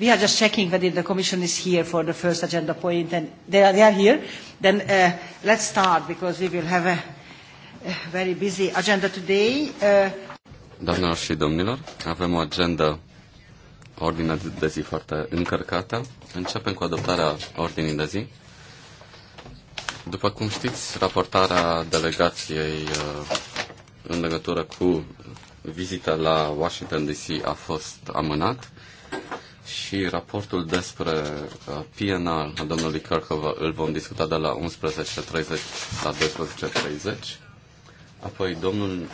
we are just checking whether the Commission is here for the first agenda point, and they are, they are here. Then uh, let's start, because we will have a, a very busy agenda today. Uh... Doamnelor și domnilor, avem o agenda, ordine de zi foarte încărcată. Începem cu adoptarea ordinii de zi. După cum știți, raportarea delegației uh, în legătură cu vizita la Washington DC a fost amânat și raportul despre uh, PNR a domnului Cărcăvă îl vom discuta de la 11.30 la 12.30. Apoi domnul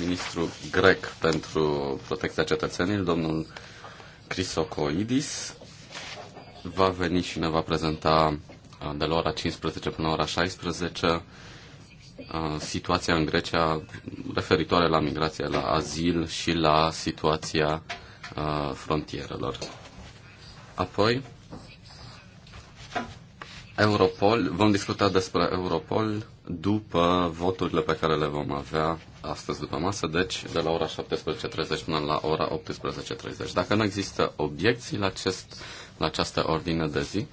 ministru grec pentru protecția cetățenilor, domnul Crisocoidis, va veni și ne va prezenta uh, de la ora 15 până la ora 16 uh, situația în Grecia referitoare la migrație, la azil și la situația frontierelor. Apoi, Europol, vom discuta despre Europol după voturile pe care le vom avea astăzi după masă, deci de la ora 17.30 până la ora 18.30. Dacă nu există obiecții la, acest, la această ordine de zi,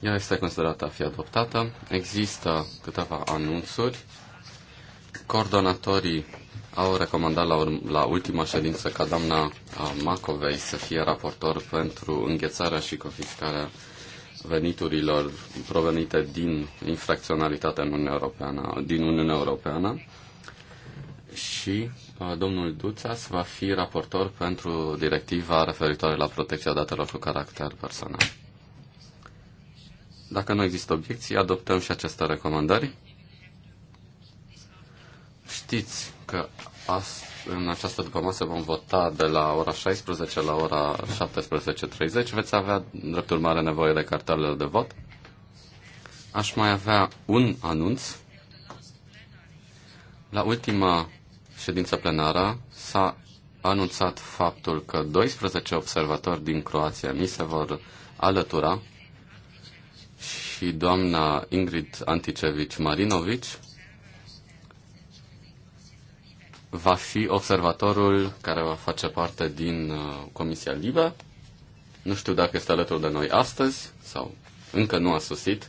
ea este considerată a fi adoptată. Există câteva anunțuri. Coordonatorii au recomandat la, la ultima ședință ca doamna uh, Macovei să fie raportor pentru înghețarea și confiscarea veniturilor provenite din infracționalitatea în Uniunea Europeană, din Uniunea Europeană și uh, domnul Duțas va fi raportor pentru directiva referitoare la protecția datelor cu caracter personal. Dacă nu există obiecții, adoptăm și aceste recomandări. Știți că în această după-masă vom vota de la ora 16 la ora 17.30. Veți avea, drept urmare, nevoie de cartelele de vot. Aș mai avea un anunț. La ultima ședință plenară s-a anunțat faptul că 12 observatori din Croația mi se vor alătura și doamna Ingrid Anticevici Marinovici va fi observatorul care va face parte din uh, Comisia Libă. Nu știu dacă este alături de noi astăzi sau încă nu a sosit.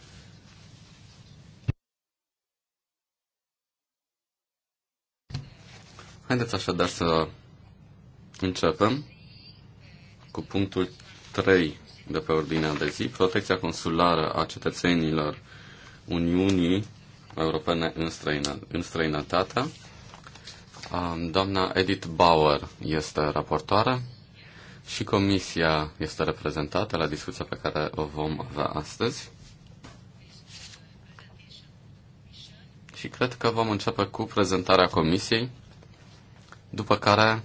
Haideți așadar să începem cu punctul 3 de pe ordinea de zi, protecția consulară a cetățenilor Uniunii Europene în, străină, în străinătatea. Um, doamna Edith Bauer este raportoare și comisia este reprezentată la discuția pe care o vom avea astăzi. Și cred că vom începe cu prezentarea comisiei, după care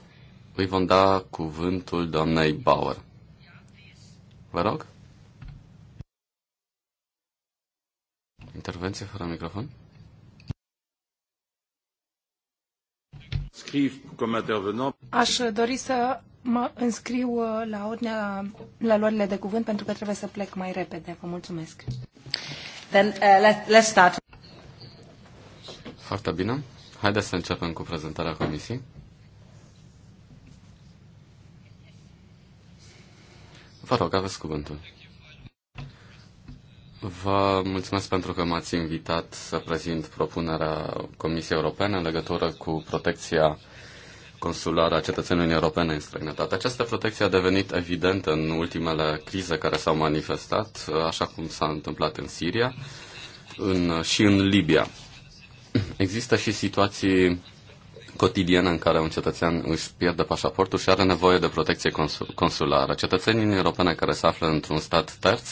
îi vom da cuvântul doamnei Bauer. Vă rog. Intervenție fără microfon. Aș dori să mă înscriu uh, la ordinea, la luările de cuvânt, pentru că trebuie să plec mai repede. Vă mulțumesc. Then, uh, let's, let's start. Foarte bine. Haideți să începem cu prezentarea comisiei. Vă rog, aveți cuvântul. Vă mulțumesc pentru că m-ați invitat să prezint propunerea Comisiei Europene în legătură cu protecția consulară a cetățenilor europene în străinătate. Această protecție a devenit evidentă în ultimele crize care s-au manifestat, așa cum s-a întâmplat în Siria în, și în Libia. Există și situații cotidiene în care un cetățean își pierde pașaportul și are nevoie de protecție consulară. Cetățenii europene care se află într-un stat terț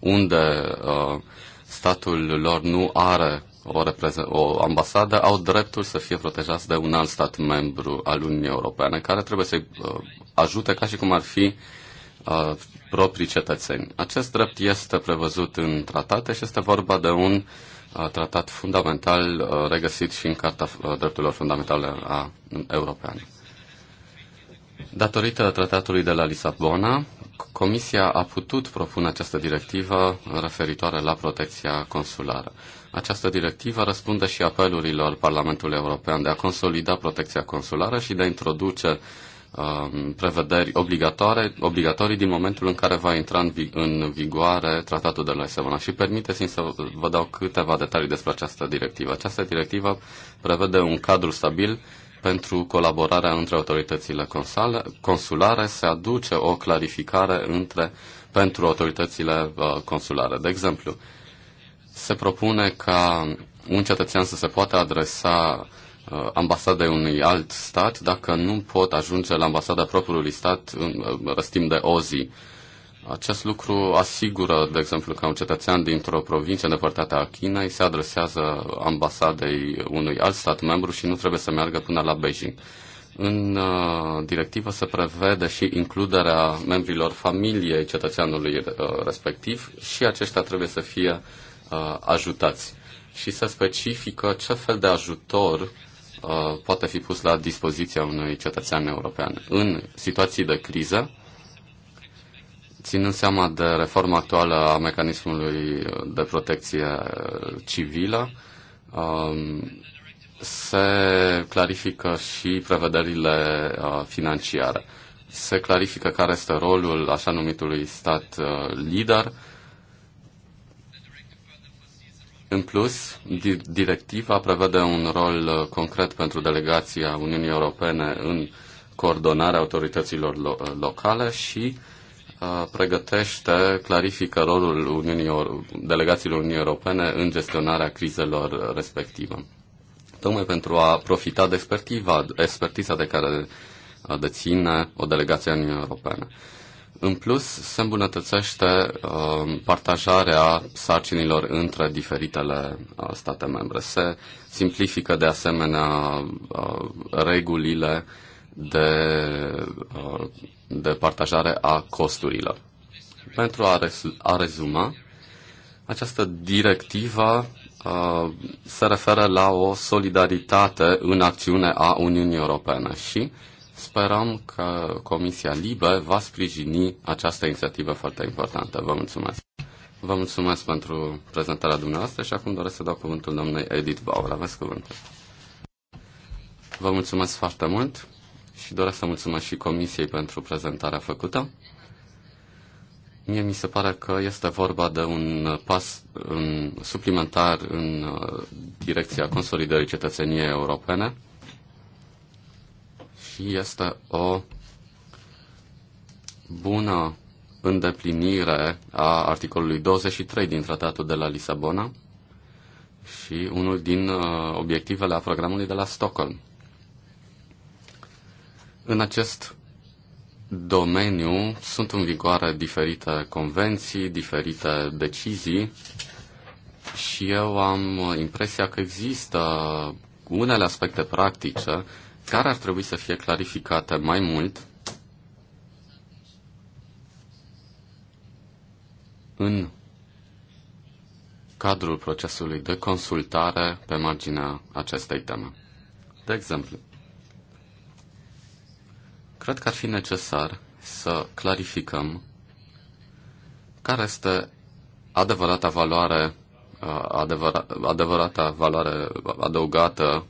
unde uh, statul lor nu are o, o ambasadă, au dreptul să fie protejați de un alt stat membru al Uniunii Europene, care trebuie să-i uh, ajute ca și cum ar fi uh, proprii cetățeni. Acest drept este prevăzut în tratate și este vorba de un tratat fundamental regăsit și în Carta Drepturilor Fundamentale a Europeanei. Datorită tratatului de la Lisabona, Comisia a putut propune această directivă referitoare la protecția consulară. Această directivă răspunde și apelurilor Parlamentului European de a consolida protecția consulară și de a introduce um, prevederi obligatoare, obligatorii din momentul în care va intra în, vi- în vigoare tratatul de la Lisabona. Și permiteți-mi să vă dau câteva detalii despre această directivă. Această directivă prevede un cadru stabil pentru colaborarea între autoritățile consulare se aduce o clarificare între, pentru autoritățile uh, consulare. De exemplu, se propune ca un cetățean să se poată adresa uh, ambasadei unui alt stat dacă nu pot ajunge la ambasada propriului stat în uh, răstim de o zi. Acest lucru asigură, de exemplu, că un cetățean dintr-o provincie îndepărtată a Chinei se adresează ambasadei unui alt stat membru și nu trebuie să meargă până la Beijing. În uh, directivă se prevede și includerea membrilor familiei cetățeanului uh, respectiv și aceștia trebuie să fie uh, ajutați și să specifică ce fel de ajutor uh, poate fi pus la dispoziția unui cetățean european. În situații de criză, Ținând seama de reforma actuală a mecanismului de protecție civilă, um, se clarifică și prevederile uh, financiare. Se clarifică care este rolul așa numitului stat uh, lider. În plus, directiva prevede un rol uh, concret pentru delegația Uniunii Europene în coordonarea autorităților locale și uh, Uh, pregătește, clarifică rolul Uniunii, delegațiilor Uniunii Europene în gestionarea crizelor respective. Tocmai pentru a profita de expertiva, expertiza de care uh, deține o delegație a Uniunii Europene. În plus, se îmbunătățește uh, partajarea sarcinilor între diferitele state membre. Se simplifică de asemenea regulile uh, de, de partajare a costurilor. Pentru a, res, a rezuma, această directivă se referă la o solidaritate în acțiune a Uniunii Europene și sperăm că Comisia Libe va sprijini această inițiativă foarte importantă. Vă mulțumesc! Vă mulțumesc pentru prezentarea dumneavoastră și acum doresc să dau cuvântul domnului Edith Bauer. Aveți cuvântul. Vă mulțumesc foarte mult! și doresc să mulțumesc și Comisiei pentru prezentarea făcută. Mie mi se pare că este vorba de un pas în, suplimentar în uh, direcția consolidării cetățeniei europene și este o bună îndeplinire a articolului 23 din Tratatul de la Lisabona și unul din uh, obiectivele a programului de la Stockholm. În acest domeniu sunt în vigoare diferite convenții, diferite decizii și eu am impresia că există unele aspecte practice care ar trebui să fie clarificate mai mult în cadrul procesului de consultare pe marginea acestei teme. De exemplu, Cred că ar fi necesar să clarificăm care este adevărata valoare uh, adevărata valoare adăugată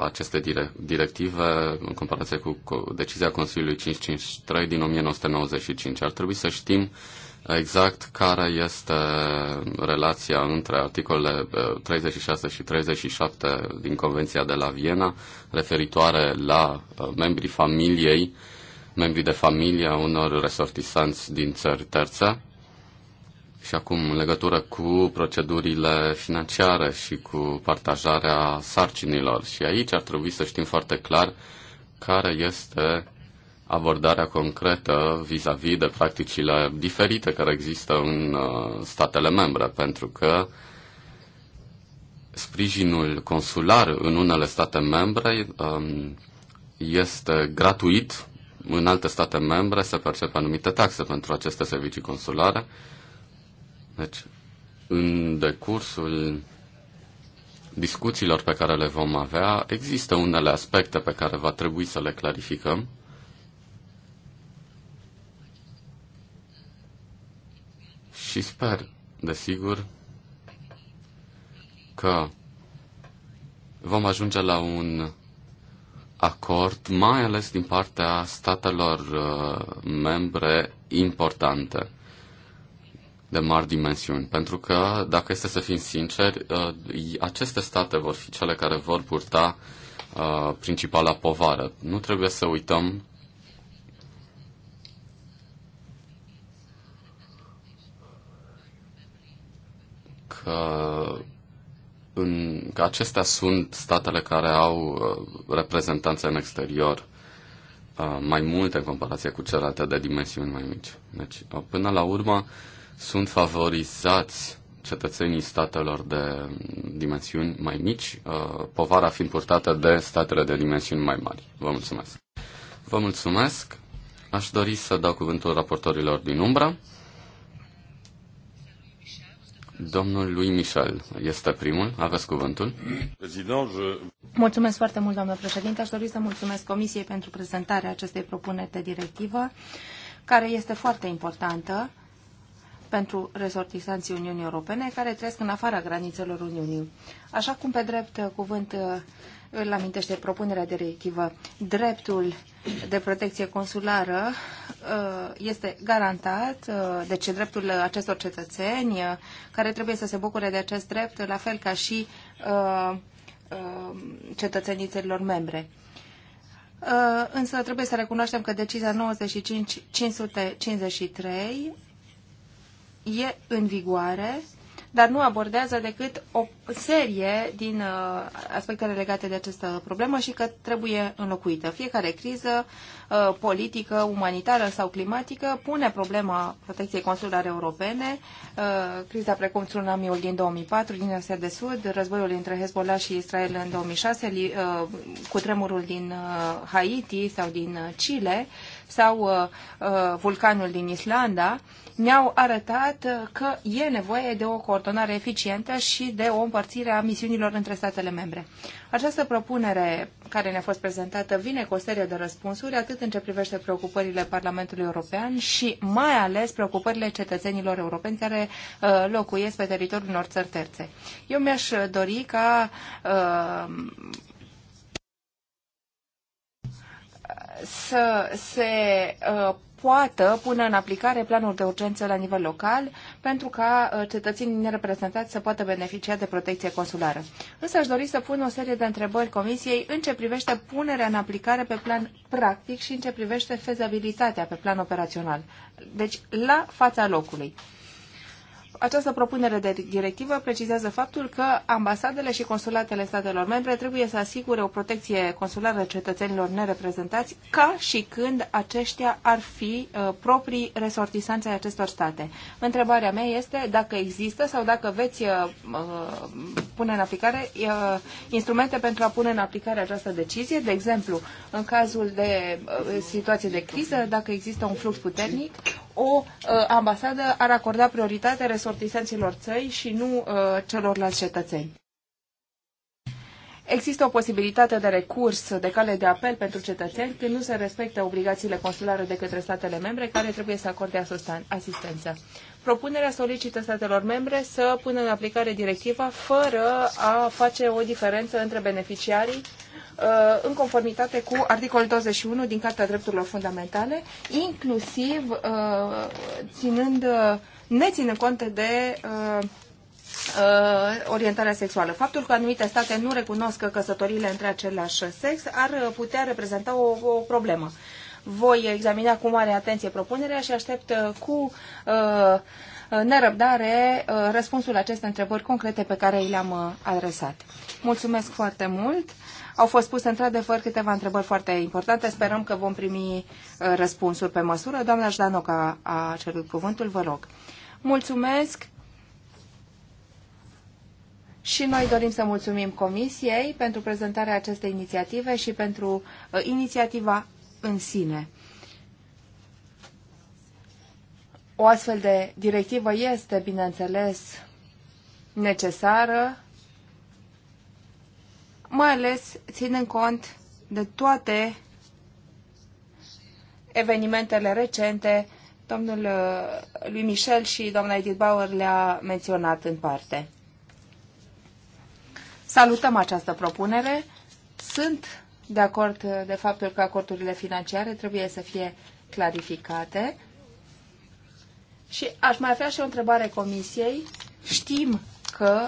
aceste directive în comparație cu decizia Consiliului 553 din 1995. Ar trebui să știm exact care este relația între articolele 36 și 37 din Convenția de la Viena referitoare la membrii familiei, membrii de familie a unor resortisanți din țări terțe și acum în legătură cu procedurile financiare și cu partajarea sarcinilor. Și aici ar trebui să știm foarte clar care este abordarea concretă vis-a-vis -vis de practicile diferite care există în uh, statele membre, pentru că sprijinul consular în unele state membre um, este gratuit, în alte state membre se percep anumite taxe pentru aceste servicii consulare deci, în decursul discuțiilor pe care le vom avea, există unele aspecte pe care va trebui să le clarificăm. Și sper, desigur, că vom ajunge la un acord, mai ales din partea statelor uh, membre importante de mari dimensiuni, pentru că, dacă este să fim sinceri, uh, aceste state vor fi cele care vor purta uh, principala povară. Nu trebuie să uităm că, în, că acestea sunt statele care au uh, reprezentanțe în exterior mai multe în comparație cu celelalte de dimensiuni mai mici. Deci, până la urmă, sunt favorizați cetățenii statelor de dimensiuni mai mici, uh, povara fiind purtată de statele de dimensiuni mai mari. Vă mulțumesc. Vă mulțumesc. Aș dori să dau cuvântul raportorilor din umbra. Domnul lui Michel este primul. Aveți cuvântul. Mulțumesc foarte mult, doamnă președinte. Aș dori să mulțumesc Comisiei pentru prezentarea acestei propuneri de directivă, care este foarte importantă pentru resortisanții Uniunii Europene care trăiesc în afara granițelor Uniunii. Așa cum pe drept cuvânt uh, îl amintește propunerea de directivă, dreptul de protecție consulară uh, este garantat, uh, deci dreptul acestor cetățeni care trebuie să se bucure de acest drept, la fel ca și cetățenii țărilor membre. Însă trebuie să recunoaștem că decizia 95553 e în vigoare, dar nu abordează decât o serie din uh, aspectele legate de această problemă și că trebuie înlocuită. Fiecare criză uh, politică, umanitară sau climatică pune problema protecției consulare europene, uh, criza precum tsunamiul din 2004 din Asia de Sud, războiul între Hezbollah și Israel în 2006, cu tremurul din Haiti sau din Chile, sau uh, uh, vulcanul din Islanda, ne-au arătat uh, că e nevoie de o coordonare eficientă și de o împărțire a misiunilor între statele membre. Această propunere care ne-a fost prezentată vine cu o serie de răspunsuri, atât în ce privește preocupările Parlamentului European și mai ales preocupările cetățenilor europeni care uh, locuiesc pe teritoriul unor țări terțe. Eu mi-aș dori ca uh, să se uh, poată pune în aplicare planuri de urgență la nivel local pentru ca uh, cetățenii nereprezentați să poată beneficia de protecție consulară. Însă aș dori să pun o serie de întrebări Comisiei în ce privește punerea în aplicare pe plan practic și în ce privește fezabilitatea pe plan operațional. Deci, la fața locului această propunere de directivă precizează faptul că ambasadele și consulatele statelor membre trebuie să asigure o protecție consulară cetățenilor nereprezentați ca și când aceștia ar fi uh, proprii resortisanți ai acestor state. Întrebarea mea este dacă există sau dacă veți uh, uh, pune în aplicare uh, instrumente pentru a pune în aplicare această decizie, de exemplu, în cazul de uh, situație de criză, dacă există un flux puternic, o uh, ambasadă ar acorda prioritate resortisanților țăi și nu uh, celorlalți cetățeni. Există o posibilitate de recurs de cale de apel pentru cetățeni când nu se respectă obligațiile consulare de către statele membre care trebuie să acorde asistență. Propunerea solicită statelor membre să pună în aplicare directiva fără a face o diferență între beneficiarii Uh, în conformitate cu articolul 21 din Carta Drepturilor Fundamentale, inclusiv uh, ținând, uh, ne ținând cont de orientarea sexuală. Faptul că anumite state nu recunosc că căsătorile între același sex ar putea reprezenta o, o problemă. Voi examina cu mare atenție propunerea și aștept cu uh, nerăbdare uh, răspunsul acestei întrebări concrete pe care i le-am adresat. Mulțumesc foarte mult! Au fost puse într-adevăr câteva întrebări foarte importante. Sperăm că vom primi uh, răspunsuri pe măsură. Doamna Jdanoca a cerut cuvântul, vă rog. Mulțumesc și noi dorim să mulțumim Comisiei pentru prezentarea acestei inițiative și pentru uh, inițiativa în sine. O astfel de directivă este, bineînțeles, necesară mai ales ținând cont de toate evenimentele recente, domnul uh, lui Michel și doamna Edith Bauer le-a menționat în parte. Salutăm această propunere. Sunt de acord uh, de faptul că acordurile financiare trebuie să fie clarificate. Și aș mai avea și o întrebare comisiei. Știm că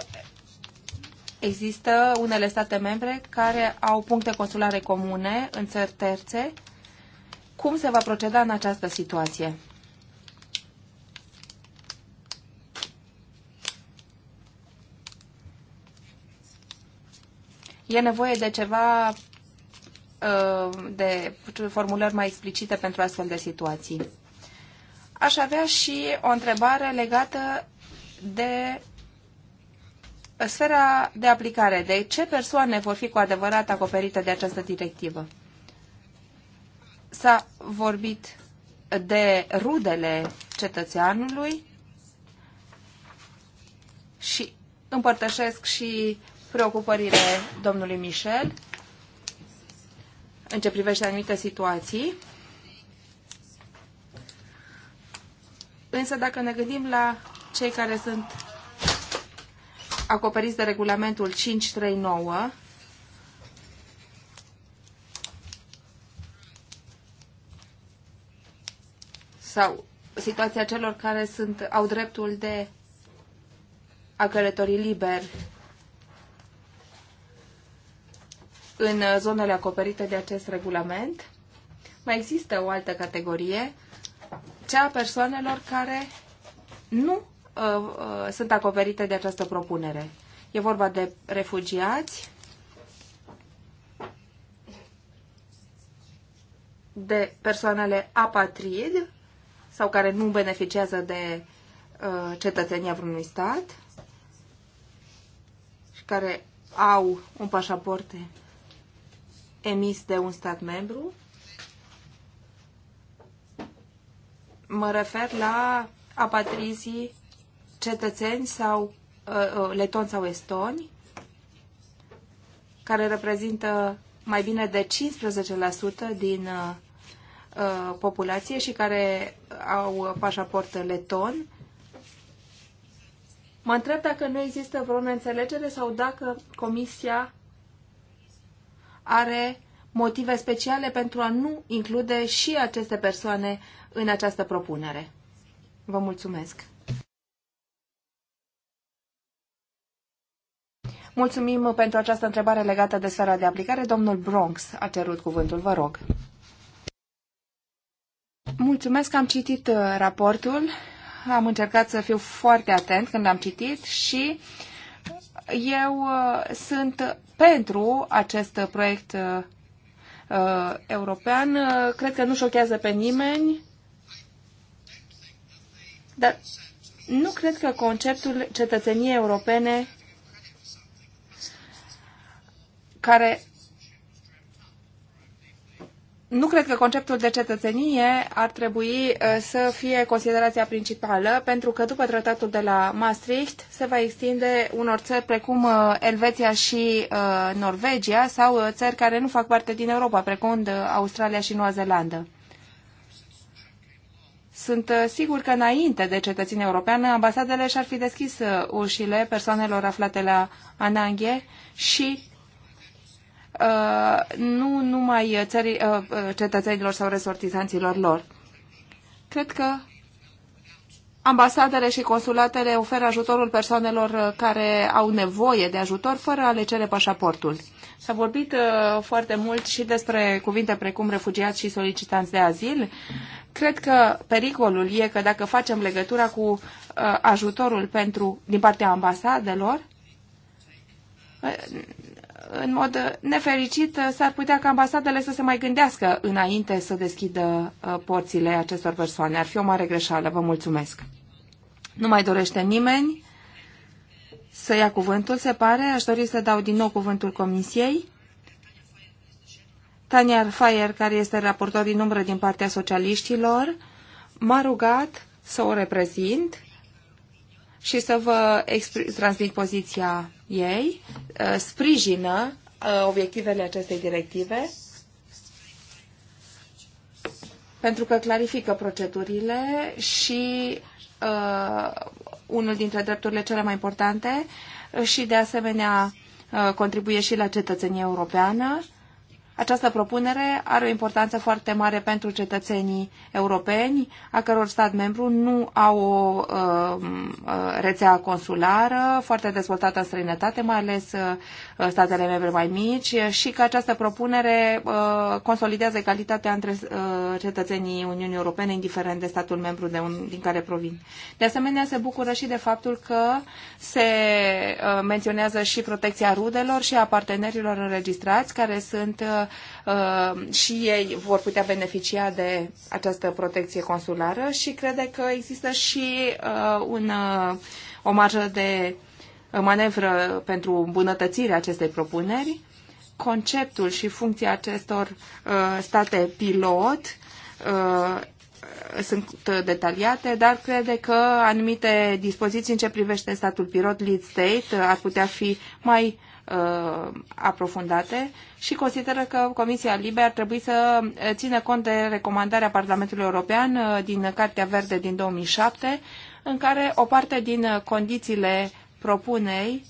există unele state membre care au puncte consulare comune în țări terțe. Cum se va proceda în această situație? E nevoie de ceva, uh, de formulări mai explicite pentru astfel de situații. Aș avea și o întrebare legată de sfera de aplicare. De ce persoane vor fi cu adevărat acoperite de această directivă? S-a vorbit de rudele cetățeanului și împărtășesc și preocupările domnului Michel în ce privește anumite situații. Însă dacă ne gândim la cei care sunt acoperiți de regulamentul 539, sau situația celor care sunt, au dreptul de a călători liber în zonele acoperite de acest regulament. Mai există o altă categorie, cea a persoanelor care nu Uh, sunt acoperite de această propunere. E vorba de refugiați, de persoanele apatrid sau care nu beneficiază de uh, cetățenia vreunui stat și care au un pașaport emis de un stat membru. Mă refer la apatrizii cetățeni sau uh, uh, letoni sau estoni, care reprezintă mai bine de 15% din uh, populație și care au pașaport leton. Mă întreb dacă nu există vreo neînțelegere sau dacă Comisia are motive speciale pentru a nu include și aceste persoane în această propunere. Vă mulțumesc! Mulțumim pentru această întrebare legată de sfera de aplicare. Domnul Bronx a cerut cuvântul, vă rog. Mulțumesc, am citit uh, raportul, am încercat să fiu foarte atent când am citit și eu uh, sunt pentru acest proiect uh, european. Cred că nu șochează pe nimeni, dar nu cred că conceptul cetățeniei europene care nu cred că conceptul de cetățenie ar trebui uh, să fie considerația principală, pentru că după tratatul de la Maastricht se va extinde unor țări precum uh, Elveția și uh, Norvegia sau țări care nu fac parte din Europa, precum Australia și Noua Zeelandă. Sunt sigur că înainte de cetățenia europeană, ambasadele și-ar fi deschis ușile persoanelor aflate la ananghe și Uh, nu numai țării, uh, uh, cetățenilor sau resortizanților lor. Cred că ambasadele și consulatele oferă ajutorul persoanelor care au nevoie de ajutor fără a le cere pașaportul. S-a vorbit foarte mult și despre cuvinte precum refugiați și solicitanți de azil. Cred că pericolul e că dacă facem legătura cu ajutorul pentru, din partea ambasadelor, în mod nefericit, s-ar putea ca ambasadele să se mai gândească înainte să deschidă uh, porțile acestor persoane. Ar fi o mare greșeală. Vă mulțumesc. Nu mai dorește nimeni să ia cuvântul, se pare. Aș dori să dau din nou cuvântul Comisiei. Tania Fayer, care este raportor din umbră din partea socialiștilor, m-a rugat să o reprezint și să vă transmit poziția ei. Uh, sprijină uh, obiectivele acestei directive pentru că clarifică procedurile și uh, unul dintre drepturile cele mai importante și de asemenea uh, contribuie și la cetățenia europeană această propunere are o importanță foarte mare pentru cetățenii europeni, a căror stat membru nu au o uh, uh rețea consulară foarte dezvoltată în străinătate, mai ales uh, Uh, statele membre mai mici și că această propunere uh, consolidează egalitatea între uh, cetățenii Uniunii Europene, indiferent de statul membru de un, din care provin. De asemenea, se bucură și de faptul că se menționează și protecția rudelor și a partenerilor înregistrați, care sunt și ei vor putea beneficia de această protecție consulară și crede că există și un, o marjă de manevră pentru îmbunătățirea acestei propuneri. Conceptul și funcția acestor uh, state pilot uh, sunt detaliate, dar crede că anumite dispoziții în ce privește statul pilot lead state uh, ar putea fi mai uh, aprofundate și consideră că Comisia Libe ar trebui să țină cont de recomandarea Parlamentului European din Cartea Verde din 2007, în care o parte din condițiile propunei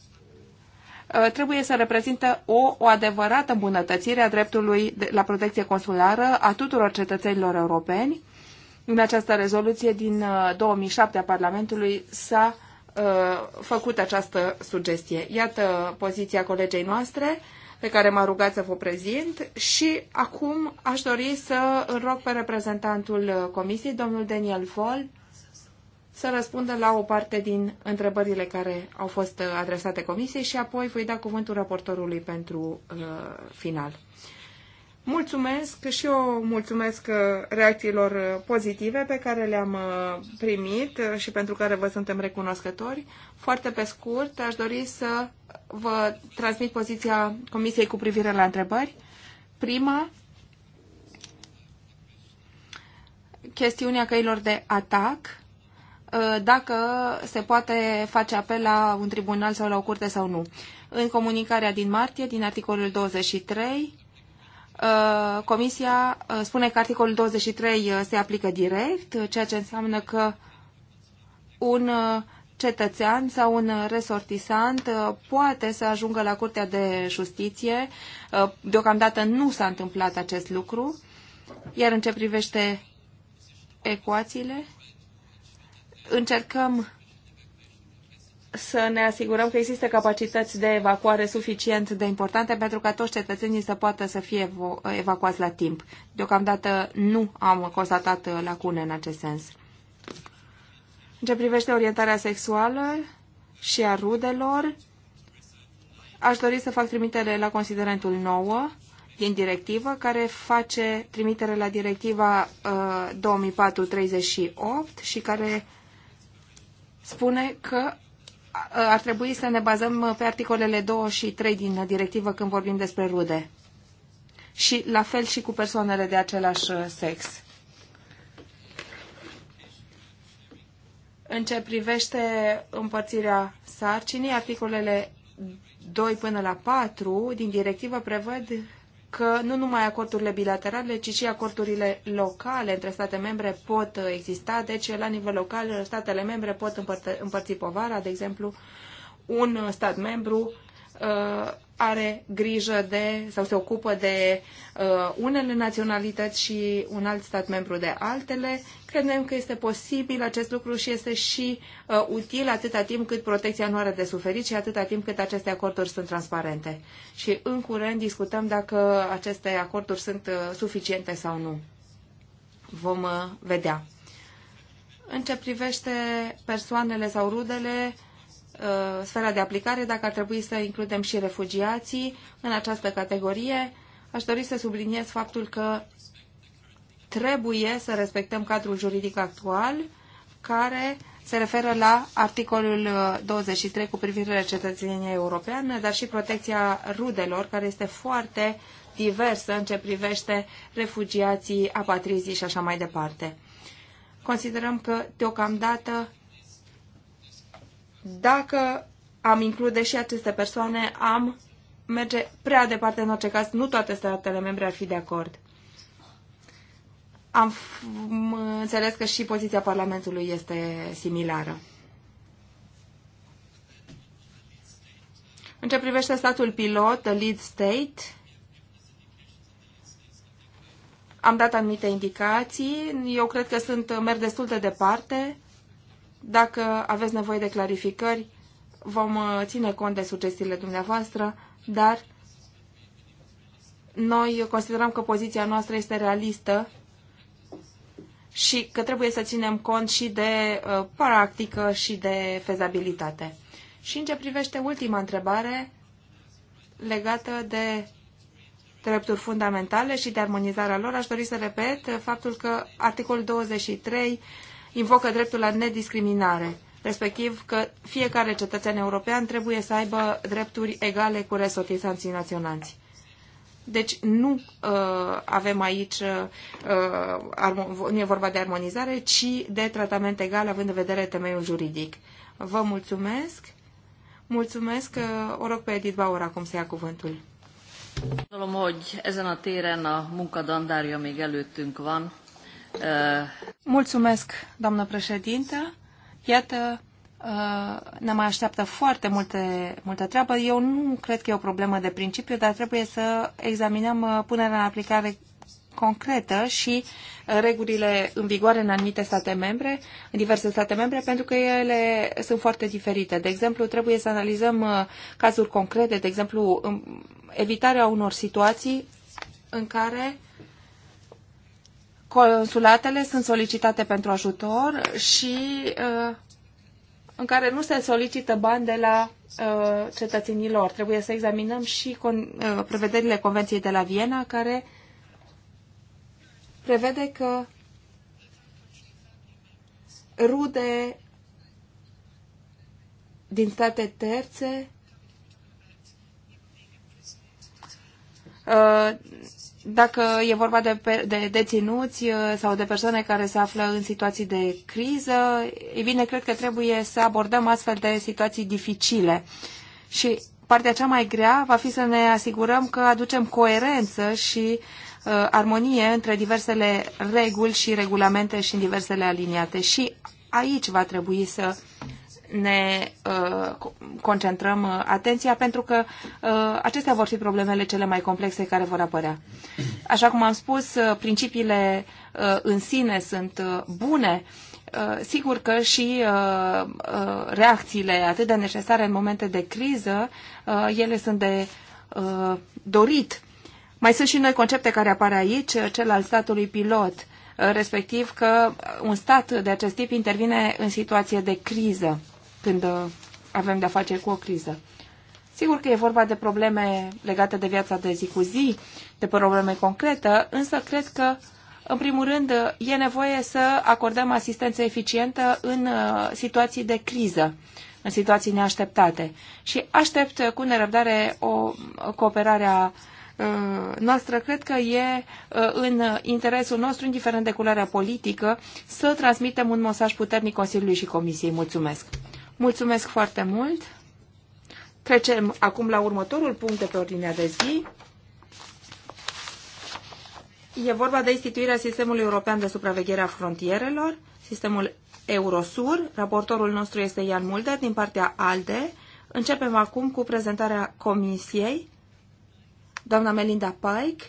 ă, trebuie să reprezintă o, o adevărată îmbunătățire a dreptului la protecție consulară a tuturor cetățenilor europeni. În această rezoluție din 2007 ă, a Parlamentului s-a ă, făcut această sugestie. Iată poziția colegei noastre pe care m-a rugat să vă prezint și acum aș dori să îl rog pe reprezentantul Comisiei, domnul Daniel Foll, să răspundă la o parte din întrebările care au fost uh, adresate comisiei și apoi voi da cuvântul raportorului pentru uh, final. Mulțumesc și eu mulțumesc uh, reacțiilor uh, pozitive pe care le-am primit și pentru care vă suntem recunoscători. Foarte pe scurt, aș dori să vă transmit poziția Comisiei cu privire la întrebări. Prima, chestiunea căilor de atac Uh, dacă se poate face apel la un tribunal sau la o curte sau nu. În comunicarea din martie, din articolul 23, uh, Comisia uh, spune că articolul 23 se aplică direct, ceea ce înseamnă că un cetățean sau un resortisant poate să ajungă la Curtea de Justiție. Deocamdată nu s-a întâmplat acest lucru. Iar în ce privește ecuațiile, încercăm să ne asigurăm că există capacități de evacuare suficient de importante pentru ca toți cetățenii să poată să fie evacuați la timp. Deocamdată nu am constatat uh, lacune în acest sens. În ce privește orientarea sexuală și a rudelor, aș dori să fac trimitere la considerentul 9 din directivă, care face trimitere la directiva uh, 2004-38 și care spune că ar trebui să ne bazăm pe articolele 2 și 3 din directivă când vorbim despre rude. Și la fel și cu persoanele de același uh, sex. În ce privește împărțirea sarcinii, articolele 2 până la 4 din directivă prevăd că nu numai acordurile bilaterale, ci și acordurile locale între state membre pot uh, exista, deci la nivel local statele membre pot împărți povara, de exemplu, un uh, stat membru uh, are grijă de sau se ocupă de uh, unele naționalități și un alt stat membru de altele. Credem că este posibil acest lucru și este și uh, util atâta timp cât protecția nu are de suferit și atâta timp cât aceste acorduri sunt transparente. Și în curând discutăm dacă aceste acorduri sunt uh, suficiente sau nu. Vom uh, vedea. În ce privește persoanele sau rudele, uh, Uh, sfera de aplicare, dacă ar trebui să includem și refugiații în această categorie, aș dori să subliniez faptul că trebuie să respectăm cadrul juridic actual care se referă la articolul 23 uh, cu privire la cetățenia europeană, dar și protecția rudelor, care este foarte diversă în ce privește refugiații, apatrizii și așa mai departe. Considerăm că, deocamdată, dacă am include și aceste persoane, am merge prea departe în orice caz. Nu toate statele membre ar fi de acord. Am înțeles că și poziția Parlamentului este similară. În ce privește statul pilot, the lead state, am dat anumite indicații. Eu cred că sunt merg destul de departe. Dacă aveți nevoie de clarificări, vom uh, ține cont de sugestiile dumneavoastră, dar noi considerăm că poziția noastră este realistă și că trebuie să ținem cont și de uh, practică și de fezabilitate. Și în ce privește ultima întrebare legată de drepturi fundamentale și de armonizarea lor, aș dori să repet faptul că articolul 23 invocă dreptul la nediscriminare, respectiv că fiecare cetățean european trebuie să aibă drepturi egale cu resortisanții naționali. Deci nu uh, avem aici, uh, nu e vorba de armonizare, ci de tratament egal având în vedere temeiul juridic. Vă mulțumesc. Mulțumesc. Uh, o rog pe Edith Bauer acum să ia cuvântul. Gondolom, hogy ezen a téren a munkadandárja még előttünk van. Mulțumesc, doamnă președintă. Iată, uh, ne mai așteaptă foarte multe, multă treabă. Eu nu cred că e o problemă de principiu, dar trebuie să examinăm uh, punerea în aplicare concretă și uh, regulile în vigoare în anumite state membre, în diverse state membre, pentru că ele sunt foarte diferite. De exemplu, trebuie să analizăm cazuri concrete, de exemplu, um, evitarea unor situații în care uh, consulatele sunt solicitate pentru ajutor și uh, în care nu se solicită bani de la uh, cetățenii lor Trebuie să examinăm și uh, prevederile Convenției de la Viena, care prevede că rude din state terțe dacă e vorba de, de deținuți uh, sau de persoane care se află în situații de criză, e bine, cred că trebuie să abordăm astfel de situații dificile. Și partea cea mai grea va fi să ne asigurăm că aducem coerență și uh, armonie între diversele reguli și regulamente și în diversele aliniate. Și aici va trebui să ne uh, concentrăm uh, atenția pentru că uh, acestea vor fi problemele cele mai complexe care vor apărea. Așa cum am spus, uh, principiile uh, în sine sunt uh, bune, uh, sigur că și uh, uh, reacțiile atât de necesare în momente de criză, ele sunt de dorit. Mai sunt și noi concepte care apar aici, cel al statului pilot, respectiv că un stat de acest tip intervine în situație de criză când uh, avem de-a face cu o criză. Sigur că e vorba de probleme legate de viața de zi cu zi, de probleme concrete, însă cred că, în primul rând, e nevoie să acordăm asistență eficientă în uh, situații de criză, în situații neașteptate. Și aștept cu nerăbdare o uh, cooperare a noastră, cred că e în interesul nostru, indiferent de culoarea politică, să transmitem un mesaj puternic Consiliului și Comisiei. Mulțumesc! Mulțumesc foarte mult. Trecem acum la următorul punct de pe ordinea de zi. E vorba de instituirea Sistemului European de Supraveghere a Frontierelor, sistemul Eurosur. Raportorul nostru este Ian Mulder din partea ALDE. Începem acum cu prezentarea comisiei. Doamna Melinda Pike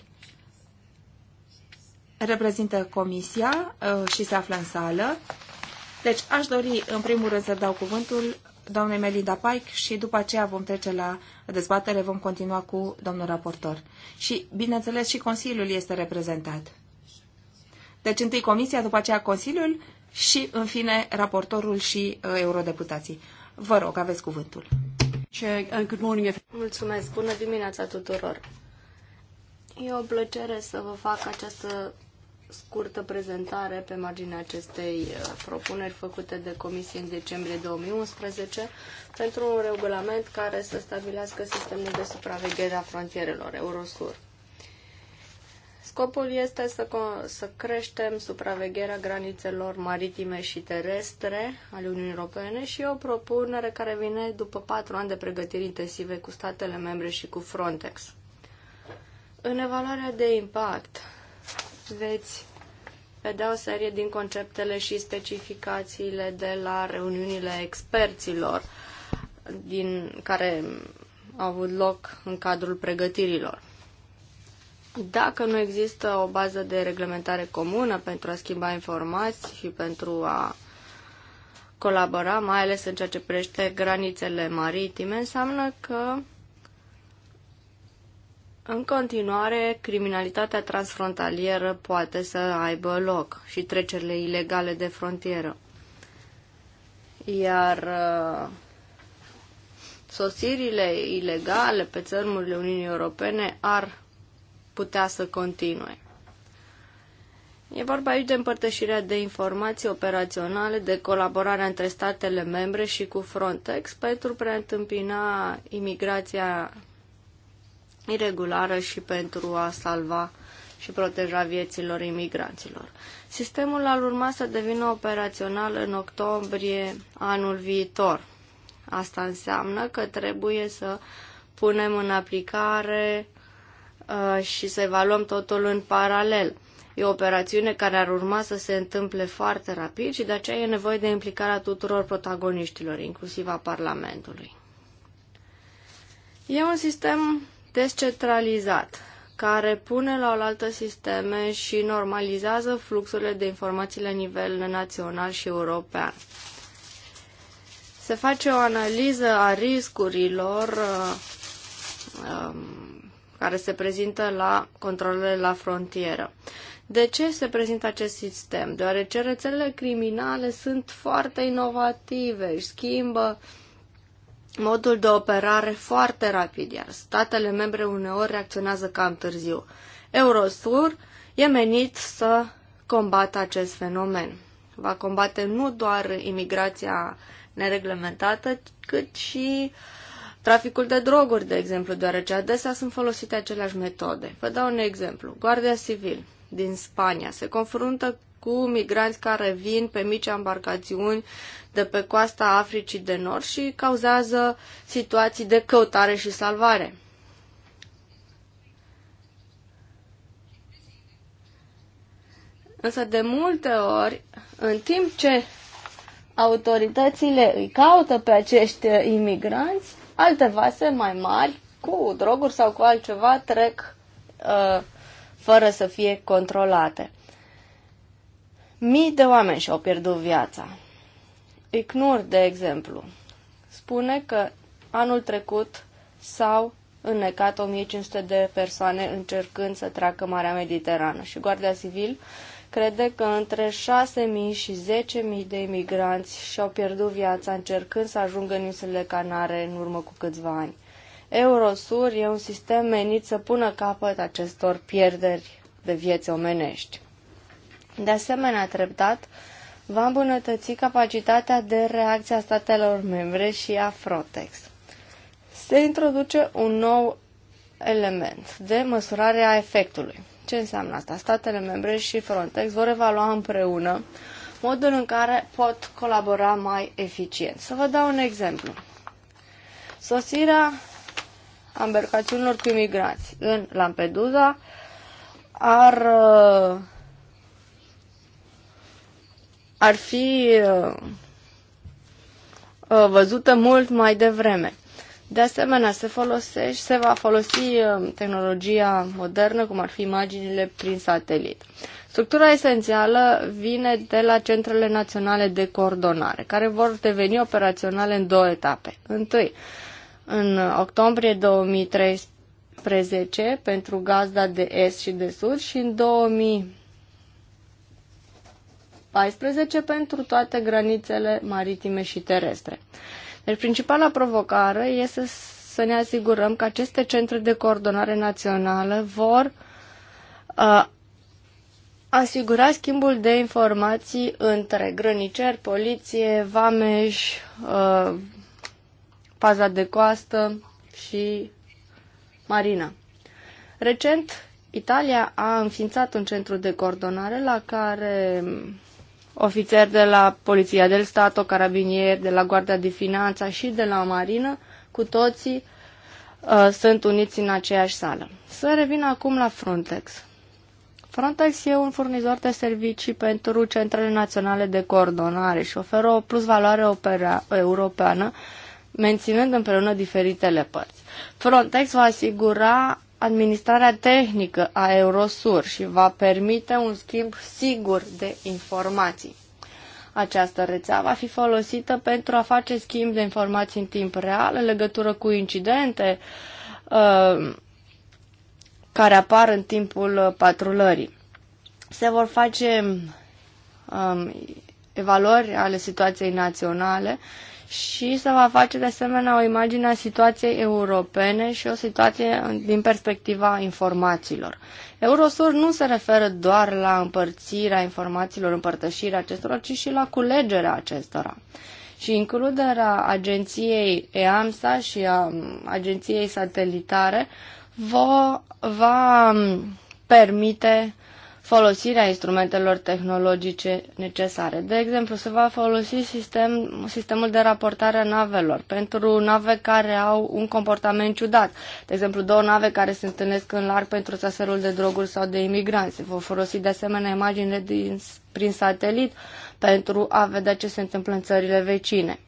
reprezintă comisia uh, și se află în sală. Deci aș dori în primul rând să dau cuvântul doamnei Melinda Pike și după aceea vom trece la dezbatere, vom continua cu domnul raportor. Și, bineînțeles, și Consiliul este reprezentat. Deci întâi Comisia, după aceea Consiliul și, în fine, raportorul și uh, eurodeputații. Vă rog, aveți cuvântul. Uh, Mulțumesc! Bună dimineața tuturor! E o plăcere să vă fac această scurtă prezentare pe marginea acestei uh, propuneri făcute de Comisie în decembrie 2011 pentru un regulament care să stabilească sistemul de supraveghere a frontierelor Eurosur. Scopul este să, să creștem supravegherea granițelor maritime și terestre ale Uniunii Europene și o propunere care vine după patru ani de pregătiri intensive cu statele membre și cu Frontex. În evaluarea de impact veți vedea o serie din conceptele și specificațiile de la reuniunile experților din care au avut loc în cadrul pregătirilor. Dacă nu există o bază de reglementare comună pentru a schimba informații și pentru a colabora, mai ales în ceea ce privește granițele maritime, înseamnă că în continuare, criminalitatea transfrontalieră poate să aibă loc și trecerile ilegale de frontieră. Iar uh, sosirile ilegale pe țărmurile Uniunii Europene ar putea să continue. E vorba aici de împărtășirea de informații operaționale, de colaborarea între statele membre și cu Frontex pentru preîntâmpina imigrația iregulară și pentru a salva și proteja vieților imigranților. Sistemul ar urma să devină operațional în octombrie anul viitor. Asta înseamnă că trebuie să punem în aplicare uh, și să evaluăm totul în paralel. E o operațiune care ar urma să se întâmple foarte rapid și de aceea e nevoie de implicarea tuturor protagoniștilor, inclusiv a Parlamentului. E un sistem descentralizat, care pune la oaltă sisteme și normalizează fluxurile de informații la nivel național și european. Se face o analiză a riscurilor uh, um, care se prezintă la controlele la frontieră. De ce se prezintă acest sistem? Deoarece rețelele criminale sunt foarte inovative, își schimbă uh, modul de operare foarte rapid, iar statele membre uneori reacționează cam târziu. Eurosur e menit să combată acest fenomen. Va combate nu doar imigrația nereglementată, cât și traficul de droguri, de exemplu, deoarece adesea sunt folosite aceleași metode. Vă dau un exemplu. Guardia Civil din Spania se confruntă cu migranți care vin pe mici embarcațiuni de pe coasta Africii de Nord și cauzează situații de căutare și salvare. Însă de multe ori, în timp ce autoritățile îi caută pe acești imigranți, alte vase mai mari, cu droguri sau cu altceva, trec uh, fără să fie controlate. Mii de oameni și-au pierdut viața. ICNUR, de exemplu, spune că anul trecut s-au înnecat 1500 de persoane încercând să treacă Marea Mediterană și Guardia Civil crede că între 6.000 și 10.000 de imigranți și-au pierdut viața încercând să ajungă în insulele Canare în urmă cu câțiva ani. Eurosur e un sistem menit să pună capăt acestor pierderi de vieți omenești. De asemenea, treptat, va îmbunătăți capacitatea de reacție a statelor membre și a Frontex. Se introduce un nou element de măsurare a efectului. Ce înseamnă asta? Statele membre și Frontex vor evalua împreună modul în care pot colabora mai eficient. Să vă dau un exemplu. Sosirea ambarcațiunilor cu imigrați în Lampedusa ar uh, ar fi uh, uh, văzută mult mai devreme. De asemenea, se folosește, se va folosi uh, tehnologia modernă, cum ar fi imaginile prin satelit. Structura esențială vine de la centrele naționale de coordonare, care vor deveni operaționale în două etape. Întâi, în octombrie 2013 pentru gazda de est și de sud și în 2000 2014 pentru toate granițele maritime și terestre. Deci principala provocare este să ne asigurăm că aceste centre de coordonare națională vor uh, asigura schimbul de informații între grăniceri, poliție, vameș, uh, paza de coastă și marina. Recent, Italia a înființat un centru de coordonare la care ofițeri de la Poliția del Stato, carabinieri, de la Guardia de finanță și de la Marină, cu toții uh, sunt uniți în aceeași sală. Să revin acum la Frontex. Frontex e un furnizor de servicii pentru centrele naționale de coordonare și oferă o plusvaloare opera- europeană, menținând împreună diferitele părți. Frontex va asigura administrarea tehnică a Eurosur și va permite un schimb sigur de informații. Această rețea va fi folosită pentru a face schimb de informații în timp real în legătură cu incidente uh, care apar în timpul patrulării. Se vor face um, evaluări ale situației naționale și să vă face de asemenea o imagine a situației europene și o situație din perspectiva informațiilor. Eurosur nu se referă doar la împărțirea informațiilor, împărtășirea acestora, ci și la culegerea acestora. Și includerea agenției EAMSA și a agenției satelitare vă va permite folosirea instrumentelor tehnologice necesare. De exemplu, se va folosi sistem, sistemul de raportare a navelor pentru nave care au un comportament ciudat. De exemplu, două nave care se întâlnesc în larg pentru traserul de droguri sau de imigranți. Se vor folosi de asemenea imagine din, prin satelit pentru a vedea ce se întâmplă în țările vecine.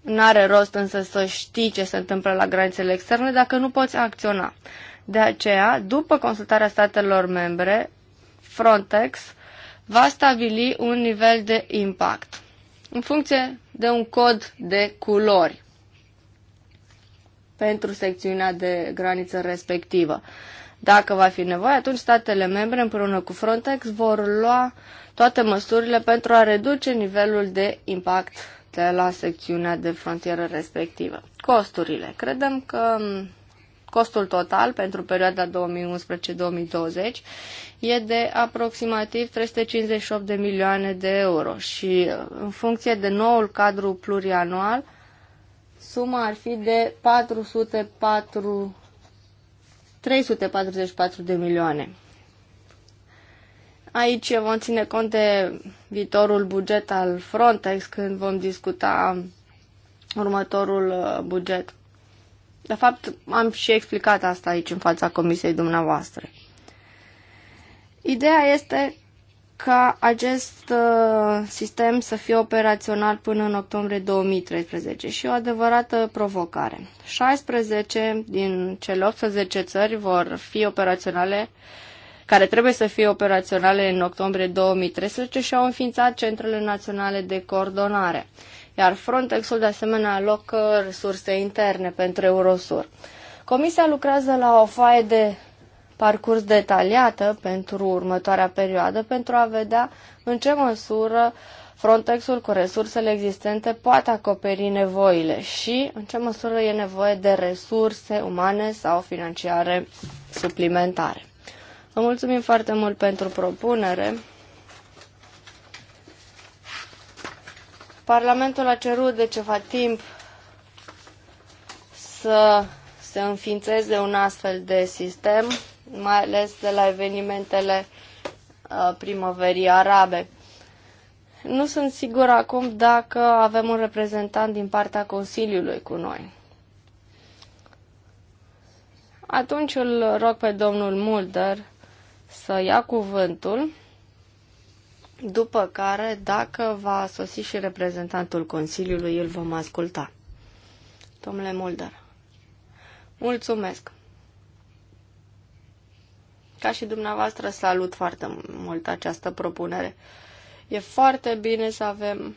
N-are rost însă să știi ce se întâmplă la granițele externe dacă nu poți acționa. De aceea, după consultarea statelor membre, Frontex va stabili un nivel de impact în funcție de un cod de culori pentru secțiunea de graniță respectivă. Dacă va fi nevoie, atunci statele membre împreună cu Frontex vor lua toate măsurile pentru a reduce nivelul de impact de la secțiunea de frontieră respectivă. Costurile. Credem că Costul total pentru perioada 2011-2020 e de aproximativ 358 de milioane de euro și în funcție de noul cadru plurianual, suma ar fi de 404 344 de milioane. Aici vom ține cont de viitorul buget al Frontex când vom discuta următorul uh, buget de fapt, am și explicat asta aici în fața comisiei dumneavoastră. Ideea este ca acest uh, sistem să fie operațional până în octombrie 2013 și o adevărată provocare. 16 din cele 18 țări vor fi operaționale care trebuie să fie operaționale în octombrie 2013 și au înființat centrele naționale de coordonare iar Frontexul de asemenea alocă resurse interne pentru Eurosur. Comisia lucrează la o foaie de parcurs detaliată pentru următoarea perioadă pentru a vedea în ce măsură Frontexul cu resursele existente poate acoperi nevoile și în ce măsură e nevoie de resurse umane sau financiare suplimentare. Vă mulțumim foarte mult pentru propunere. Parlamentul a cerut de ceva timp să se înființeze un astfel de sistem, mai ales de la evenimentele uh, primăverii arabe. Nu sunt sigur acum dacă avem un reprezentant din partea Consiliului cu noi. Atunci îl rog pe domnul Mulder să ia cuvântul după care, dacă va sosi și reprezentantul Consiliului, îl vom asculta. Domnule Mulder, mulțumesc! Ca și dumneavoastră, salut foarte mult această propunere. E foarte bine să avem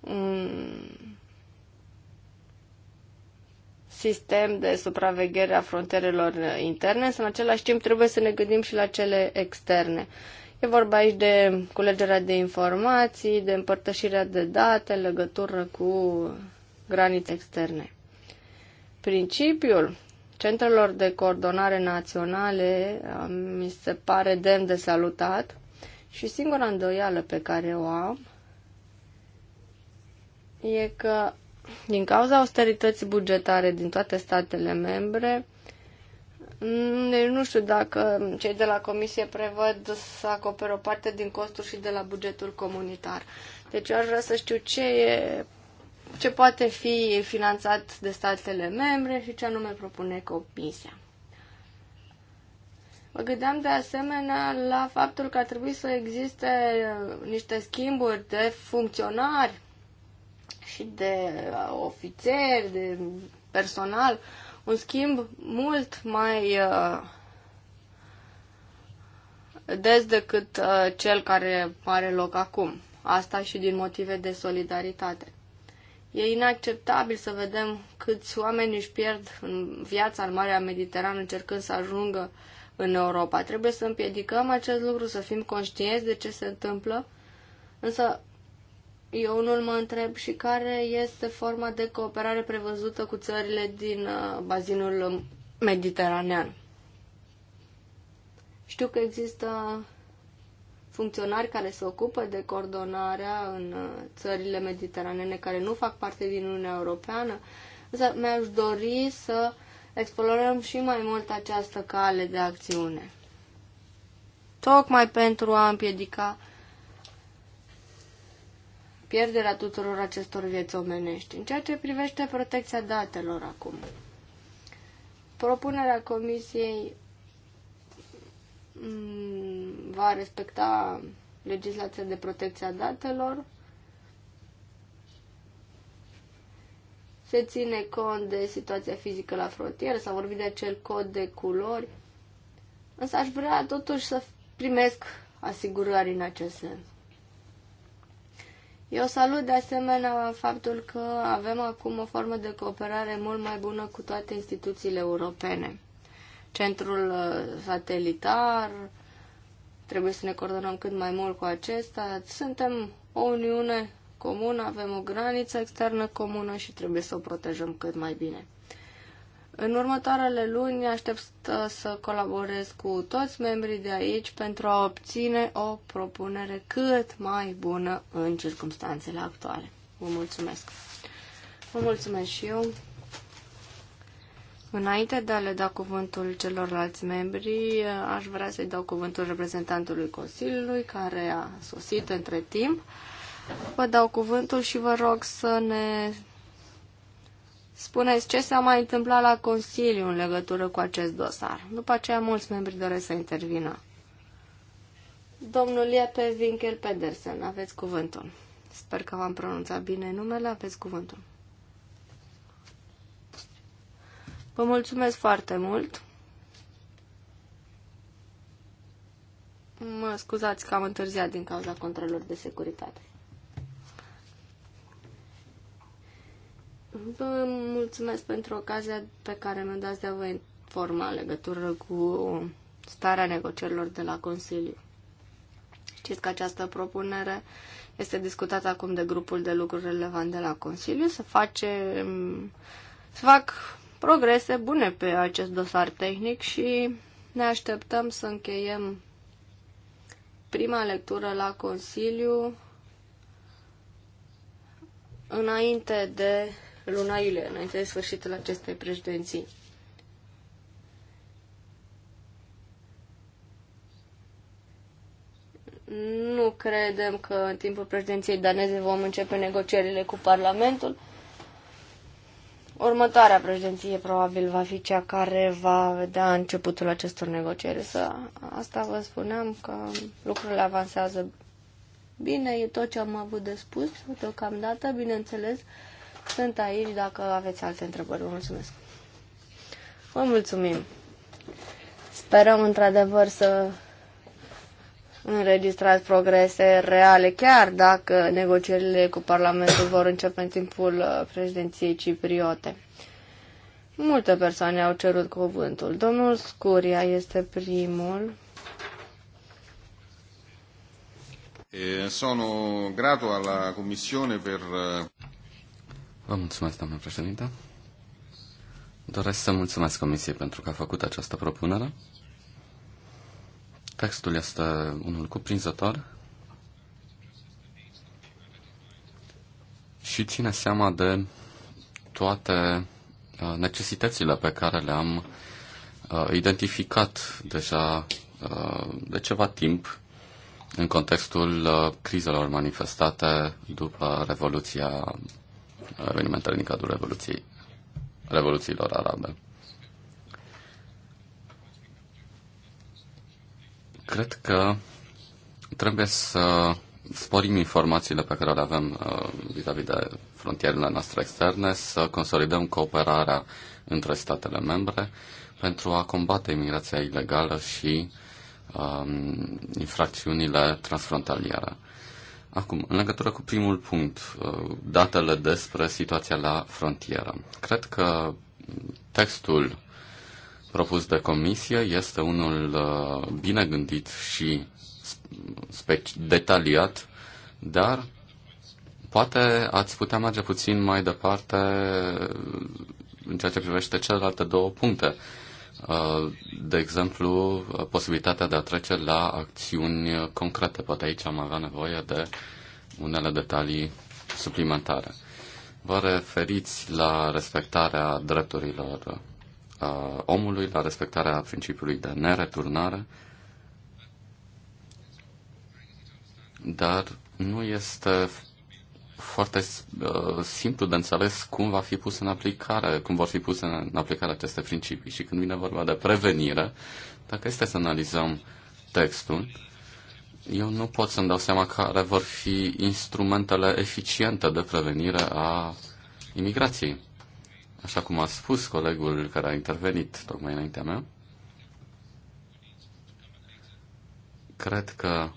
un sistem de supraveghere a frontierelor interne, însă în același timp trebuie să ne gândim și la cele externe. E vorba aici de culegerea de informații, de împărtășirea de date în legătură cu granițe externe. Principiul centrelor de coordonare naționale mi se pare demn de salutat și singura îndoială pe care o am e că din cauza austerității bugetare din toate statele membre, mm, deci nu știu dacă cei de la comisie prevăd să acopere o parte din costuri și de la bugetul comunitar. Deci eu aș vrea să știu ce, e, ce poate fi finanțat de statele membre și ce anume propune comisia. Mă gândeam de asemenea la faptul că ar trebui să existe uh, niște schimburi de funcționari și de uh, ofițeri, de personal, un schimb mult mai uh, des decât uh, cel care are loc acum. Asta și din motive de solidaritate. E inacceptabil să vedem câți oameni își pierd în viața în Marea Mediterană încercând să ajungă în Europa. Trebuie să împiedicăm acest lucru, să fim conștienți de ce se întâmplă, însă eu unul mă întreb și care este forma de cooperare prevăzută cu țările din uh, bazinul mediteranean. Știu că există funcționari care se ocupă de coordonarea în uh, țările mediteranene care nu fac parte din Uniunea Europeană, însă mi-aș dori să explorăm și mai mult această cale de acțiune. Tocmai pentru a împiedica pierderea tuturor acestor vieți omenești. În ceea ce privește protecția datelor acum, propunerea Comisiei mm, va respecta legislația de protecție a datelor, se ține cont de situația fizică la frontieră, s-a vorbit de acel cod de culori, însă aș vrea totuși să primesc asigurări în acest sens. Eu salut de asemenea faptul că avem acum o formă de cooperare mult mai bună cu toate instituțiile europene. Centrul uh, satelitar, trebuie să ne coordonăm cât mai mult cu acesta. Suntem o uniune comună, avem o graniță externă comună și trebuie să o protejăm cât mai bine. În următoarele luni aștept uh, să colaborez cu toți membrii de aici pentru a obține o propunere cât mai bună în circunstanțele actuale. Vă mulțumesc! Vă mulțumesc și eu! Înainte de a le da cuvântul celorlalți membri, uh, aș vrea să-i dau cuvântul reprezentantului Consiliului, care a sosit între timp. Vă dau cuvântul și vă rog să ne spuneți ce s-a mai întâmplat la Consiliu în legătură cu acest dosar. După aceea, mulți membri doresc să intervină. Domnul Iepe Winkel Pedersen, aveți cuvântul. Sper că v-am pronunțat bine numele, aveți cuvântul. Vă mulțumesc foarte mult. Mă scuzați că am întârziat din cauza controlor de securitate. Vă mulțumesc pentru ocazia pe care mi-o dați de a vă informa în legătură cu starea negocierilor de la Consiliu. Știți că această propunere este discutată acum de grupul de lucruri relevant de la Consiliu. Să face, să fac progrese bune pe acest dosar tehnic și ne așteptăm să încheiem prima lectură la Consiliu înainte de luna iulie, înainte de sfârșitul acestei președinții. Nu credem că în timpul președinției daneze vom începe negocierile cu Parlamentul. Următoarea președinție probabil va fi cea care va vedea începutul acestor negocieri. Să asta vă spuneam că lucrurile avansează bine, e tot ce am avut de spus deocamdată, bineînțeles. Sunt aici dacă aveți alte întrebări. Vă mulțumesc. Vă mulțumim. Sperăm într-adevăr să înregistrați progrese reale, chiar dacă negocierile cu Parlamentul vor începe în timpul uh, președinției cipriote. Multe persoane au cerut cuvântul. Domnul Scuria este primul. Sunt sono grato alla Commissione per... Uh, Vă mulțumesc, doamnă președinte. Doresc să mulțumesc Comisiei pentru că a făcut această propunere. Textul este unul cuprinzător și ține seama de toate uh, necesitățile pe care le-am uh, identificat deja uh, de ceva timp în contextul crizelor manifestate după Revoluția evenimentele din cadrul Revoluției, Revoluțiilor Arabe. Cred că trebuie să sporim informațiile pe care le avem uh, vis-a-vis -vis de frontierele noastre externe, să consolidăm cooperarea între statele membre pentru a combate imigrația ilegală și um, infracțiunile transfrontaliere. Acum, în legătură cu primul punct, uh, datele despre situația la frontieră. Cred că textul propus de comisie este unul uh, bine gândit și detaliat, dar poate ați putea merge puțin mai departe în ceea ce privește celelalte două puncte. Uh, de exemplu, posibilitatea de a trece la acțiuni concrete. Poate aici am avea nevoie de unele detalii suplimentare. Vă referiți la respectarea drepturilor uh, omului, la respectarea principiului de nereturnare, dar nu este foarte uh, simplu de înțeles cum va fi pus în aplicare, cum vor fi puse în aplicare aceste principii. Și când vine vorba de prevenire, dacă este să analizăm textul, eu nu pot să-mi dau seama care vor fi instrumentele eficiente de prevenire a imigrației. Așa cum a spus colegul care a intervenit tocmai înaintea mea, cred că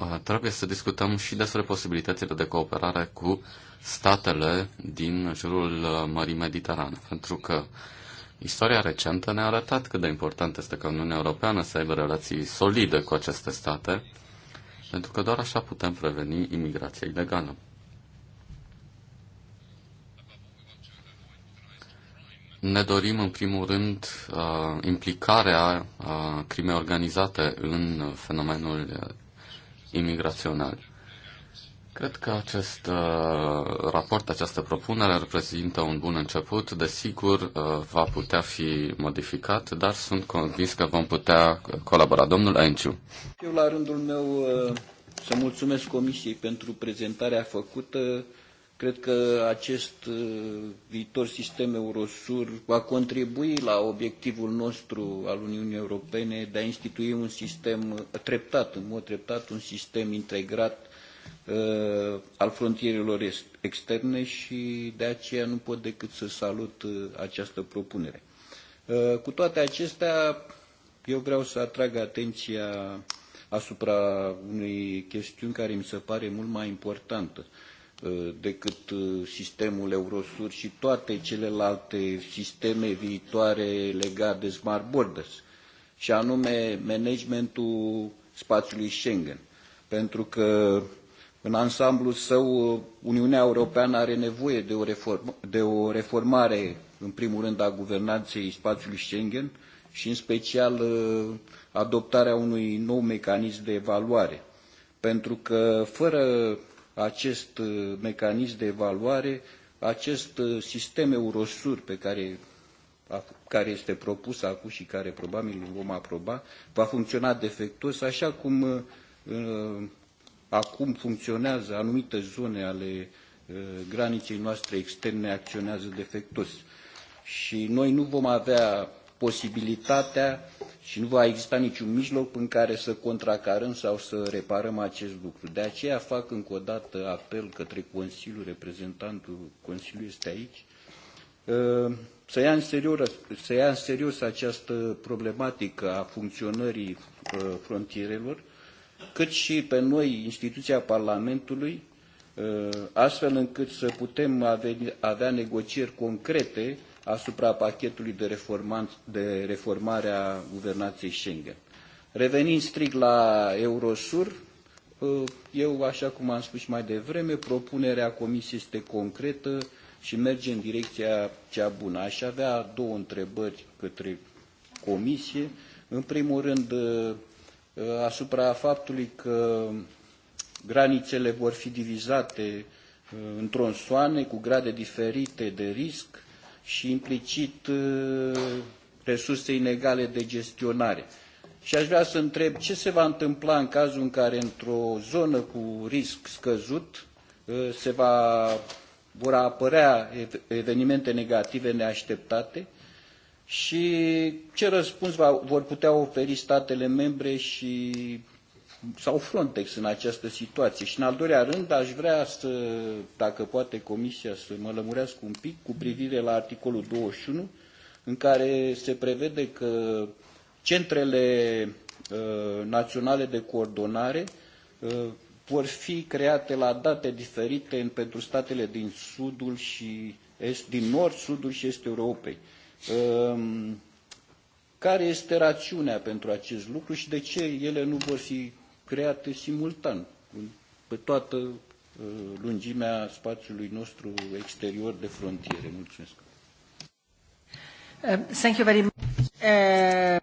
Uh, trebuie să discutăm și despre posibilitățile de cooperare cu statele din jurul uh, Mării Mediterane, pentru că istoria recentă ne-a arătat cât de important este ca Uniunea Europeană să aibă relații solide cu aceste state, pentru că doar așa putem preveni imigrația ilegală. Ne dorim, în primul rând, uh, implicarea crimei organizate în fenomenul imigrațional. Cred că acest uh, raport, această propunere reprezintă un bun început. Desigur, uh, va putea fi modificat, dar sunt convins că vom putea colabora. Domnul Ainciu. Eu, la rândul meu, uh, să mulțumesc Comisiei pentru prezentarea făcută. Cred că acest uh, viitor sistem Eurosur va contribui la obiectivul nostru al Uniunii Europene de a institui un sistem uh, treptat, în mod treptat, un sistem integrat uh, al frontierelor externe și de aceea nu pot decât să salut această propunere. Cu toate acestea, eu vreau să atrag atenția asupra unei chestiuni care mi se pare mult mai importantă. Uh, decât uh, sistemul Eurosur și toate celelalte sisteme viitoare legate de Smart Borders, și anume managementul spațiului Schengen. Pentru că în ansamblul său, Uniunea Europeană are nevoie de o, reform, de o reformare, în primul rând, a guvernanței spațiului Schengen și, în special, uh, adoptarea unui nou mecanism de evaluare. Pentru că, fără acest uh, mecanism de evaluare, acest uh, sistem Eurosur pe care, care este propus acum și care probabil îl vom aproba, va funcționa defectuos, așa cum uh, acum funcționează anumite zone ale graniței noastre externe acționează defectuos. Și noi nu vom avea posibilitatea și nu va exista niciun mijloc în care să contracarăm sau să reparăm acest lucru. De aceea fac încă o dată apel către Consiliu, reprezentantul Consiliului este aici, ă, să ia, în serios, să ia în serios această problematică a funcționării ă, frontierelor, cât și pe noi, instituția Parlamentului, ă, astfel încât să putem avea negocieri concrete asupra pachetului de, de reformare a guvernanței Schengen. Revenind strict la Eurosur, ă, eu, așa cum am spus mai devreme, propunerea Comisiei este concretă și merge în direcția cea bună. Aș avea două întrebări către Comisie. În primul rând, ă, asupra faptului că granițele vor fi divizate ă, în tronsoane cu grade diferite de risc, și implicit uh, resurse inegale de gestionare. Și aș vrea să întreb ce se va întâmpla în cazul în care într-o zonă cu risc scăzut uh, se va, vor apărea evenimente negative neașteptate și ce răspuns va, vor putea oferi statele membre și sau Frontex în această situație. Și în al doilea rând aș vrea să, dacă poate Comisia să mă lămurească un pic cu privire la articolul 21, în care se prevede că centrele uh, naționale de coordonare uh, vor fi create la date diferite pentru statele din sudul și est, din nord, sudul și estul Europei. Um, care este rațiunea pentru acest lucru și de ce ele nu vor fi create simultan pe toată uh, lungimea spațiului nostru exterior de frontiere. Mulțumesc. Uh, thank you very much. Uh...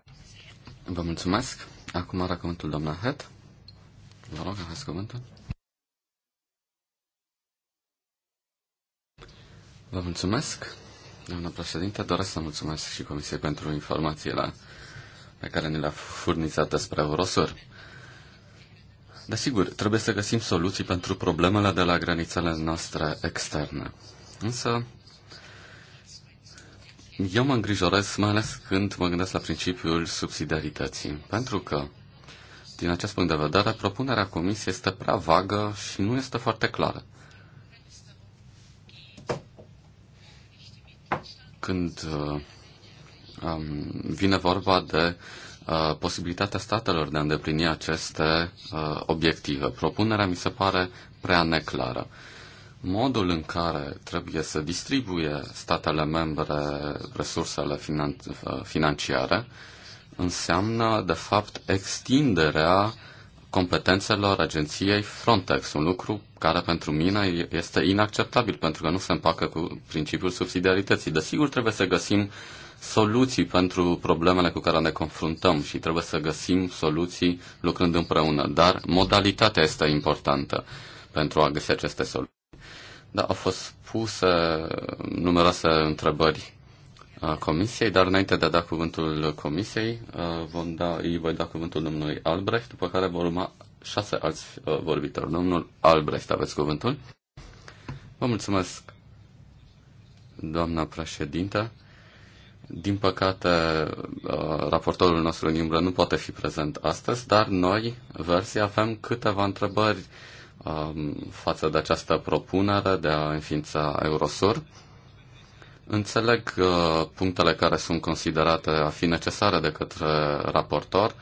Vă mulțumesc. Acum are cuvântul doamna Het. Vă rog, aveți cuvântul. Vă mulțumesc, doamna președinte. Doresc să mulțumesc și Comisiei pentru informațiile pe care ne le-a furnizat despre Eurosur. Desigur, trebuie să găsim soluții pentru problemele de la granițele noastre externe. Însă, eu mă îngrijorez mai ales când mă gândesc la principiul subsidiarității, pentru că, din acest punct de vedere, propunerea Comisiei este prea vagă și nu este foarte clară. Când uh, um, vine vorba de uh, Uh, posibilitatea statelor de a îndeplini aceste uh, obiective. Propunerea mi se pare prea neclară. Modul în care trebuie să distribuie statele membre resursele finan- uh, financiare înseamnă, de fapt, extinderea competențelor agenției Frontex, un lucru care pentru mine este inacceptabil, pentru că nu se împacă cu principiul subsidiarității. Desigur, trebuie să găsim uh, soluții pentru problemele cu care ne confruntăm și trebuie să găsim soluții lucrând împreună, dar modalitatea este importantă pentru a găsi aceste soluții. Da, au fost puse numeroase întrebări a uh, Comisiei, dar înainte de a da cuvântul Comisiei, uh, vom da, îi voi da cuvântul domnului Albrecht, după care vor urma șase alți uh, vorbitori. Domnul Albrecht, aveți cuvântul. Vă mulțumesc, doamna președintă. Din păcate, uh, raportorul nostru în nu poate fi prezent astăzi, dar noi, Versi, avem câteva întrebări um, față de această propunere de a înființa Eurosur. Înțeleg uh, punctele care sunt considerate a fi necesare de către raportor.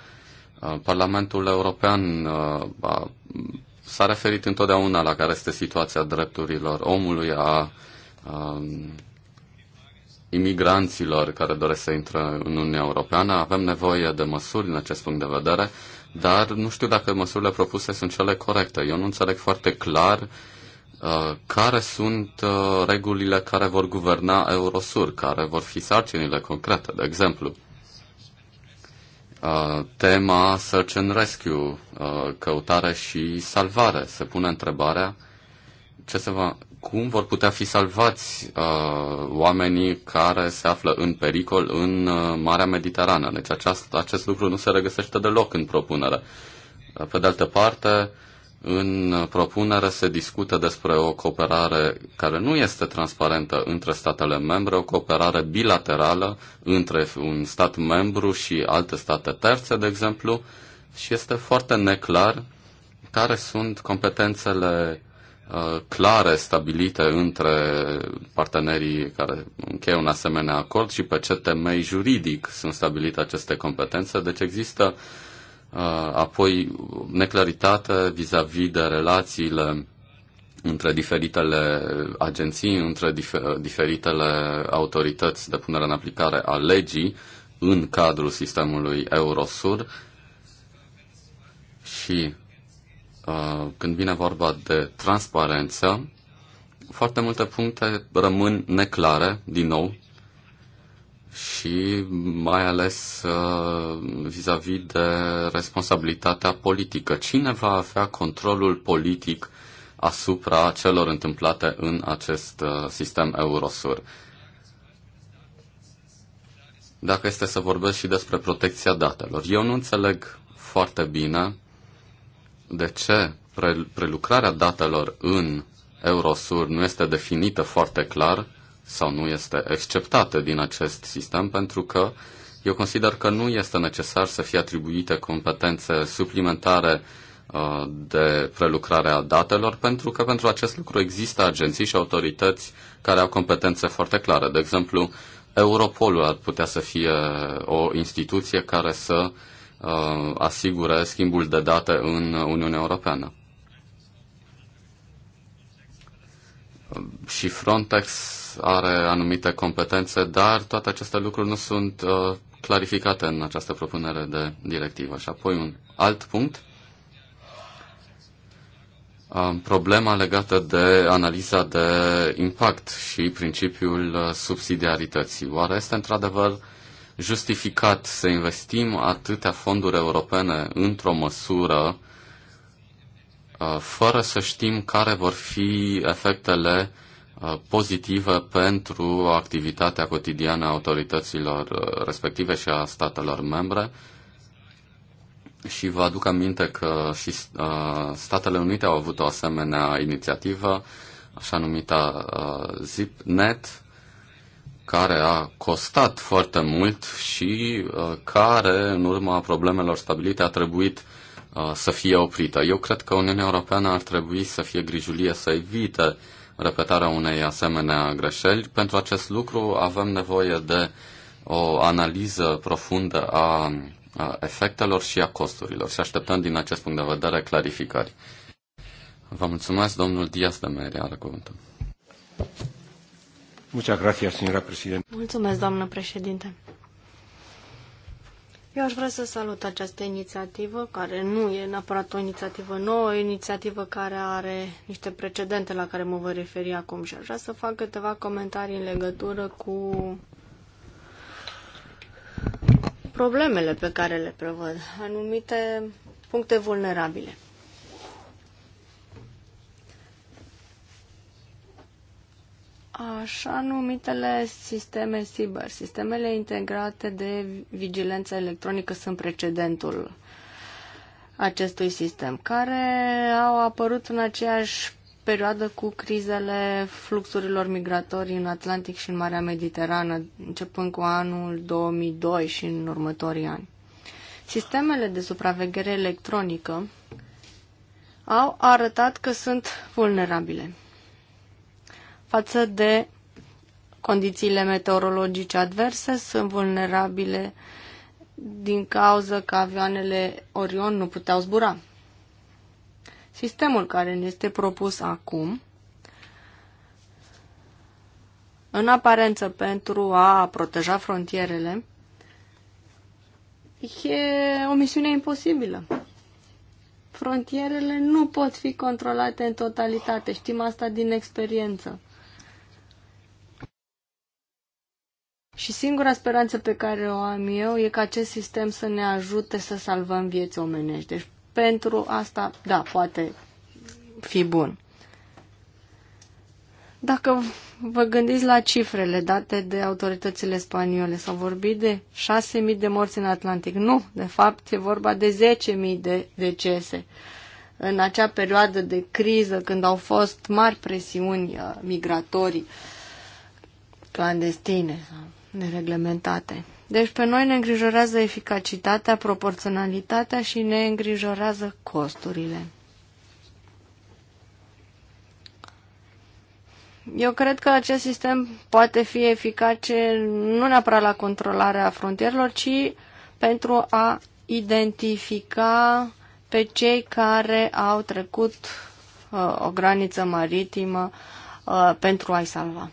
Uh, Parlamentul European s-a referit întotdeauna la care este situația drepturilor omului, a um, imigranților care doresc să intre în Uniunea Europeană. Avem nevoie de măsuri în acest punct de vedere, dar nu știu dacă măsurile propuse sunt cele corecte. Eu nu înțeleg foarte clar uh, care sunt uh, regulile care vor guverna Eurosur, care vor fi sarcinile concrete, de exemplu. Uh, tema Search and Rescue, uh, căutare și salvare. Se pune întrebarea ce se va, cum vor putea fi salvați uh, oamenii care se află în pericol în uh, Marea Mediterană. Deci aceast, acest lucru nu se regăsește deloc în propunere. Uh, pe de altă parte, în propunere se discută despre o cooperare care nu este transparentă între statele membre, o cooperare bilaterală între un stat membru și alte state terțe, de exemplu, și este foarte neclar care sunt competențele Uh, clare stabilite între partenerii care încheie un asemenea acord și pe ce temei juridic sunt stabilite aceste competențe. Deci există uh, apoi neclaritate vis-a-vis -vis de relațiile între diferitele agenții, între dif- diferitele autorități de punere în aplicare a legii în cadrul sistemului Eurosur și Uh, când vine vorba de transparență, foarte multe puncte rămân neclare, din nou, și mai ales uh, vis-a-vis -vis de responsabilitatea politică. Cine va avea controlul politic asupra celor întâmplate în acest uh, sistem Eurosur? Dacă este să vorbesc și despre protecția datelor, eu nu înțeleg foarte bine de ce prelucrarea datelor în Eurosur nu este definită foarte clar sau nu este exceptată din acest sistem, pentru că eu consider că nu este necesar să fie atribuite competențe suplimentare uh, de prelucrare a datelor, pentru că pentru acest lucru există agenții și autorități care au competențe foarte clare. De exemplu, Europolul ar putea să fie o instituție care să uh, Uh, asigure schimbul de date în Uniunea Europeană. Și Frontex are anumite competențe, dar toate aceste lucruri nu sunt uh, clarificate în această propunere de directivă. Și apoi un alt punct, uh, problema legată de analiza de impact și principiul uh, subsidiarității. Oare este într-adevăr justificat să investim atâtea fonduri europene într-o măsură uh, fără să știm care vor fi efectele uh, pozitive pentru activitatea cotidiană a autorităților uh, respective și a statelor membre. Și vă aduc aminte că și Statele Unite au avut o asemenea inițiativă, așa numită ZipNet, care a costat foarte mult și uh, care, în urma problemelor stabilite, a trebuit uh, să fie oprită. Eu cred că Uniunea Europeană ar trebui să fie grijulie să evite repetarea unei asemenea greșeli. Pentru acest lucru avem nevoie de o analiză profundă a efectelor și a costurilor și așteptăm din acest punct de vedere clarificări. Vă mulțumesc, domnul Dias de Mere, are cuvântul. Muchas gracias, señora Mulțumesc, doamnă președinte. Eu aș vrea să salut această inițiativă, care nu e neapărat o inițiativă nouă, o inițiativă care are niște precedente la care mă voi referi acum și aș vrea să fac câteva comentarii în legătură cu problemele pe care le prevăd, anumite puncte vulnerabile. așa numitele sisteme cyber, sistemele integrate de vigilență electronică sunt precedentul acestui sistem, care au apărut în aceeași perioadă cu crizele fluxurilor migratorii în Atlantic și în Marea Mediterană, începând cu anul 2002 și în următorii ani. Sistemele de supraveghere electronică au arătat că sunt vulnerabile față de Condițiile meteorologice adverse sunt vulnerabile din cauza că avioanele Orion nu puteau zbura. Sistemul care ne este propus acum, în aparență pentru a proteja frontierele, e o misiune imposibilă. Frontierele nu pot fi controlate în totalitate, știm asta din experiență. Și singura speranță pe care o am eu e ca acest sistem să ne ajute să salvăm vieți omenești. Deci pentru asta, da, poate fi bun. Dacă vă gândiți la cifrele date de autoritățile spaniole, s-au vorbit de 6.000 de morți în Atlantic. Nu, de fapt e vorba de 10.000 de decese. În acea perioadă de criză, când au fost mari presiuni uh, migratorii clandestine sau nereglementate. Deci pe noi ne îngrijorează eficacitatea, proporționalitatea și ne îngrijorează costurile. Eu cred că acest sistem poate fi eficace nu neapărat la controlarea frontierelor, ci pentru a identifica pe cei care au trecut uh, o graniță maritimă uh, pentru a-i salva.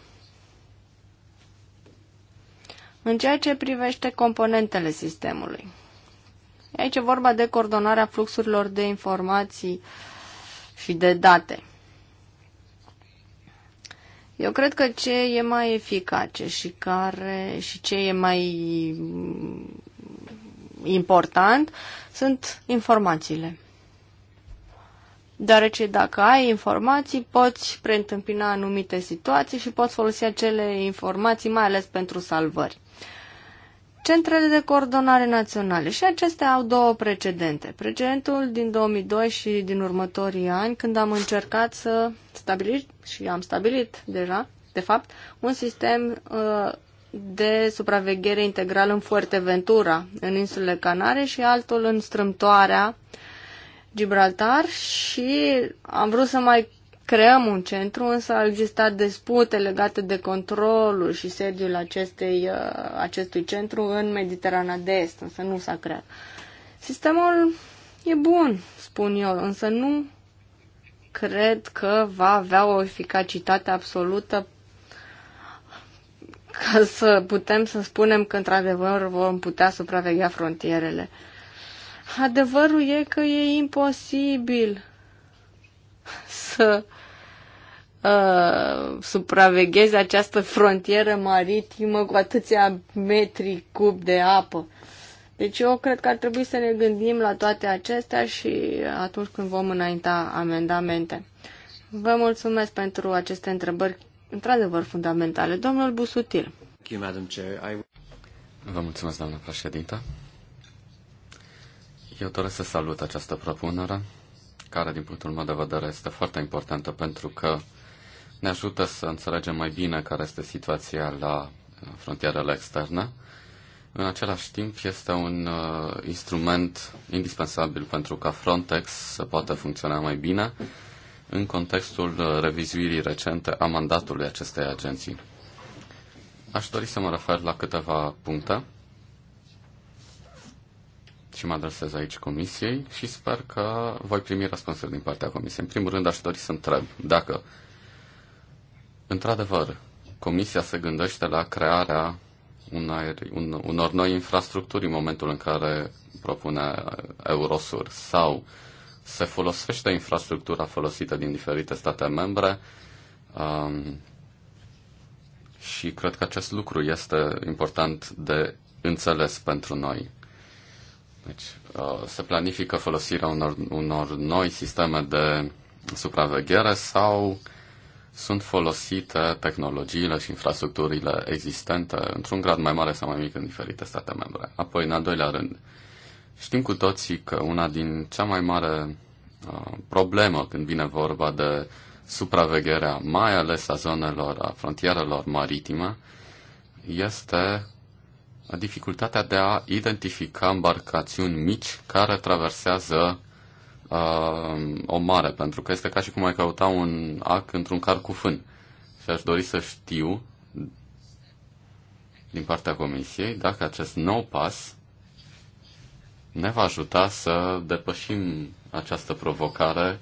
În ceea ce privește componentele sistemului, aici e vorba de coordonarea fluxurilor de informații și de date. Eu cred că ce e mai eficace și care și ce e mai important sunt informațiile. Deoarece dacă ai informații, poți preîntâmpina anumite situații și poți folosi acele informații mai ales pentru salvări. Centrele de coordonare naționale și acestea au două precedente. Precedentul din 2002 și din următorii ani, când am încercat să stabilim și am stabilit deja, de fapt, un sistem uh, de supraveghere integrală în Fuerteventura, în insulele Canare și altul în strâmtoarea Gibraltar și am vrut să mai creăm un centru, însă au existat dispute legate de controlul și sediul acestei, uh, acestui centru în Mediterana de Est, însă nu s-a creat. Sistemul e bun, spun eu, însă nu cred că va avea o eficacitate absolută ca să putem să spunem că într-adevăr vom putea supraveghea frontierele. Adevărul e că e imposibil să uh, supravegheze această frontieră maritimă cu atâția metri cub de apă. Deci eu cred că ar trebui să ne gândim la toate acestea și atunci când vom înainta amendamente. Vă mulțumesc pentru aceste întrebări într-adevăr fundamentale. Domnul Busutil. Vă mulțumesc, doamnă președintă. Eu doresc să salut această propunere care, din punctul meu de vedere, este foarte importantă pentru că ne ajută să înțelegem mai bine care este situația la uh, frontierele externe. În același timp, este un uh, instrument indispensabil pentru ca Frontex să poată funcționa mai bine în contextul uh, revizuirii recente a mandatului acestei agenții. Aș dori să mă refer la câteva puncte și mă adresez aici Comisiei și sper că voi primi răspunsuri din partea Comisiei. În primul rând aș dori să întreb dacă, într-adevăr, Comisia se gândește la crearea unor, unor noi infrastructuri în momentul în care propune Eurosur sau se folosește infrastructura folosită din diferite state membre um, și cred că acest lucru este important de înțeles pentru noi. Deci, uh, se planifică folosirea unor, unor noi sisteme de supraveghere sau sunt folosite tehnologiile și infrastructurile existente într-un grad mai mare sau mai mic în diferite state membre. Apoi, în al doilea rând, știm cu toții că una din cea mai mare uh, problemă când vine vorba de supravegherea, mai ales a zonelor, a frontierelor maritime, este dificultatea de a identifica embarcațiuni mici care traversează uh, o mare, pentru că este ca și cum ai căuta un ac într-un car cu fân. Și aș dori să știu din partea Comisiei dacă acest nou pas ne va ajuta să depășim această provocare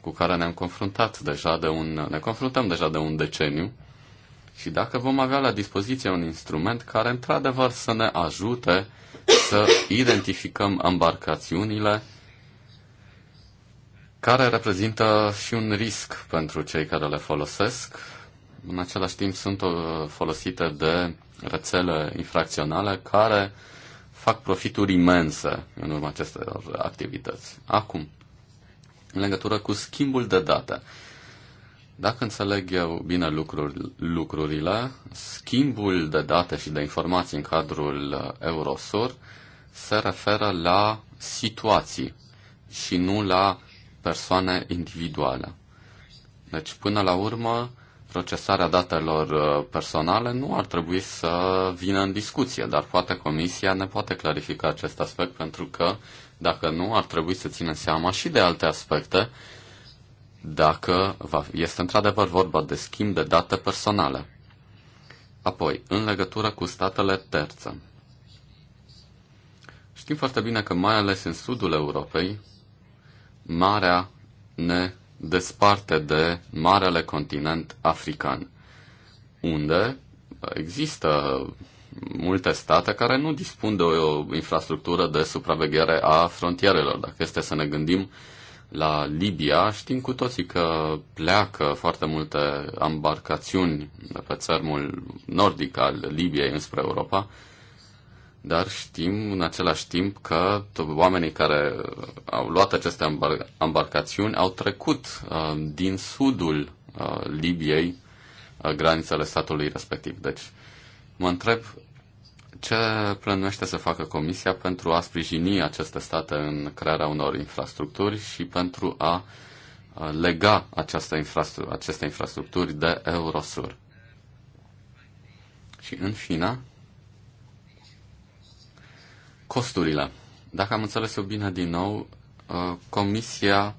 cu care ne-am confruntat deja de un, ne confruntăm deja de un deceniu și dacă vom avea la dispoziție un instrument care într-adevăr să ne ajute să identificăm embarcațiunile care reprezintă și un risc pentru cei care le folosesc. În același timp sunt uh, folosite de rețele infracționale care fac profituri imense în urma acestor activități. Acum, în legătură cu schimbul de date. Dacă înțeleg eu bine lucruri, lucrurile, schimbul de date și de informații în cadrul uh, Eurosur se referă la situații și nu la persoane individuale. Deci, până la urmă, procesarea datelor uh, personale nu ar trebui să vină în discuție, dar poate Comisia ne poate clarifica acest aspect, pentru că, dacă nu, ar trebui să ținem seama și de alte aspecte dacă va, este într-adevăr vorba de schimb de date personale. Apoi, în legătură cu statele terțe. Știm foarte bine că, mai ales în sudul Europei, marea ne desparte de marele continent african, unde există multe state care nu dispun de o infrastructură de supraveghere a frontierelor. Dacă este să ne gândim uh, la Libia, știm cu toții că pleacă foarte multe embarcațiuni de pe țărmul nordic al Libiei înspre Europa, dar știm în același timp că oamenii care au luat aceste embar- embarcațiuni au trecut uh, din sudul uh, Libiei uh, granițele statului respectiv. Deci mă întreb ce plănuiește să facă Comisia pentru a sprijini aceste state în crearea unor infrastructuri și pentru a lega această infrastru- aceste infrastructuri de Eurosur? Și în fine, costurile. Dacă am înțeles eu bine din nou, Comisia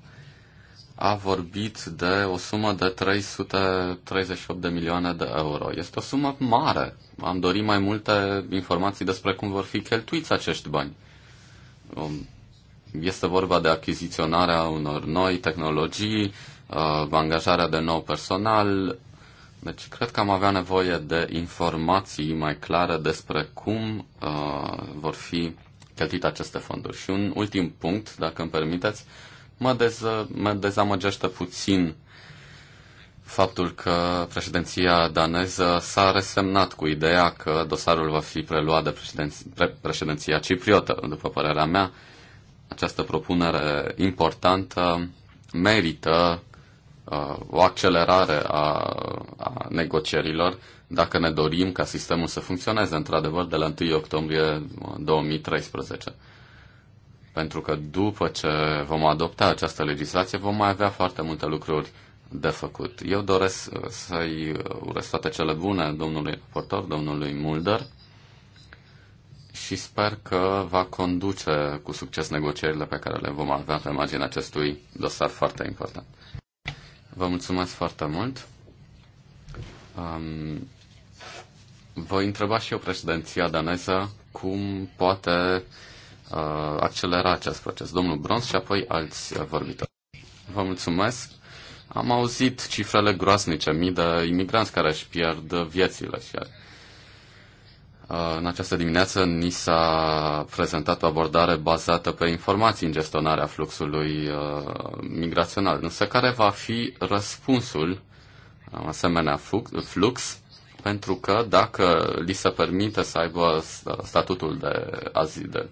a vorbit de o sumă de 338 de milioane de euro. Este o sumă mare. Am dorit mai multe informații despre cum vor fi cheltuiți acești bani. Um, este vorba de achiziționarea unor noi tehnologii, uh, angajarea de nou personal. Deci cred că am avea nevoie de informații mai clare despre cum uh, vor fi cheltuite aceste fonduri. Și un ultim punct, dacă îmi permiteți, Mă, dez- mă dezamăgește puțin faptul că președinția daneză s-a resemnat cu ideea că dosarul va fi preluat de președin- pre- președinția cipriotă. După părerea mea, această propunere importantă merită uh, o accelerare a, a negocierilor dacă ne dorim ca sistemul să funcționeze într-adevăr de la 1 octombrie 2013 pentru că după ce vom adopta această legislație vom mai avea foarte multe lucruri de făcut. Eu doresc uh, să-i uh, urez toate cele bune domnului raportor, domnului Mulder și sper că va conduce cu succes negocierile pe care le vom avea pe marginea acestui dosar foarte important. Vă mulțumesc foarte mult. Um, voi întreba și eu președinția daneză cum poate Uh, accelera acest proces. Domnul Brons și apoi alți uh, vorbitori. Vă mulțumesc. Am auzit cifrele groasnice, mii de imigranți care își pierd viețile și uh, în această dimineață ni s-a prezentat o abordare bazată pe informații în gestionarea fluxului migrațional. Însă care va fi răspunsul la asemenea flux? Pentru că dacă li se permite să aibă statutul de, azil, de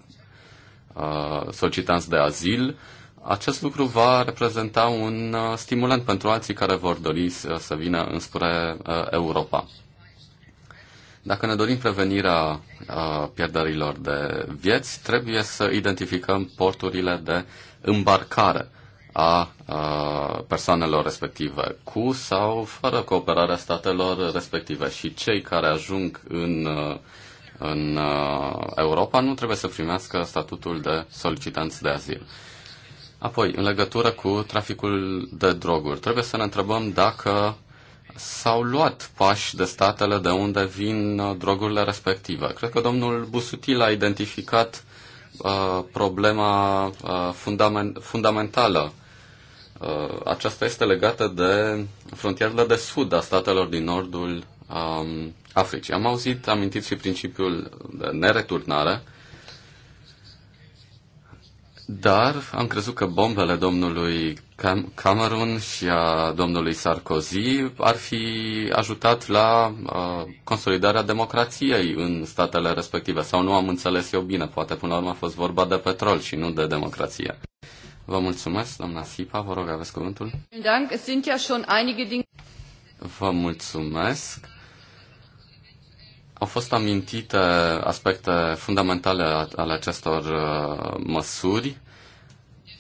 Uh, solicitanți de azil, acest lucru va reprezenta un uh, stimulant pentru alții care vor dori să, să vină înspre uh, Europa. Dacă ne dorim prevenirea pierderilor de vieți, trebuie să identificăm porturile de îmbarcare a persoanelor respective, cu sau fără cooperarea statelor respective. Și cei care ajung în în uh, Europa nu trebuie să primească statutul de solicitanți de azil. Apoi, în legătură cu traficul de droguri, trebuie să ne întrebăm dacă s-au luat pași de statele de unde vin uh, drogurile respective. Cred că domnul Busutil a identificat uh, problema uh, fundament, fundamentală. Uh, aceasta este legată de frontierele de sud a statelor din nordul um, Africii. Am auzit, amintit și principiul de nereturnare, dar am crezut că bombele domnului Cam- Cameron și a domnului Sarkozy ar fi ajutat la uh, consolidarea democrației în statele respective. Sau nu am înțeles eu bine, poate până la urmă a fost vorba de petrol și nu de democrație. Vă mulțumesc, doamna Sipa, vă rog, aveți cuvântul. Vă mulțumesc. Au fost amintite aspecte fundamentale ale acestor uh, măsuri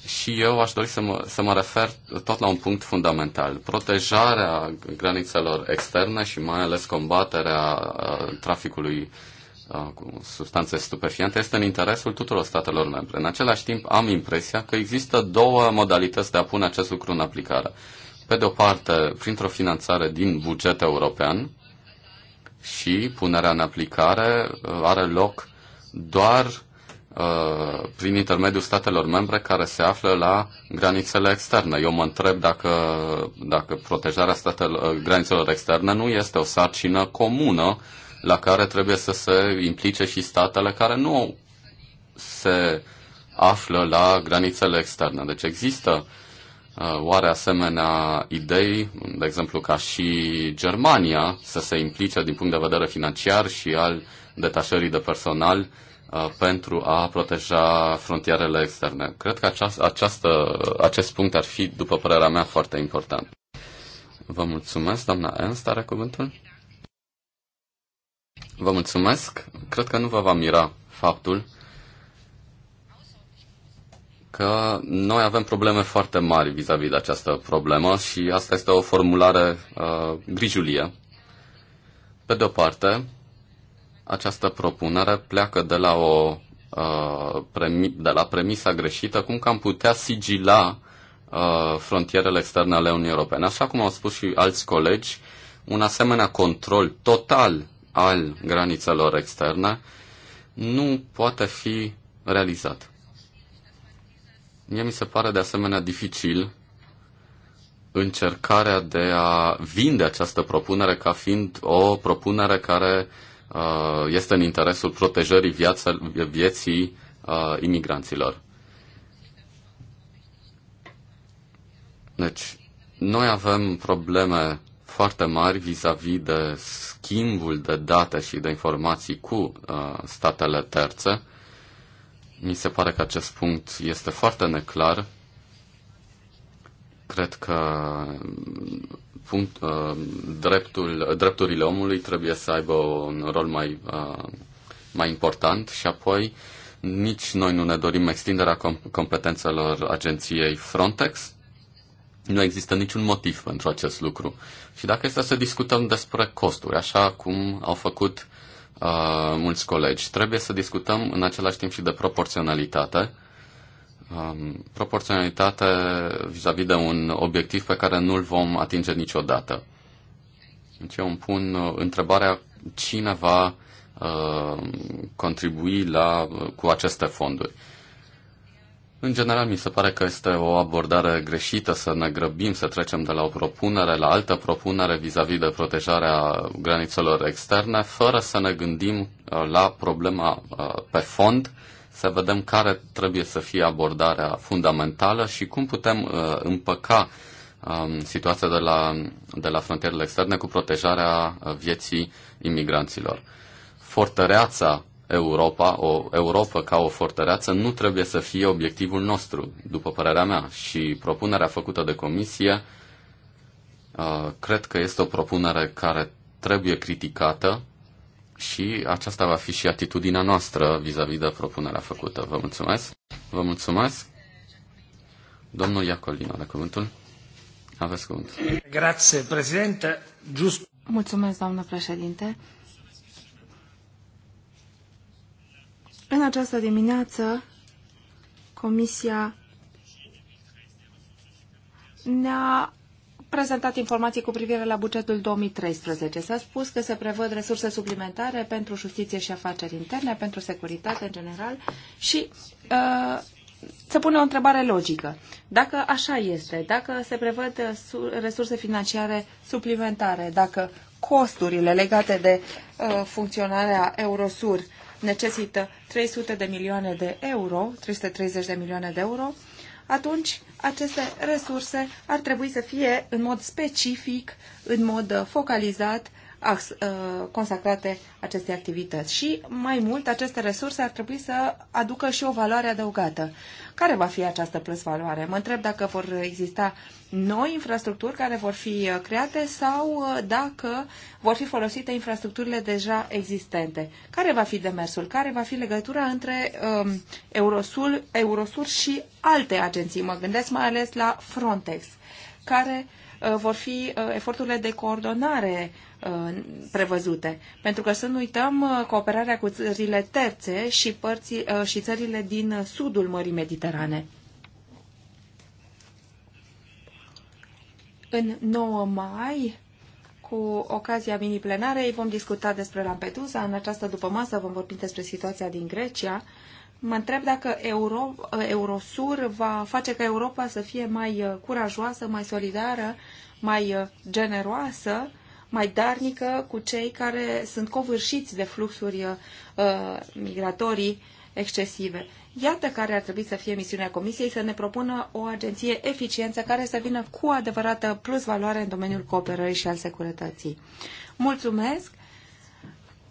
și eu aș dori să mă, să mă refer tot la un punct fundamental. Protejarea granițelor externe și mai ales combaterea uh, traficului uh, cu substanțe stupefiante este în interesul tuturor statelor membre. În același timp, am impresia că există două modalități de a pune acest lucru în aplicare. Pe de o parte, printr-o finanțare din buget european, și punerea în aplicare uh, are loc doar uh, prin intermediul statelor membre care se află la granițele externe. Eu mă întreb dacă, dacă protejarea statelor, uh, granițelor externe nu este o sarcină comună la care trebuie să se implice și statele care nu se află la granițele externe. Deci există uh, Uh, oare asemenea idei, de exemplu ca și Germania, să se implice din punct de vedere financiar și al detașării de personal uh, pentru a proteja frontierele externe. Cred că aceast, această, acest punct ar fi, după părerea mea, foarte important. Vă mulțumesc, doamna Ernst are cuvântul. Vă mulțumesc. Cred că nu vă va mira faptul că noi avem probleme foarte mari vis-a-vis -vis de această problemă și asta este o formulare uh, grijulie. Pe de o parte, această propunere pleacă de la, o, uh, premi- de la premisa greșită cum că am putea sigila uh, frontierele externe ale Uniunii Europene. Așa cum au spus și alți colegi, un asemenea control total al granițelor externe nu poate fi realizat. Mie mi se pare de asemenea dificil încercarea de a vinde această propunere ca fiind o propunere care uh, este în interesul protejării viață, vieții uh, imigranților. Deci, noi avem probleme foarte mari vis-a-vis -vis de schimbul de date și de informații cu uh, statele terțe. Mi se pare că acest punct este foarte neclar. Cred că punct, uh, dreptul, drepturile omului trebuie să aibă un rol mai, uh, mai important și apoi nici noi nu ne dorim extinderea competențelor agenției Frontex. Nu există niciun motiv pentru acest lucru. Și dacă este să discutăm despre costuri, așa cum au făcut uh, mulți colegi. Trebuie să discutăm în același timp și de proporționalitate. Um, proporționalitate vis-a-vis -vis de un obiectiv pe care nu-l vom atinge niciodată. Deci eu îmi pun uh, întrebarea cine va uh, contribui la, uh, cu aceste fonduri. Uh, în general, mi se pare că este o abordare greșită să ne grăbim să trecem de la o propunere la altă propunere vis-a-vis -vis de protejarea granițelor externe, fără să ne gândim uh, la problema uh, pe fond, să vedem care trebuie să fie abordarea fundamentală și cum putem uh, împăca um, situația de la, de la frontierele externe cu protejarea vieții imigranților. Fortăreața Europa, o Europa ca o fortăreață, nu trebuie să fie obiectivul nostru, după părerea mea. Și propunerea făcută de comisie uh, cred că este o propunere care trebuie criticată și aceasta va fi și atitudinea noastră vis-a-vis -vis de propunerea făcută. Vă mulțumesc. Vă mulțumesc. Domnul Iacolino, de cuvântul. Aveți cuvântul. Grazie, președinte. Just... Mulțumesc, doamnă președinte. În această dimineață, Comisia ne-a prezentat informații cu privire la bugetul 2013. S-a spus că se prevăd resurse suplimentare pentru justiție și afaceri interne, pentru securitate în general și uh, se pune o întrebare logică. Dacă așa este, dacă se prevăd resurse financiare suplimentare, dacă costurile legate de uh, funcționarea Eurosur necesită 300 de milioane de euro, 330 de milioane de euro, atunci aceste resurse ar trebui să fie în mod specific, în mod uh, focalizat, Uh, consacrate acestei activități. Și mai mult, aceste resurse ar trebui să aducă și o valoare adăugată. Care va fi această plus valoare? Mă întreb dacă vor exista noi infrastructuri care vor fi uh, create sau uh, dacă vor fi folosite infrastructurile deja existente. Care va fi demersul? Care va fi legătura între um, Eurosul, Eurosur și alte agenții? Mă gândesc mai ales la Frontex, care uh, vor fi eforturile de coordonare Uh, prevăzute. Pentru că să nu uităm uh, cooperarea cu țările terțe și, părții, uh, și țările din sudul Mării Mediterane. În 9 mai, cu ocazia mini-plenarei, vom discuta despre Lampedusa. În această dupămasă vom vorbi despre situația din Grecia. Mă întreb dacă Euro, Eurosur va face ca Europa să fie mai curajoasă, mai solidară, mai generoasă mai darnică cu cei care sunt covârșiți de fluxuri uh, migratorii excesive. Iată care ar trebui să fie misiunea Comisiei, să ne propună o agenție eficientă care să vină cu adevărată plus valoare în domeniul cooperării și al securității. Mulțumesc!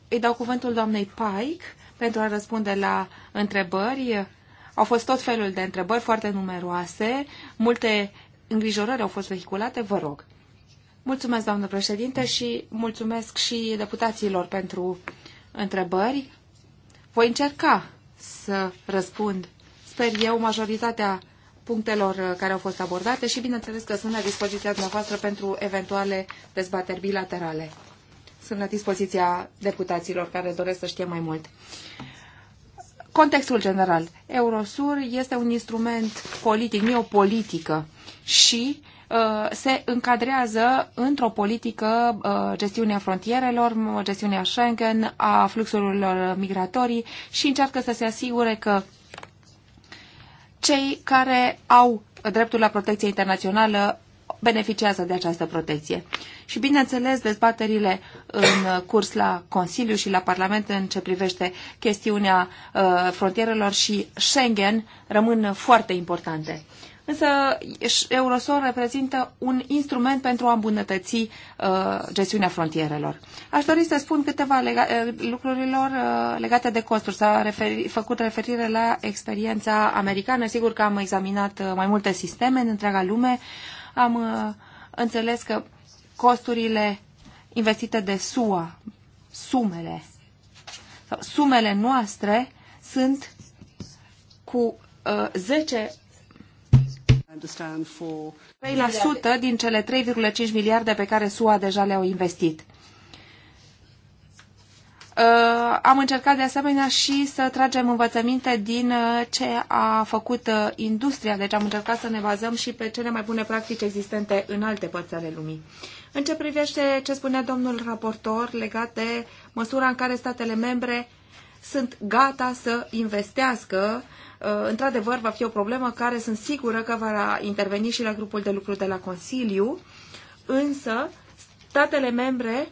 Îi dau cuvântul doamnei Pike pentru a răspunde la întrebări. Au fost tot felul de întrebări foarte numeroase, multe îngrijorări au fost vehiculate, vă rog. Mulțumesc, doamnă președinte, și mulțumesc și deputaților pentru întrebări. Voi încerca să răspund, sper eu, majoritatea punctelor uh, care au fost abordate și, bineînțeles, că sunt la dispoziția dumneavoastră pentru eventuale dezbateri bilaterale. Sunt la dispoziția deputaților care doresc să știe mai mult. Contextul general. Eurosur este un instrument politic, nu o politică și uh, Uh, se încadrează într-o politică uh, gestiunea frontierelor, gestiunea Schengen, a fluxurilor migratorii și încearcă să se asigure că cei care au dreptul la protecție internațională beneficiază de această protecție. Și bineînțeles, dezbaterile în curs la Consiliu și la Parlament în ce privește chestiunea uh, frontierelor și Schengen rămân foarte importante însă Eurosol reprezintă un instrument pentru a îmbunătăți uh, gestiunea frontierelor. Aș dori să spun câteva lega- uh, lucrurilor uh, legate de costuri. S-a referi- făcut referire la experiența americană. Sigur că am examinat uh, mai multe sisteme în întreaga lume. Am uh, înțeles că costurile investite de SUA, sumele, sumele noastre sunt cu uh, 10 3% din cele 3,5 miliarde pe care SUA deja le-au investit. Uh, am încercat de asemenea și să tragem învățăminte din uh, ce a făcut uh, industria, deci am încercat să ne bazăm și pe cele mai bune practici existente în alte părți ale lumii. În ce privește ce spunea domnul raportor legat de măsura în care statele membre sunt gata să investească uh, Uh, într-adevăr, va fi o problemă care sunt sigură că va interveni și la grupul de lucru de la Consiliu, însă statele membre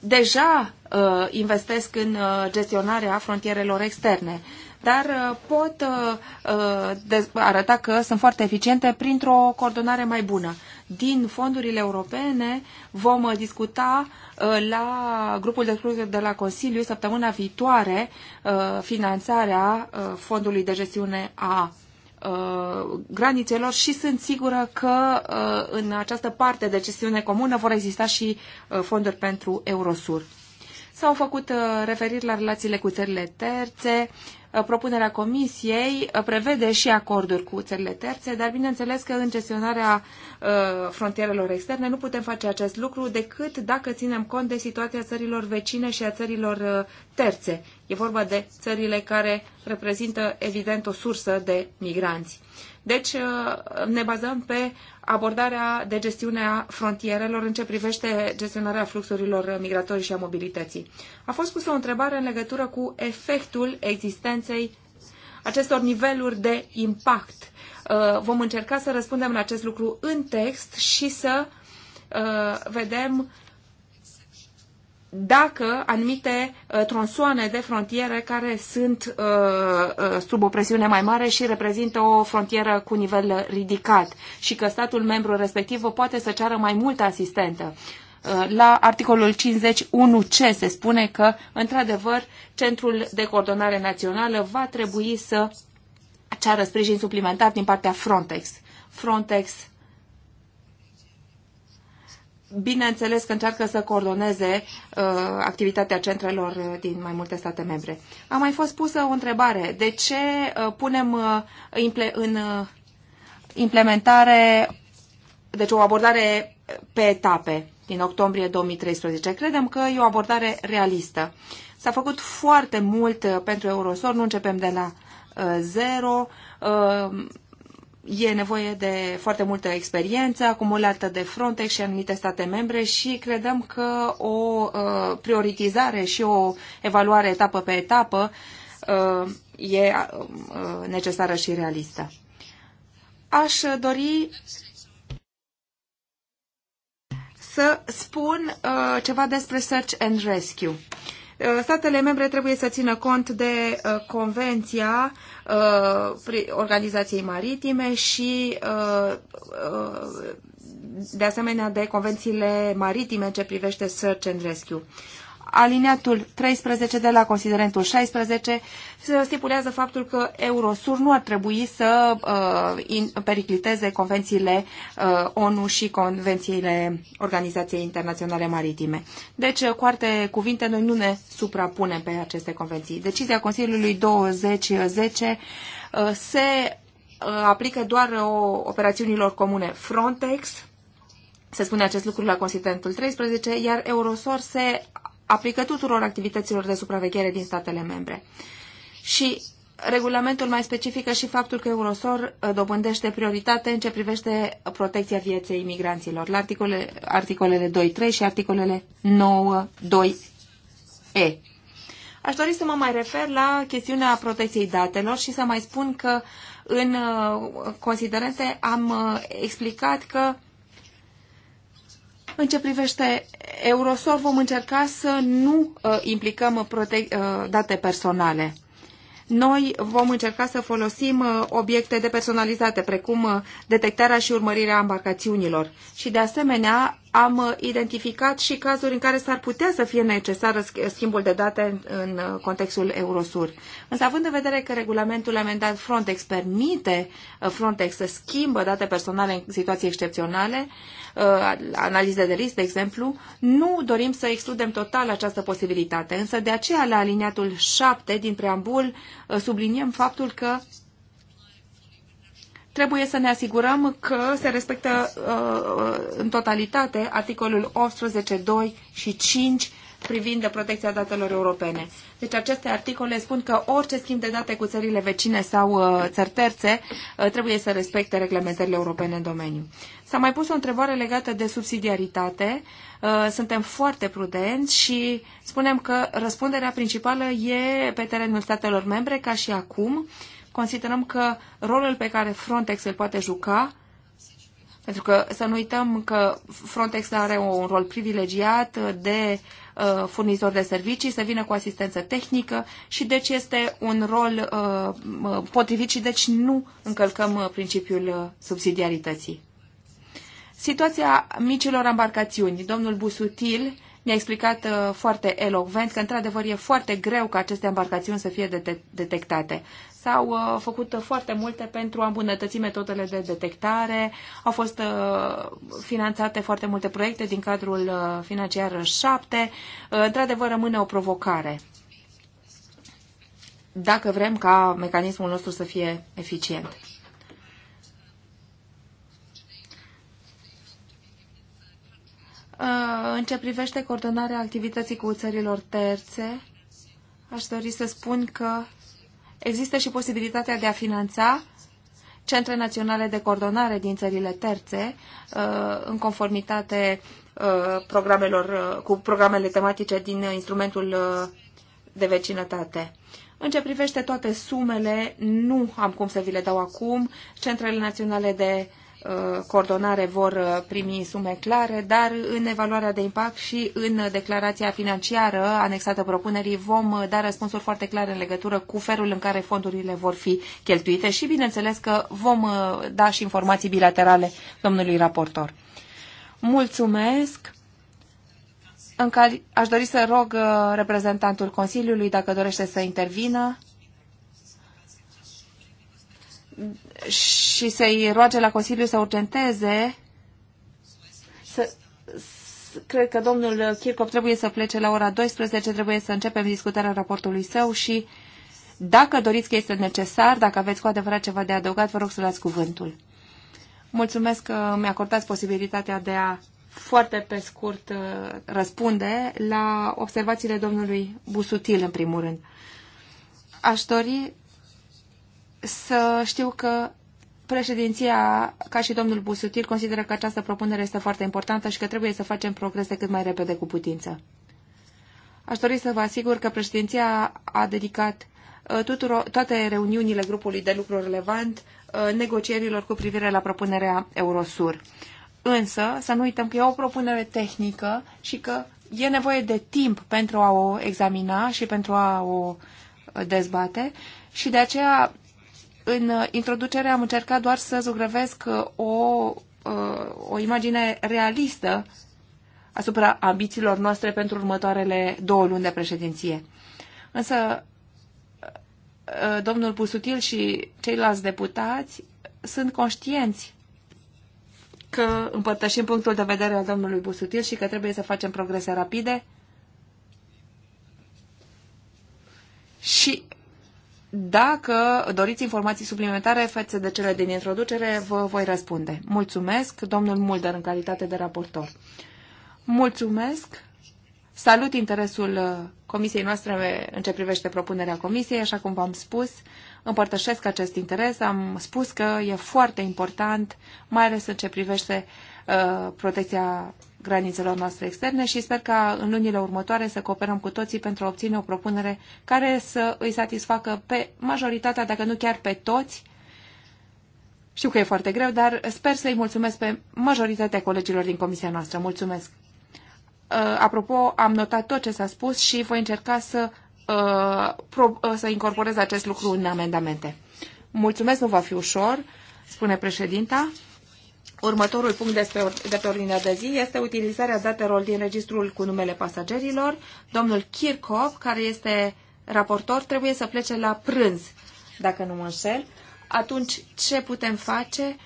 deja uh, investesc în uh, gestionarea frontierelor externe, dar uh, pot uh, uh arăta că sunt foarte eficiente printr-o coordonare mai bună din fondurile europene vom uh, discuta uh, la grupul de lucru de la Consiliu săptămâna viitoare uh, finanțarea fondului de gestiune a granițelor și sunt sigură că în această parte de gestiune comună vor exista și fonduri pentru Eurosur. S-au făcut referiri la relațiile cu țările terțe, Uh, propunerea Comisiei uh, prevede și acorduri cu țările terțe, dar bineînțeles că în gestionarea uh, frontierelor externe nu putem face acest lucru decât dacă ținem cont de situația țărilor vecine și a țărilor terțe. E vorba de țările care reprezintă evident o sursă de migranți. Deci uh, ne bazăm pe abordarea de gestiune a frontierelor în ce privește gestionarea fluxurilor migratorii și a mobilității. A fost pusă o întrebare în legătură cu efectul existenței acestor niveluri de impact. Uh, vom încerca să răspundem la acest lucru în text și să uh, vedem dacă anumite uh, tronsoane de frontiere care sunt uh, uh, sub o presiune mai mare și reprezintă o frontieră cu nivel ridicat și că statul membru respectiv poate să ceară mai multă asistentă. La articolul 51C se spune că, într-adevăr, Centrul de Coordonare Națională va trebui să ceară sprijin suplimentar din partea Frontex. Frontex bineînțeles că încearcă să coordoneze uh, activitatea centrelor uh, din mai multe state membre. A mai fost pusă o întrebare. De ce uh, punem uh, imple- în uh, implementare, deci o abordare pe etape din octombrie 2013? Credem că e o abordare realistă. S-a făcut foarte mult uh, pentru Eurosor, nu începem de la uh, zero. Uh, e nevoie de foarte multă experiență acumulată de Frontex și anumite state membre și credem că o uh, prioritizare și o evaluare etapă pe etapă uh, e uh, necesară și realistă. Aș dori să spun ceva despre Search and Rescue. Statele membre trebuie să țină cont de convenția Uh, organizației Maritime și uh, uh, de asemenea de convențiile maritime ce privește search and rescue. Aliniatul 13 de la considerentul 16 se stipulează faptul că Eurosur nu ar trebui să uh, in, pericliteze convențiile uh, ONU și convențiile Organizației Internaționale Maritime. Deci, uh, cu alte cuvinte, noi nu ne suprapunem pe aceste convenții. Decizia Consiliului 2010 uh, se uh, aplică doar o, uh, operațiunilor comune Frontex, se spune acest lucru la considerentul 13, iar Eurosor se aplică tuturor activităților de supraveghere din statele membre. Și regulamentul mai specifică și faptul că Eurosor uh, dobândește prioritate în ce privește protecția vieței imigranților, la articole, articolele 2.3 și articolele 9.2e. Aș dori să mă mai refer la chestiunea protecției datelor și să mai spun că în uh, considerente am uh, explicat că în ce privește Eurosor, vom încerca să nu uh, implicăm prote- uh, date personale. Noi vom încerca să folosim uh, obiecte depersonalizate, precum uh, detectarea și urmărirea embarcațiunilor. Și, de asemenea, am uh, identificat și cazuri în care s-ar putea să fie necesară uh, schimbul de date în uh, contextul Eurosur. Însă, având în vedere că regulamentul amendat Frontex permite Frontex să schimbă date personale în situații excepționale, analize de risc, de exemplu, nu dorim să excludem total această posibilitate. Însă, de aceea, la aliniatul 7 din preambul, subliniem faptul că trebuie să ne asigurăm că se respectă uh, în totalitate articolul 18, 2 și 5 privind de protecția datelor europene. Deci aceste articole spun că orice schimb de date cu țările vecine sau uh, țări terțe uh, trebuie să respecte reglementările europene în domeniu. S-a mai pus o întrebare legată de subsidiaritate. Uh, suntem foarte prudenți și spunem că răspunderea principală e pe terenul statelor membre, ca și acum. Uh, considerăm că rolul pe care Frontex îl poate juca, pentru că să nu uităm că Frontex are un rol privilegiat de uh, furnizor de servicii, să vină cu asistență tehnică și deci este un rol uh, uh potrivit și deci nu încălcăm uh, principiul uh, subsidiarității. Situația micilor embarcațiuni. Domnul Busutil mi a explicat uh, foarte elocvent că, într-adevăr, e foarte greu ca aceste embarcațiuni să fie de detectate. S-au uh, făcut foarte multe pentru a îmbunătăți metodele de detectare, au fost uh, finanțate foarte multe proiecte din cadrul uh, financiar 7. Într-adevăr, rămâne o provocare dacă vrem ca mecanismul nostru să fie eficient. În ce privește coordonarea activității cu țărilor terțe, aș dori să spun că există și posibilitatea de a finanța centre naționale de coordonare din țările terțe, uh, în conformitate uh, programelor, uh, cu programele tematice din instrumentul de vecinătate. În ce privește toate sumele, nu am cum să vi le dau acum. Centrele naționale de Uh, coordonare vor uh, primi sume clare, dar în evaluarea de impact și în declarația financiară anexată propunerii vom uh, da răspunsuri foarte clare în legătură cu felul în care fondurile vor fi cheltuite și bineînțeles că vom da și informații bilaterale domnului raportor. Mulțumesc! Aș dori să rog reprezentantul Consiliului dacă dorește să intervină și să-i roage la Consiliu să urgenteze. Să, să, cred că domnul Kirchhoff trebuie să plece la ora 12, trebuie să începem discutarea raportului său și dacă doriți că este necesar, dacă aveți cu adevărat ceva de adăugat, vă rog să luați cuvântul. Mulțumesc că mi acordați posibilitatea de a foarte pe scurt uh, răspunde la observațiile domnului Busutil, în primul rând. Aș dori să știu că președinția, ca și domnul Busutil, consideră că această propunere este foarte importantă și că trebuie să facem progrese cât mai repede cu putință. Aș dori să vă asigur că președinția a dedicat uh, tuturor, toate reuniunile grupului de lucru relevant uh, negocierilor cu privire la propunerea Eurosur. Însă, să nu uităm că e o propunere tehnică și că e nevoie de timp pentru a o examina și pentru a o uh, dezbate și de aceea în uh, introducere am încercat doar să zugrăvesc uh, o, uh, o imagine realistă asupra ambițiilor noastre pentru următoarele două luni de președinție. Însă, domnul Pusutil și ceilalți deputați sunt conștienți că împărtășim punctul de vedere al domnului Busutil și că trebuie să facem progrese rapide și dacă doriți informații suplimentare față de cele din introducere, vă voi răspunde. Mulțumesc, domnul Mulder, în calitate de raportor. Mulțumesc. Salut interesul uh, comisiei noastre în ce privește propunerea comisiei, așa cum v-am spus împărtășesc acest interes. Am spus că e foarte important, mai ales în ce privește uh, protecția granițelor noastre externe și sper ca în lunile următoare să cooperăm cu toții pentru a obține o propunere care să îi satisfacă pe majoritatea, dacă nu chiar pe toți. Știu că e foarte greu, dar sper să-i mulțumesc pe majoritatea colegilor din comisia noastră. Mulțumesc! Uh, apropo, am notat tot ce s-a spus și voi încerca să, uh, uh, să incorporez acest lucru în amendamente. Mulțumesc, nu va fi ușor, spune președinta. Următorul punct despre, de pe ordinea de zi este utilizarea datelor din registrul cu numele pasagerilor. Domnul Kirchhoff, care este raportor, trebuie să plece la prânz, dacă nu mă înșel. Atunci, ce putem face?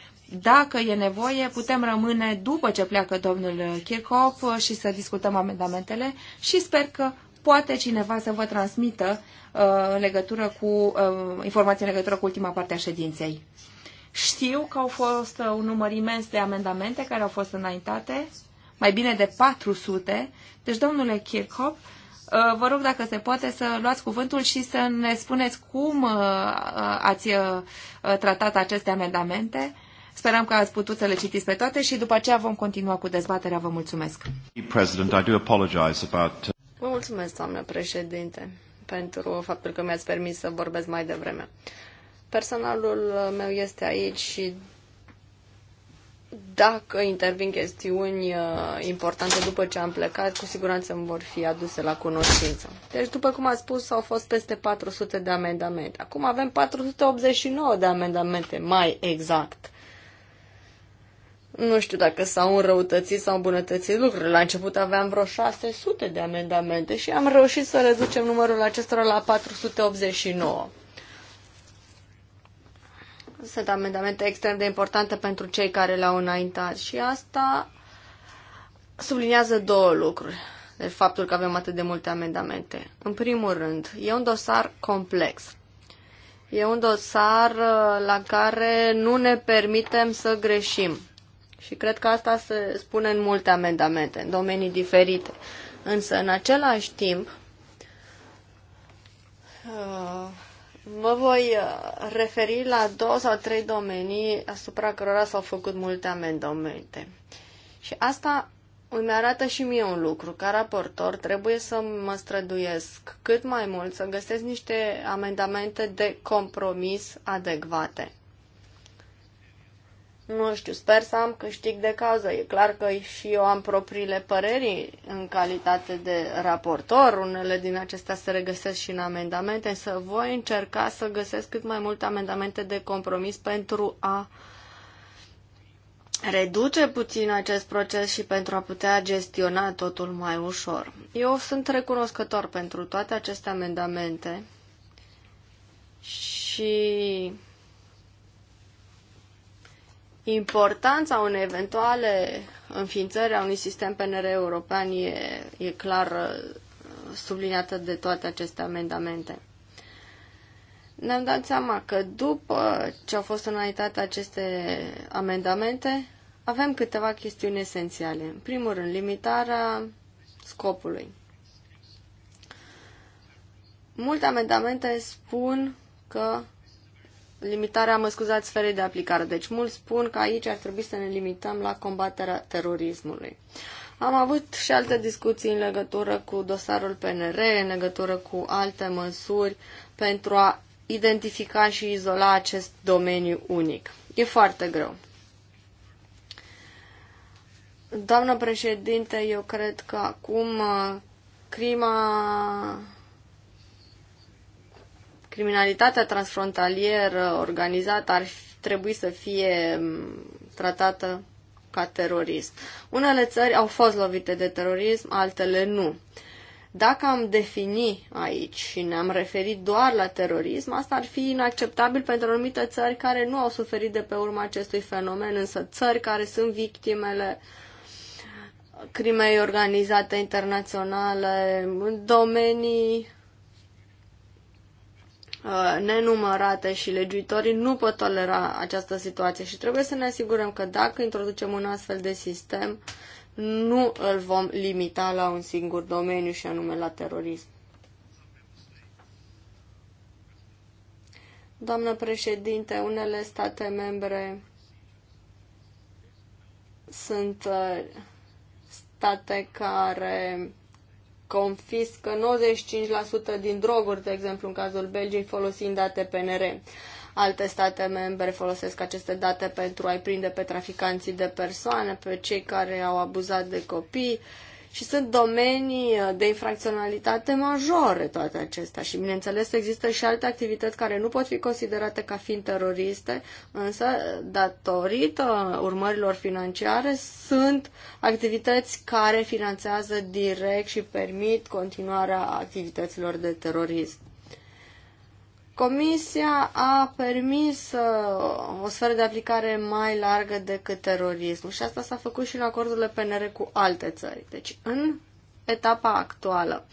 Dacă e nevoie, putem rămâne după ce pleacă domnul Kirchhoff și să discutăm amendamentele și sper că poate cineva să vă transmită uh, în legătură cu, uh, informații în legătură cu ultima parte a ședinței. Știu că au fost un număr imens de amendamente care au fost înaintate, mai bine de 400. Deci, domnule Kirchhoff, uh, vă rog dacă se poate să luați cuvântul și să ne spuneți cum uh, uh, ați tratat aceste amendamente. Sperăm că ați putut să le citiți pe toate și după aceea vom continua cu dezbaterea. Vă mulțumesc. Vă mulțumesc, doamnă președinte, pentru faptul că mi-ați permis să vorbesc mai devreme. Personalul meu este aici și dacă intervin chestiuni uh, importante după ce am plecat, cu siguranță îmi vor fi aduse la cunoștință. Deci, după cum a spus, au fost peste 400 de amendamente. Acum avem 489 de amendamente, mai exact. Nu știu dacă s-au înrăutățit sau îmbunătățit lucrurile. La început aveam vreo 600 de amendamente și am reușit să reducem numărul acestora la 489 sunt amendamente extrem de importante pentru cei care le-au înaintat și asta subliniază două lucruri. de faptul că avem atât de multe amendamente. În primul rând, e un dosar complex. E un dosar uh, la care nu ne permitem să greșim. Și cred că asta se spune în multe amendamente, în domenii diferite. Însă, în același timp, uh, Mă voi uh, referi la două sau trei domenii asupra cărora s-au făcut multe amendamente. Și asta îmi arată și mie un lucru. Ca raportor trebuie să mă străduiesc cât mai mult să găsesc niște amendamente de compromis adecvate. Nu știu, sper să am câștig de cauză. E clar că și eu am propriile păreri în calitate de raportor. Unele din acestea se regăsesc și în amendamente, însă voi încerca să găsesc cât mai multe amendamente de compromis pentru a reduce puțin acest proces și pentru a putea gestiona totul mai ușor. Eu sunt recunoscător pentru toate aceste amendamente și importanța unei eventuale înființări a unui sistem PNR european e, e clar uh, subliniată de toate aceste amendamente. Ne-am dat seama că după ce au fost înaintate aceste amendamente, avem câteva chestiuni esențiale. În primul rând, limitarea scopului. Multe amendamente spun că limitarea, mă scuzați, sferei de aplicare. Deci mulți spun că aici ar trebui să ne limităm la combaterea terorismului. Am avut și alte discuții în legătură cu dosarul PNR, în legătură cu alte măsuri pentru a identifica și izola acest domeniu unic. E foarte greu. Doamnă președinte, eu cred că acum uh, crima criminalitatea transfrontalieră organizată ar trebui să fie tratată ca terorist. Unele țări au fost lovite de terorism, altele nu. Dacă am defini aici și ne-am referit doar la terorism, asta ar fi inacceptabil pentru anumite țări care nu au suferit de pe urma acestui fenomen, însă țări care sunt victimele crimei organizate internaționale în domenii Uh, nenumărate și legiuitorii nu pot tolera această situație și trebuie să ne asigurăm că dacă introducem un astfel de sistem, nu îl vom limita la un singur domeniu și anume la terorism. Doamnă președinte, unele state membre sunt uh, state care confiscă 95% din droguri, de exemplu în cazul Belgiei, folosind date PNR. Alte state membre folosesc aceste date pentru a-i prinde pe traficanții de persoane, pe cei care au abuzat de copii, uh, și sunt domenii uh, de infracționalitate majore toate acestea și, bineînțeles, există și alte activități care nu pot fi considerate ca fiind teroriste, însă, datorită urmărilor financiare, sunt activități care finanțează direct și permit continuarea activităților de terorism. Comisia a permis uh, o sferă de aplicare mai largă decât terorismul și asta s-a făcut și în acordurile PNR cu alte țări. Deci, în etapa actuală,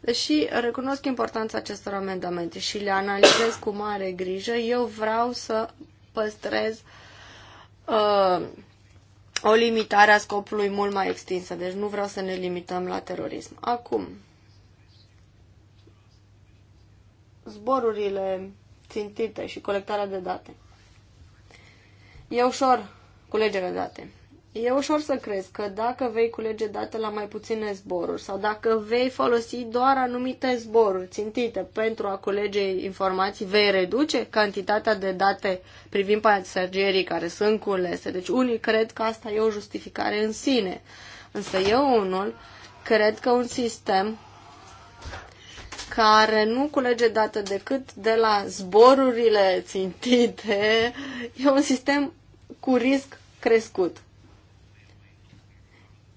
deși recunosc importanța acestor amendamente și le analizez cu mare grijă, eu vreau să păstrez uh, o limitare a scopului mult mai extinsă, deci nu vreau să ne limităm la terorism. Acum, zborurile țintite și colectarea de date. E ușor culegerea de date. E ușor să crezi că dacă vei culege date la mai puține zboruri sau dacă vei folosi doar anumite zboruri țintite pentru a culege informații, vei reduce cantitatea de date privind pasagerii care sunt culese. Deci unii cred că asta e o justificare în sine. Însă eu unul cred că un sistem care nu culege date decât de la zborurile țintite, e un sistem cu risc crescut.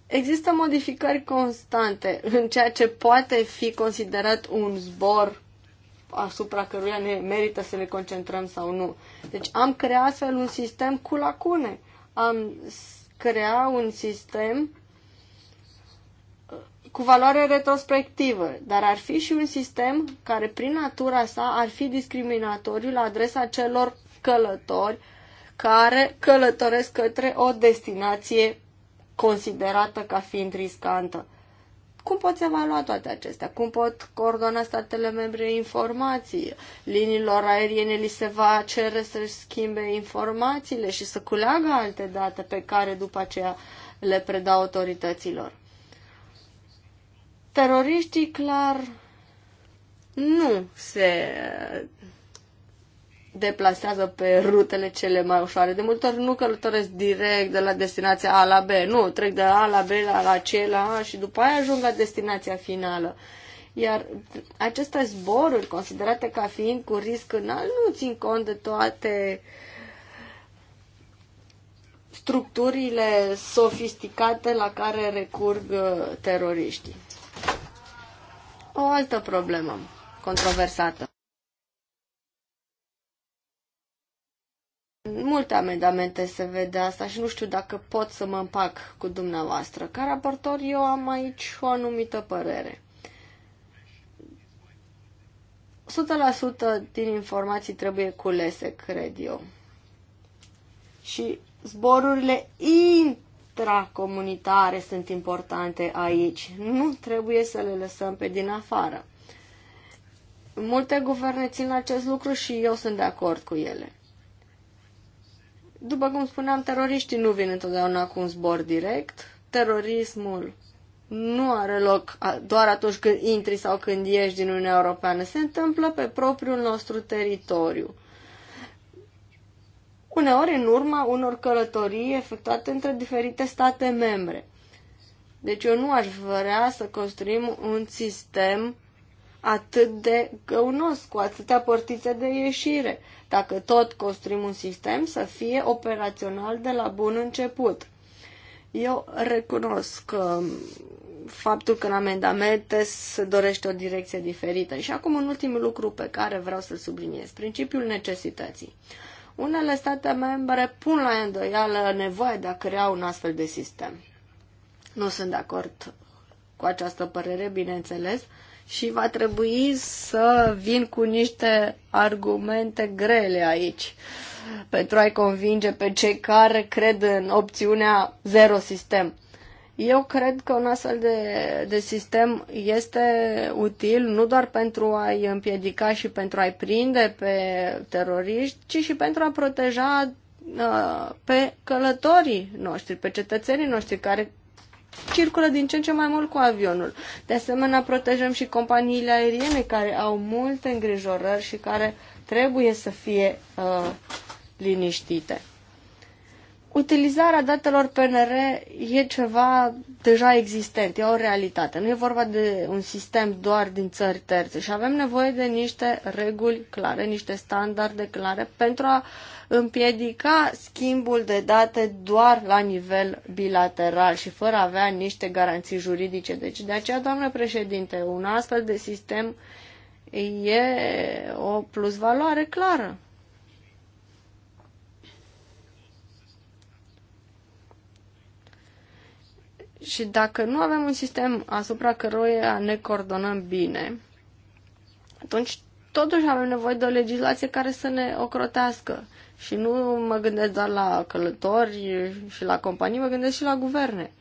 Există modificări constante în ceea ce poate fi considerat un zbor asupra căruia ne merită să ne concentrăm sau nu. Deci am creat astfel un sistem cu lacune. Am creat un sistem cu valoare retrospectivă, dar ar fi și un sistem care prin natura sa ar fi discriminatoriu la adresa celor călători care călătoresc către o destinație considerată ca fiind riscantă. Cum pot evalua toate acestea? Cum pot coordona statele membre informații? Liniilor aeriene li se va cere să schimbe informațiile și să culeagă alte date pe care după aceea le predau autorităților. Teroriștii clar nu se uh, deplasează pe rutele cele mai ușoare. De multe ori nu călătoresc direct de la destinația A la B. Nu, trec de A la B la, la C la A și după aia ajung la destinația finală. Iar aceste zboruri considerate ca fiind cu risc înalt nu țin cont de toate structurile sofisticate la care recurg uh, teroriștii o altă problemă controversată. Multe amendamente se vede asta și nu știu dacă pot să mă împac cu dumneavoastră. Ca raportor eu am aici o anumită părere. 100% din informații trebuie culese, cred eu. Și zborurile in extracomunitare sunt importante aici. Nu trebuie să le lăsăm pe din afară. Multe guverne țin acest lucru și eu sunt de acord cu ele. După cum spuneam, teroriștii nu vin întotdeauna cu un zbor direct. Terorismul nu are loc doar atunci când intri sau când ieși din Uniunea Europeană. Se întâmplă pe propriul nostru teritoriu uneori în urma unor călătorii efectuate între diferite state membre. Deci eu nu aș vrea să construim un sistem atât de găunos, cu atâtea portițe de ieșire. Dacă tot construim un sistem, să fie operațional de la bun început. Eu recunosc că faptul că în amendamente se dorește o direcție diferită. Și acum un ultim lucru pe care vreau să-l subliniez, principiul necesității. Unele state membre pun la îndoială nevoia de a crea un astfel de sistem. Nu sunt de acord cu această părere, bineînțeles, și va trebui să vin cu niște argumente grele aici pentru a-i convinge pe cei care cred în opțiunea zero sistem. Eu cred că un astfel de, de sistem este util nu doar pentru a-i împiedica și pentru a-i prinde pe teroriști, ci și pentru a proteja uh, pe călătorii noștri, pe cetățenii noștri care circulă din ce în ce mai mult cu avionul. De asemenea, protejăm și companiile aeriene care au multe îngrijorări și care trebuie să fie uh, liniștite utilizarea datelor PNR e ceva deja existent, e o realitate. Nu e vorba de un sistem doar din țări terțe și avem nevoie de niște reguli clare, niște standarde clare pentru a împiedica schimbul de date doar la nivel bilateral și fără a avea niște garanții juridice. Deci de aceea, doamnă președinte, un astfel de sistem e o plusvaloare clară. Și dacă nu avem un sistem asupra căruia ne coordonăm bine, atunci totuși avem nevoie de o legislație care să ne ocrotească. Și nu mă gândesc doar la călători și la companii, mă gândesc și la guverne.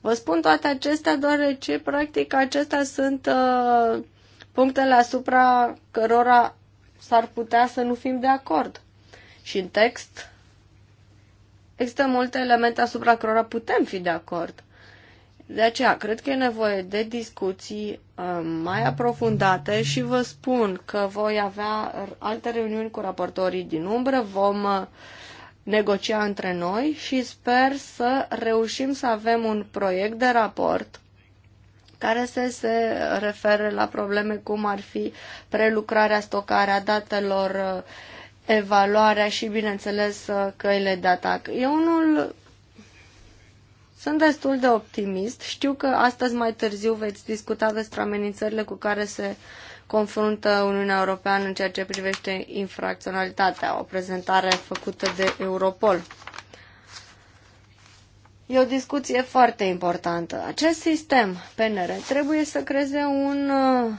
Vă spun toate acestea deoarece, practic, acestea sunt uh, punctele asupra cărora s-ar putea să nu fim de acord. Și în text există multe elemente asupra cărora putem fi de acord. De aceea, cred că e nevoie de discuții uh, mai aprofundate și vă spun că voi avea alte reuniuni cu raportorii din umbră, vom uh, negocia între noi și sper să reușim să avem un proiect de raport care se, se referă la probleme cum ar fi prelucrarea, stocarea datelor, uh, evaluarea și, bineînțeles, căile de atac. Eu unul sunt destul de optimist. Știu că astăzi mai târziu veți discuta despre amenințările cu care se confruntă Uniunea Europeană în ceea ce privește infracționalitatea, o prezentare făcută de Europol. E o discuție foarte importantă. Acest sistem PNR trebuie să creeze un uh,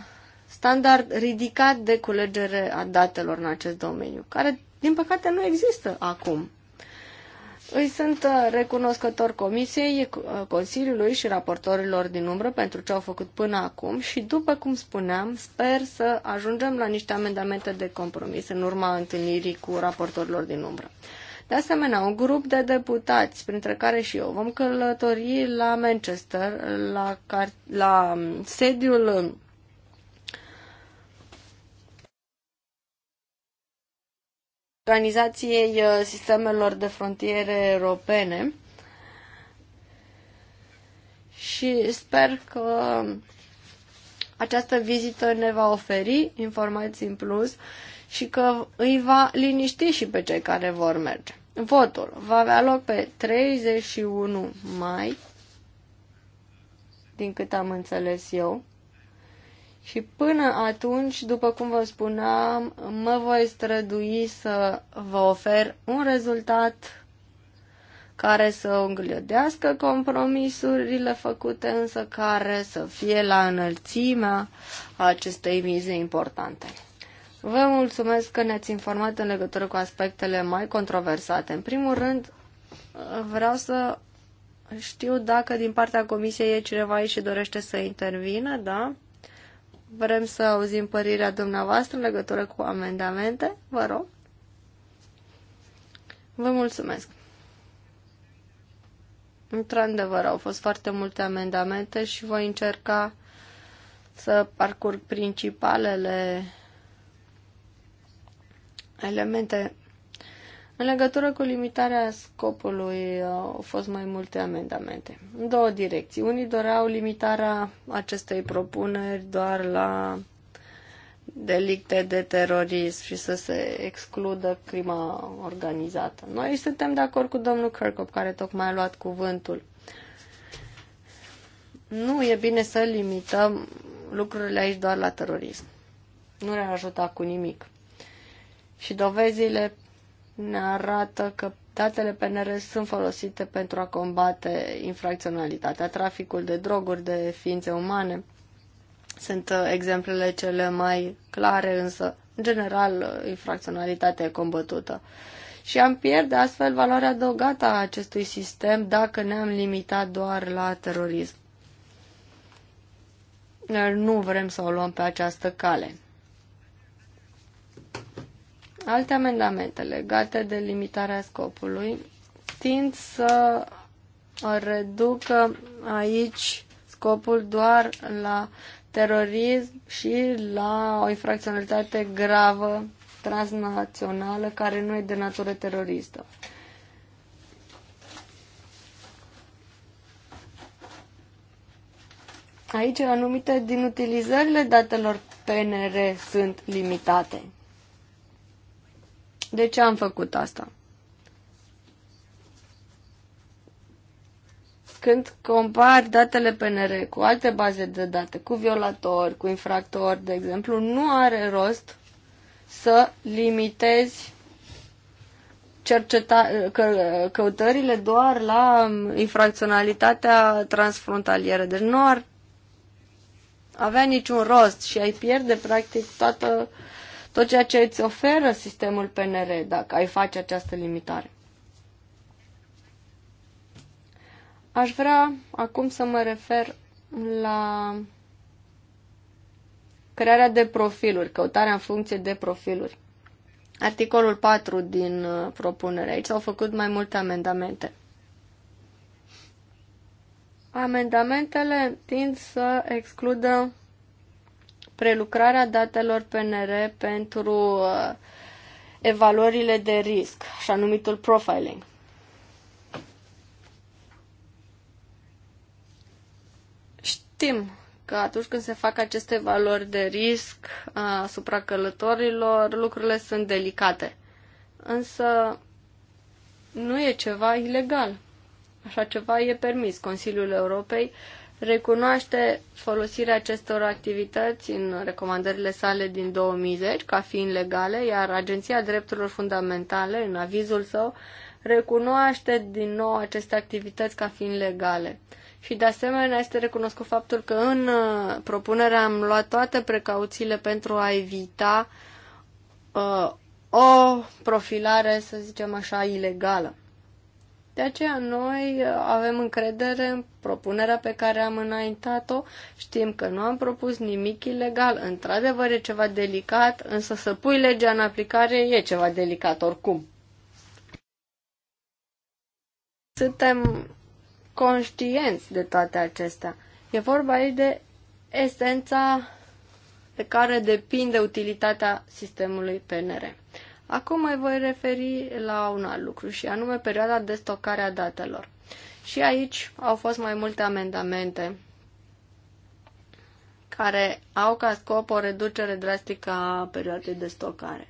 standard ridicat de culegere a datelor în acest domeniu, care, din păcate, nu există acum. Îi sunt uh, recunoscător Comisiei, uh, Consiliului și raportorilor din umbră pentru ce au făcut până acum și, după cum spuneam, sper să ajungem la niște amendamente de compromis în urma întâlnirii cu raportorilor din umbră. De asemenea, un grup de deputați, printre care și eu, vom călători la Manchester, la, car- la um, sediul um, Organizației uh, Sistemelor de Frontiere Europene și sper că această vizită ne va oferi informații în plus și că îi va liniști și pe cei care vor merge. Votul va avea loc pe 31 mai, din cât am înțeles eu. Și până atunci, după cum vă spuneam, mă voi strădui să vă ofer un rezultat care să înglădească compromisurile făcute, însă care să fie la înălțimea acestei mize importante. Vă mulțumesc că ne-ați informat în legătură cu aspectele mai controversate. În primul rând, vreau să știu dacă din partea comisiei e cineva aici și dorește să intervină, da? Vrem să auzim părerea dumneavoastră în legătură cu amendamente, vă rog. Vă mulțumesc. Într-adevăr, au fost foarte multe amendamente și voi încerca să parcurg principalele elemente în legătură cu limitarea scopului au fost mai multe amendamente. În două direcții. Unii doreau limitarea acestei propuneri doar la delicte de terorism și să se excludă crima organizată. Noi suntem de acord cu domnul Kirkhope, care tocmai a luat cuvântul. Nu e bine să limităm lucrurile aici doar la terorism. Nu le-ar ajuta cu nimic. Și dovezile ne arată că datele PNR sunt folosite pentru a combate infracționalitatea, traficul de droguri, de ființe umane. Sunt uh, exemplele cele mai clare, însă, în general, uh, infracționalitatea e combătută. Și am pierde astfel valoarea adăugată a acestui sistem dacă ne-am limitat doar la terorism. Nu vrem să o luăm pe această cale. Alte amendamente legate de limitarea scopului tind să reducă aici scopul doar la terorism și la o infracționalitate gravă transnațională care nu e de natură teroristă. Aici anumite din utilizările datelor PNR sunt limitate. De ce am făcut asta? Când compari datele PNR cu alte baze de date, cu violatori, cu infractori, de exemplu, nu are rost să limitezi cerceta- că, căutările doar la um, infracționalitatea transfrontalieră. Deci nu ar avea niciun rost și ai pierde practic toată uh, tot ceea ce îți oferă sistemul PNR dacă ai face această limitare. Aș vrea acum să mă refer la crearea de profiluri, căutarea în funcție de profiluri. Articolul 4 din uh, propunere. Aici s-au făcut mai multe amendamente. Amendamentele tind să excludă prelucrarea datelor PNR pentru uh, evaluările de risc, așa numitul profiling. Știm că atunci când se fac aceste valori de risc uh, asupra călătorilor, lucrurile sunt delicate. Însă nu e ceva ilegal. Așa ceva e permis. Consiliul Europei uh, recunoaște folosirea acestor activități în recomandările sale din 2010 ca fiind legale, iar Agenția Drepturilor Fundamentale, în avizul său, recunoaște din nou aceste activități ca fiind legale. Și de asemenea este recunoscut faptul că în uh, propunere am luat toate precauțiile pentru a evita uh, o profilare, să zicem așa, ilegală. De aceea noi uh, avem încredere în propunerea pe care am înaintat-o. Știm că nu am propus nimic ilegal. Într-adevăr e ceva delicat, însă să pui legea în aplicare e ceva delicat oricum. Suntem conștienți de toate acestea. E vorba aici de esența de care depinde utilitatea sistemului PNR. Acum mai voi referi la un alt lucru și anume perioada de stocare a datelor. Și aici au fost mai multe amendamente care au ca scop o reducere drastică a perioadei de stocare.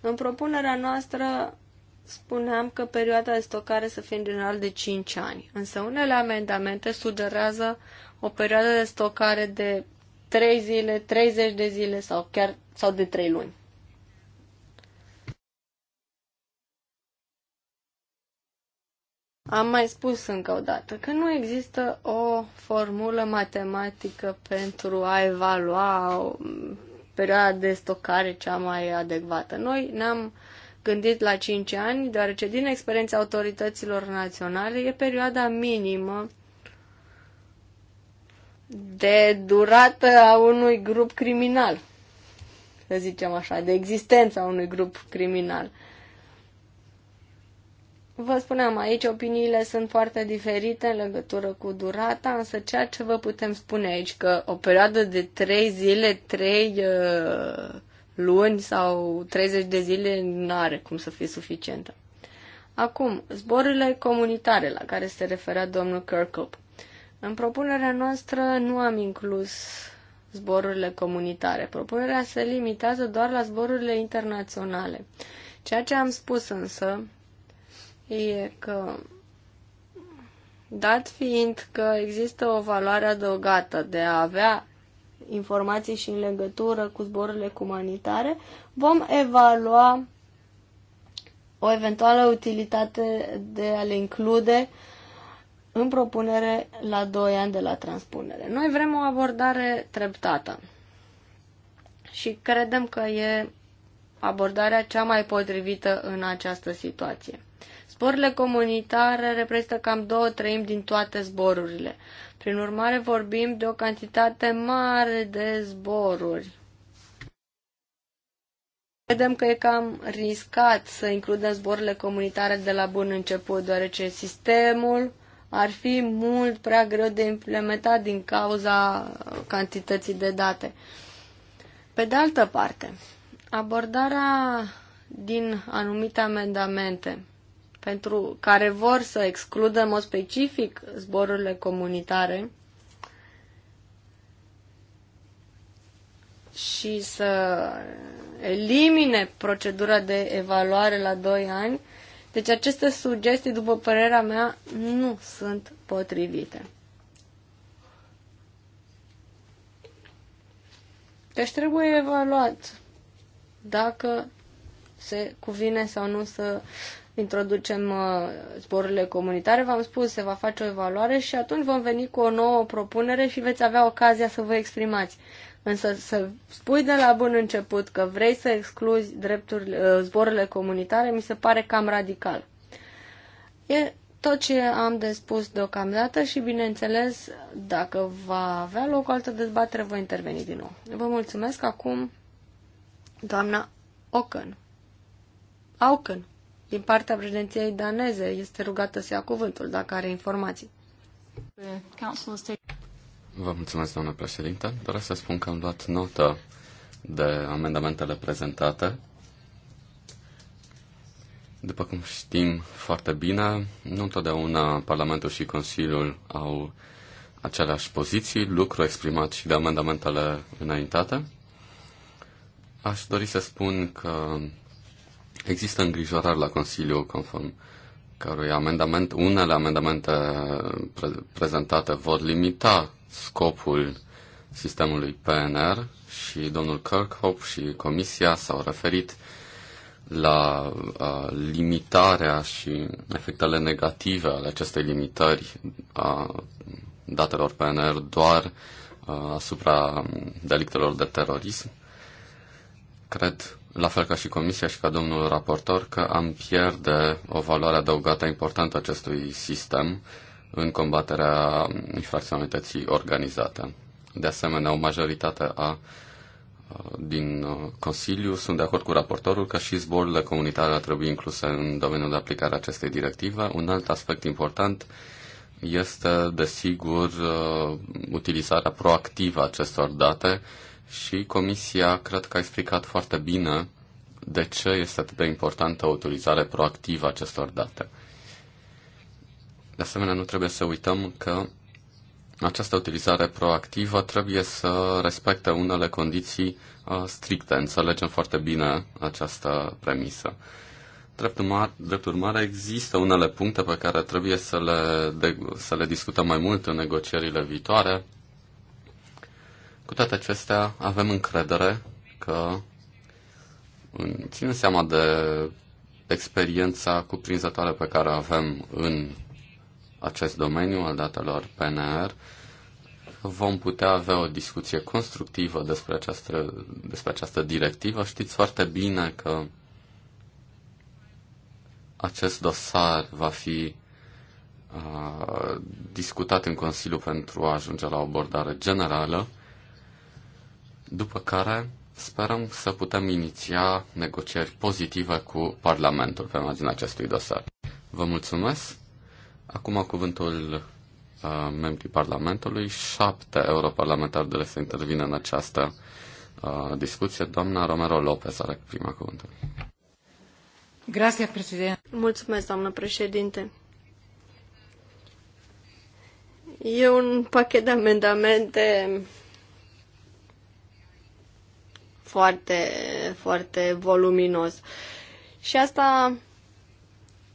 În propunerea noastră spuneam că perioada de stocare să fie în general de 5 ani, însă unele amendamente sugerează o perioadă de stocare de 3 zile, 30 de zile sau chiar sau de 3 luni. Am mai spus încă o dată că nu există o formulă matematică pentru a evalua o um, perioada de stocare cea mai adecvată. Noi ne-am gândit la 5 ani, deoarece din experiența autorităților naționale e perioada minimă de durată a unui grup criminal, să zicem așa, de existența unui grup criminal. Vă spuneam, aici opiniile sunt foarte diferite în legătură cu durata, însă ceea ce vă putem spune aici, că o perioadă de 3 zile, 3 uh, luni sau 30 de zile nu are cum să fie suficientă. Acum, zborurile comunitare la care se referea domnul Kirkhope. În propunerea noastră nu am inclus zborurile comunitare. Propunerea se limitează doar la zborurile internaționale. Ceea ce am spus însă e că, dat fiind că există o valoare adăugată de a avea informații și în legătură cu zborurile umanitare, vom evalua o eventuală utilitate de a le include în propunere la 2 ani de la transpunere. Noi vrem o abordare treptată și credem că e abordarea cea mai potrivită în această situație. Zborurile comunitare reprezintă cam două treimi din toate zborurile. Prin urmare, vorbim de o cantitate mare de zboruri. Credem că e cam riscat să includem zborurile comunitare de la bun început, deoarece sistemul ar fi mult prea greu de implementat din cauza cantității de date. Pe de altă parte, abordarea din anumite amendamente pentru care vor să excludă în mod specific zborurile comunitare și să elimine procedura de evaluare la 2 ani. Deci aceste sugestii, după părerea mea, nu sunt potrivite. Deci trebuie evaluat dacă se cuvine sau nu să introducem uh, zborurile comunitare. V-am spus, se va face o evaluare și atunci vom veni cu o nouă propunere și veți avea ocazia să vă exprimați. Însă să spui de la bun început că vrei să excluzi drepturile, uh, zborurile comunitare, mi se pare cam radical. E tot ce am de spus deocamdată și, bineînțeles, dacă va avea loc o altă dezbatere, voi interveni din nou. Vă mulțumesc acum, doamna Ocan. Aucan din partea președinției daneze este rugată să ia cuvântul dacă are informații. Vă mulțumesc, doamnă președinte. Doresc să spun că am luat notă de amendamentele prezentate. După cum știm foarte bine, nu întotdeauna Parlamentul și Consiliul au aceleași poziții, lucru exprimat și de amendamentele înaintate. Aș dori să spun că Există îngrijorări la Consiliu conform cărui amendament, unele amendamente pre- prezentate vor limita scopul sistemului PNR și domnul Kirkhope și Comisia s-au referit la uh, limitarea și efectele negative ale acestei limitări a datelor PNR doar uh, asupra delictelor de terorism. Cred la fel ca și Comisia și ca domnul raportor, că am pierde o valoare adăugată importantă acestui sistem în combaterea infracționalității organizate. De asemenea, o majoritate a, din Consiliu sunt de acord cu raportorul că și zborurile comunitare ar trebui incluse în domeniul de aplicare a acestei directive. Un alt aspect important este, desigur, utilizarea proactivă a acestor date și Comisia cred că a explicat foarte bine de ce este atât de importantă o utilizare proactivă a acestor date. De asemenea, nu trebuie să uităm că această utilizare proactivă trebuie să respecte unele condiții uh, stricte. Înțelegem foarte bine această premisă. Drept urmare, drept urmare, există unele puncte pe care trebuie să le, de, să le discutăm mai mult în negocierile viitoare, cu toate acestea, avem încredere că, ținând seama de experiența cuprinzătoare pe care o avem în acest domeniu al datelor PNR, vom putea avea o discuție constructivă despre această, despre această directivă. Știți foarte bine că acest dosar va fi uh, discutat în Consiliu pentru a ajunge la o abordare generală după care sperăm să putem iniția negocieri pozitive cu Parlamentul pe marginea acestui dosar. Vă mulțumesc. Acum cuvântul uh, membrii Parlamentului. Șapte europarlamentari doresc să intervină în această uh, discuție. Doamna Romero Lopez are prima cuvântul. Grazie, președinte. Mulțumesc, doamnă președinte. E un pachet de amendamente foarte, foarte voluminos. Și asta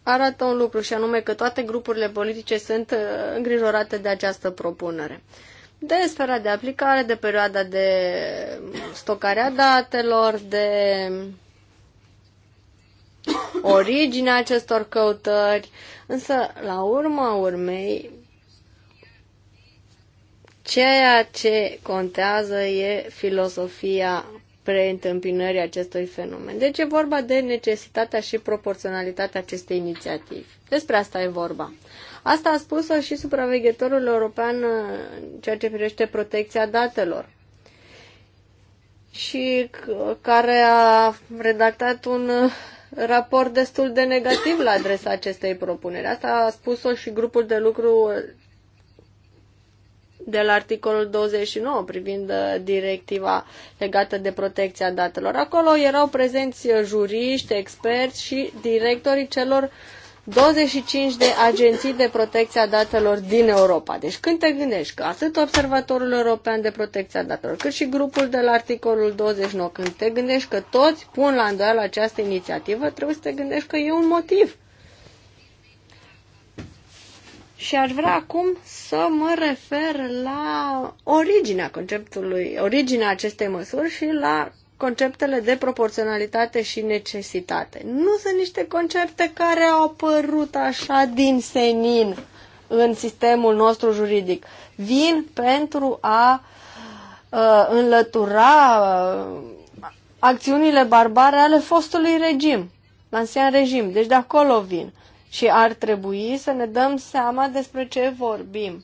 arată un lucru și anume că toate grupurile politice sunt uh, îngrijorate de această propunere. De sfera de aplicare, de perioada de mm, stocare a datelor, de originea acestor căutări, însă la urma urmei ceea ce contează e filosofia preîntâmpinării acestui fenomen. Deci e vorba de necesitatea și proporționalitatea acestei inițiative. Despre asta e vorba. Asta a spus-o și supraveghetorul european în ceea ce privește protecția datelor și care a redactat un uh, raport destul de negativ la adresa acestei propuneri. Asta a spus-o și grupul de lucru de la articolul 29 privind uh, directiva legată de protecția datelor. Acolo erau prezenți uh, juriști, experți și directorii celor 25 de agenții de protecție a datelor din Europa. Deci când te gândești că atât Observatorul European de Protecție a Datelor, cât și grupul de la articolul 29, când te gândești că toți pun la îndoială această inițiativă, trebuie să te gândești că e un motiv și aș vrea acum să mă refer la originea conceptului, originea acestei măsuri și la conceptele de proporționalitate și necesitate. Nu sunt niște concepte care au apărut așa din senin în sistemul nostru juridic. Vin pentru a uh, înlătura uh, acțiunile barbare ale fostului regim, lansea regim. Deci de acolo vin. Uh, și ar trebui să ne dăm seama despre ce vorbim.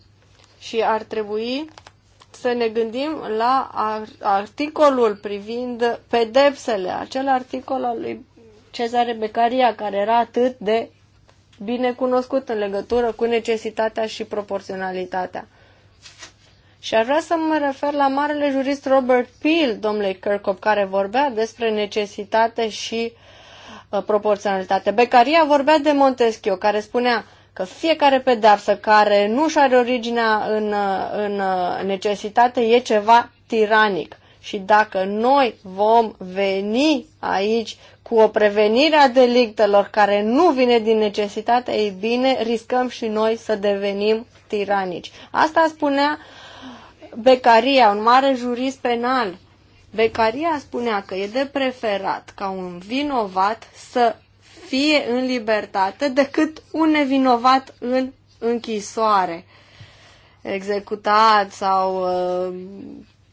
Și ar trebui să ne gândim la articolul privind pedepsele, acel articol al lui Cezare Becaria, care era atât de bine cunoscut în legătură cu necesitatea și proporționalitatea. Și ar vrea să mă refer la marele jurist Robert Peel, domnule Kirkhope, care vorbea despre necesitate și uh, Uh, proporționalitate. Beccaria vorbea de Montesquieu, care spunea că fiecare pedeapsă care nu și are originea în, uh, în uh, necesitate e ceva tiranic. Și dacă noi vom veni aici cu o prevenire a delictelor care nu vine din necesitate, ei bine, riscăm și noi să devenim tiranici. Asta spunea Beccaria, un mare jurist penal Becaria spunea că e de preferat ca un vinovat să fie în libertate decât un nevinovat în închisoare, executat sau uh,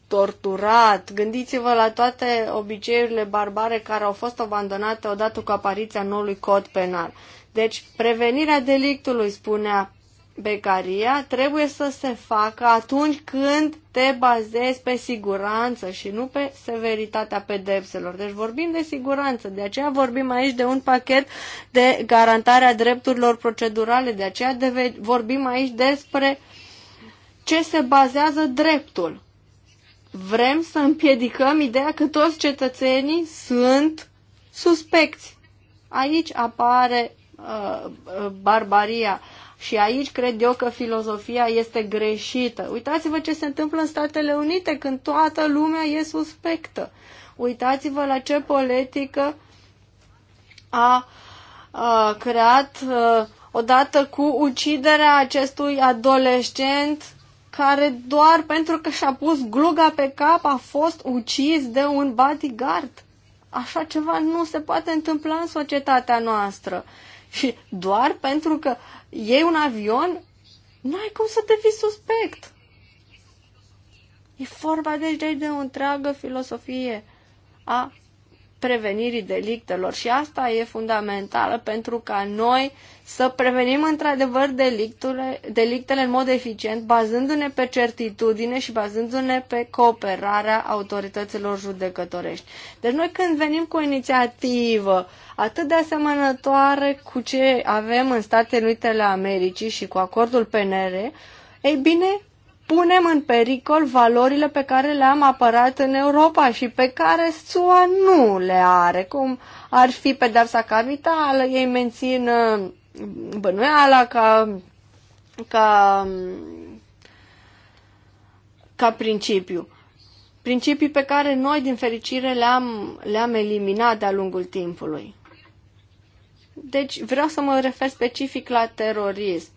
torturat. Gândiți-vă la toate obiceiurile barbare care au fost abandonate odată cu apariția noului cod penal. Deci, prevenirea delictului, spunea becaria trebuie să se facă atunci când te bazezi pe siguranță și nu pe severitatea pedepselor. Deci vorbim de siguranță, de aceea vorbim aici de un pachet de garantare a drepturilor procedurale, de aceea de vorbim aici despre ce se bazează dreptul. Vrem să împiedicăm ideea că toți cetățenii sunt suspecți. Aici apare uh, uh barbaria, și aici cred eu că filozofia este greșită. Uitați-vă ce se întâmplă în Statele Unite când toată lumea e suspectă. Uitați-vă la ce politică a, a creat a, odată cu uciderea acestui adolescent care doar pentru că și-a pus gluga pe cap a fost ucis de un bodyguard. Așa ceva nu se poate întâmpla în societatea noastră. Și doar pentru că iei un avion, n-ai cum să te fii suspect. E vorba deci de, de o întreagă filosofie a prevenirii delictelor și asta e fundamentală pentru ca noi să prevenim într-adevăr delictele, delictele în mod eficient, bazându-ne pe certitudine și bazându-ne pe cooperarea autorităților judecătorești. Deci noi când venim cu o inițiativă atât de asemănătoare cu ce avem în Statele Unite ale Americii și cu acordul PNR, ei bine, punem în pericol valorile pe care le-am apărat în Europa și pe care SUA nu le are, cum ar fi pedepsa capitală, ei mențin uh, bănuiala ca, ca, ca principiu. Principii pe care noi, din fericire, le-am, le-am eliminat de-a lungul timpului. Deci vreau să mă refer specific la terorism.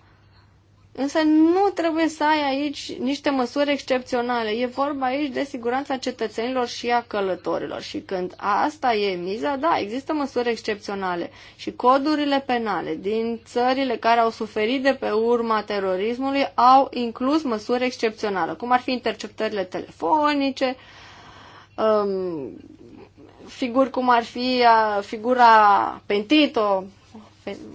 Însă nu trebuie să ai aici niște măsuri excepționale. E vorba aici de siguranța cetățenilor și a călătorilor. Și când asta e miza, da, există măsuri excepționale. Și codurile penale din țările care au suferit de pe urma terorismului au inclus măsuri excepționale, cum ar fi interceptările telefonice, um, figuri cum ar fi a, figura pentito,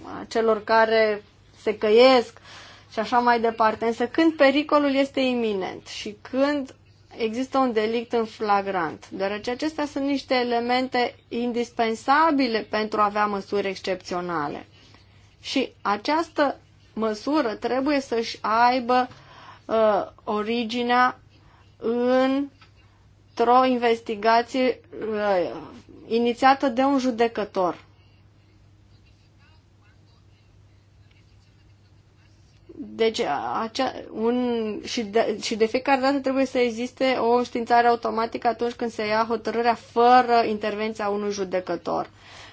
a celor care se căiesc, uh, și așa mai departe. Însă când pericolul este iminent și când există un delict în flagrant, deoarece acestea sunt niște elemente indispensabile pentru a avea măsuri excepționale. Și această măsură trebuie să-și aibă uh, originea în o investigație uh, inițiată de un judecător. Deci acea, un, și, de, și de fiecare dată trebuie să existe o științare automatică atunci când se ia hotărârea fără intervenția unui judecător.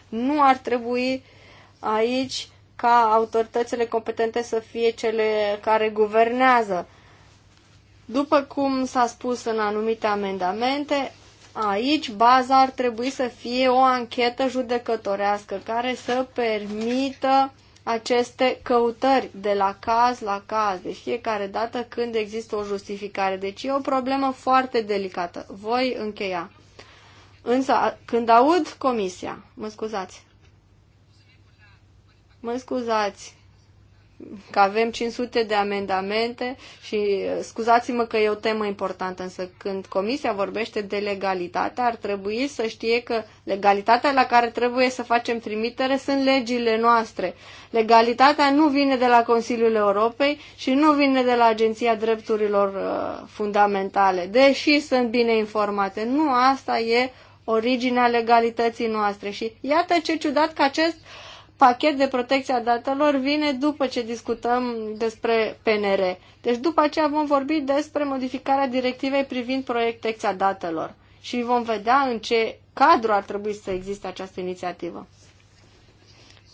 Nu ar trebui aici ca autoritățile competente să fie cele care guvernează. După cum s-a spus în anumite amendamente, aici baza ar trebui să fie o anchetă judecătorească care să permită uh, aceste căutări de la caz la caz, de fiecare dată când există o justificare. Deci e o problemă foarte delicată. Voi încheia. Însă, când aud comisia, mă scuzați, mă scuzați, că avem 500 de amendamente și uh, scuzați-mă că e o temă importantă, însă când comisia vorbește de legalitate, ar trebui să știe că legalitatea la care trebuie să facem trimitere sunt legile noastre. Legalitatea nu vine de la Consiliul Europei și nu vine de la Agenția Drepturilor uh, Fundamentale, deși sunt bine informate. Nu asta e originea legalității noastre și iată ce ciudat că acest uh, pachet de protecție a datelor vine după ce discutăm despre PNR. Deci după aceea vom vorbi despre modificarea directivei privind protecția datelor și vom vedea în ce cadru ar trebui să existe această inițiativă.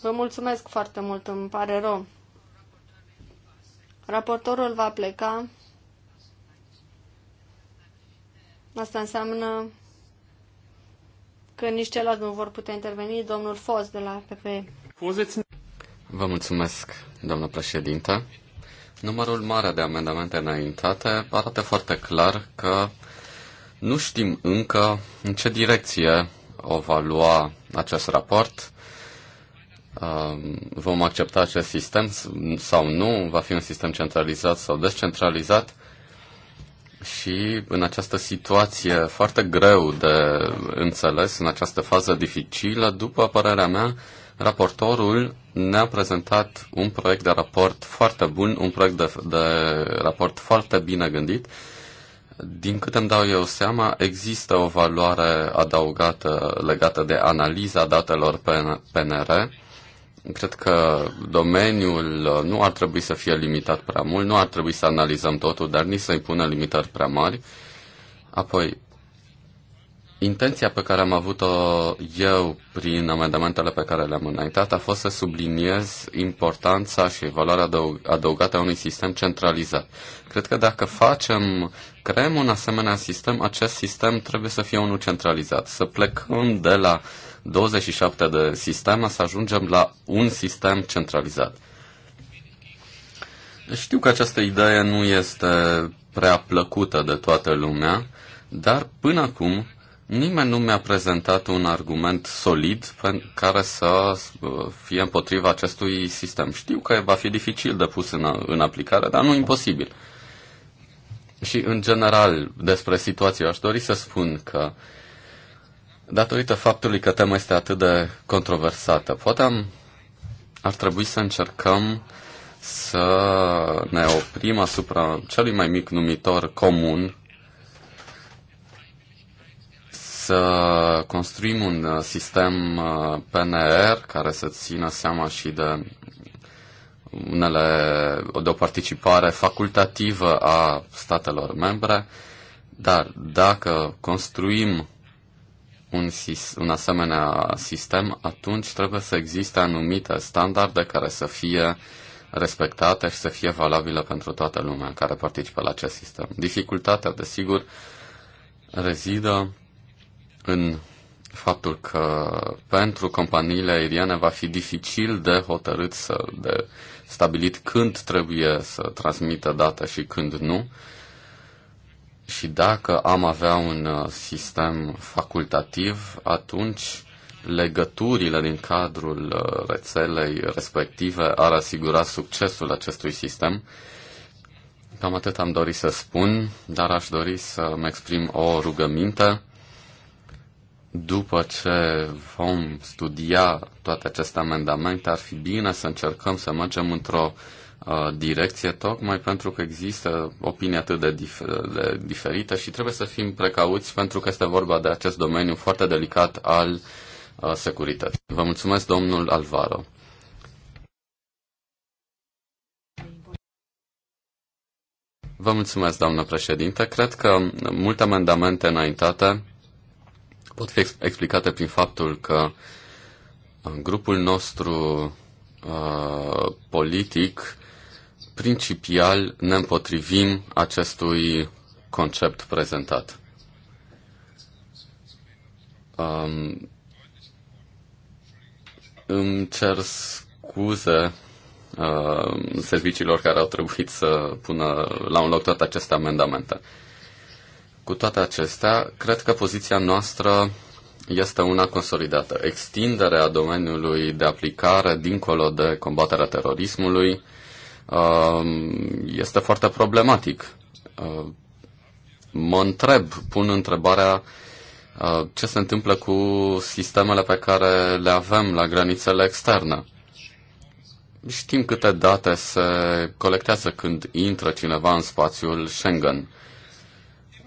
Vă mulțumesc foarte mult, îmi pare rău. Raportorul va pleca. Asta înseamnă că nici ceilalți nu vor putea interveni, domnul Fos de la PPE. Vă mulțumesc, doamnă președintă. Numărul mare de amendamente înaintate arată foarte clar că nu știm încă în ce direcție o va lua acest raport. Vom accepta acest sistem sau nu? Va fi un sistem centralizat sau descentralizat? Și în această situație foarte greu de înțeles, în această fază dificilă, după părerea mea, Raportorul ne-a prezentat un proiect de raport foarte bun, un proiect de, de raport foarte bine gândit. Din câte îmi dau eu seama, există o valoare adăugată legată de analiza datelor PNR. Cred că domeniul uh, nu ar trebui să fie limitat prea mult, nu ar trebui să analizăm totul, dar nici să-i punem limitări prea mari. Apoi, Intenția pe care am avut-o eu prin amendamentele pe care le-am înaintat a fost să subliniez importanța și valoarea adăugată a unui sistem centralizat. Cred că dacă facem, creăm un asemenea sistem, acest sistem trebuie să fie unul centralizat. Să plecăm de la 27 de sisteme să ajungem la un sistem centralizat. Știu că această idee nu este prea plăcută de toată lumea, dar până acum Nimeni nu mi-a prezentat un argument solid care să uh, fie împotriva acestui sistem. Știu că va fi dificil de pus în, în aplicare, dar nu imposibil. Și, în general, despre situație, aș dori să spun că, datorită faptului că tema este atât de controversată, poate am, ar trebui să încercăm să ne oprim asupra celui mai mic numitor comun să construim un uh, sistem uh, PNR care să țină seama și de unele, de o participare facultativă a statelor membre, dar dacă construim un, un asemenea sistem, atunci trebuie să existe anumite standarde care să fie respectate și să fie valabile pentru toată lumea care participă la acest sistem. Dificultatea, desigur, rezidă în faptul că pentru companiile aeriene va fi dificil de hotărât să de stabilit când trebuie să transmită date și când nu. Și dacă am avea un uh, sistem facultativ, atunci legăturile din cadrul uh, rețelei respective ar asigura succesul acestui sistem. Cam atât am dorit să spun, dar aș dori să-mi exprim o rugăminte după ce vom studia toate aceste amendamente, ar fi bine să încercăm să mergem într-o uh, direcție, tocmai pentru că există opinii atât de, dif- de diferite și trebuie să fim precauți pentru că este vorba de acest domeniu foarte delicat al uh, securității. Vă mulțumesc, domnul Alvaro. Vă mulțumesc, doamnă președinte. Cred că multe amendamente înaintate pot fi explicate prin faptul că uh, grupul nostru uh, politic principial ne împotrivim acestui concept prezentat. Um, îmi cer scuze uh, serviciilor care au trebuit să pună la un loc toate aceste amendamente. Cu toate acestea, cred că poziția noastră este una consolidată. Extinderea domeniului de aplicare dincolo de combaterea terorismului um, este foarte problematic. Uh, mă întreb, pun întrebarea uh, ce se întâmplă cu sistemele pe care le avem la granițele externe. Știm câte date se colectează când intră cineva în spațiul Schengen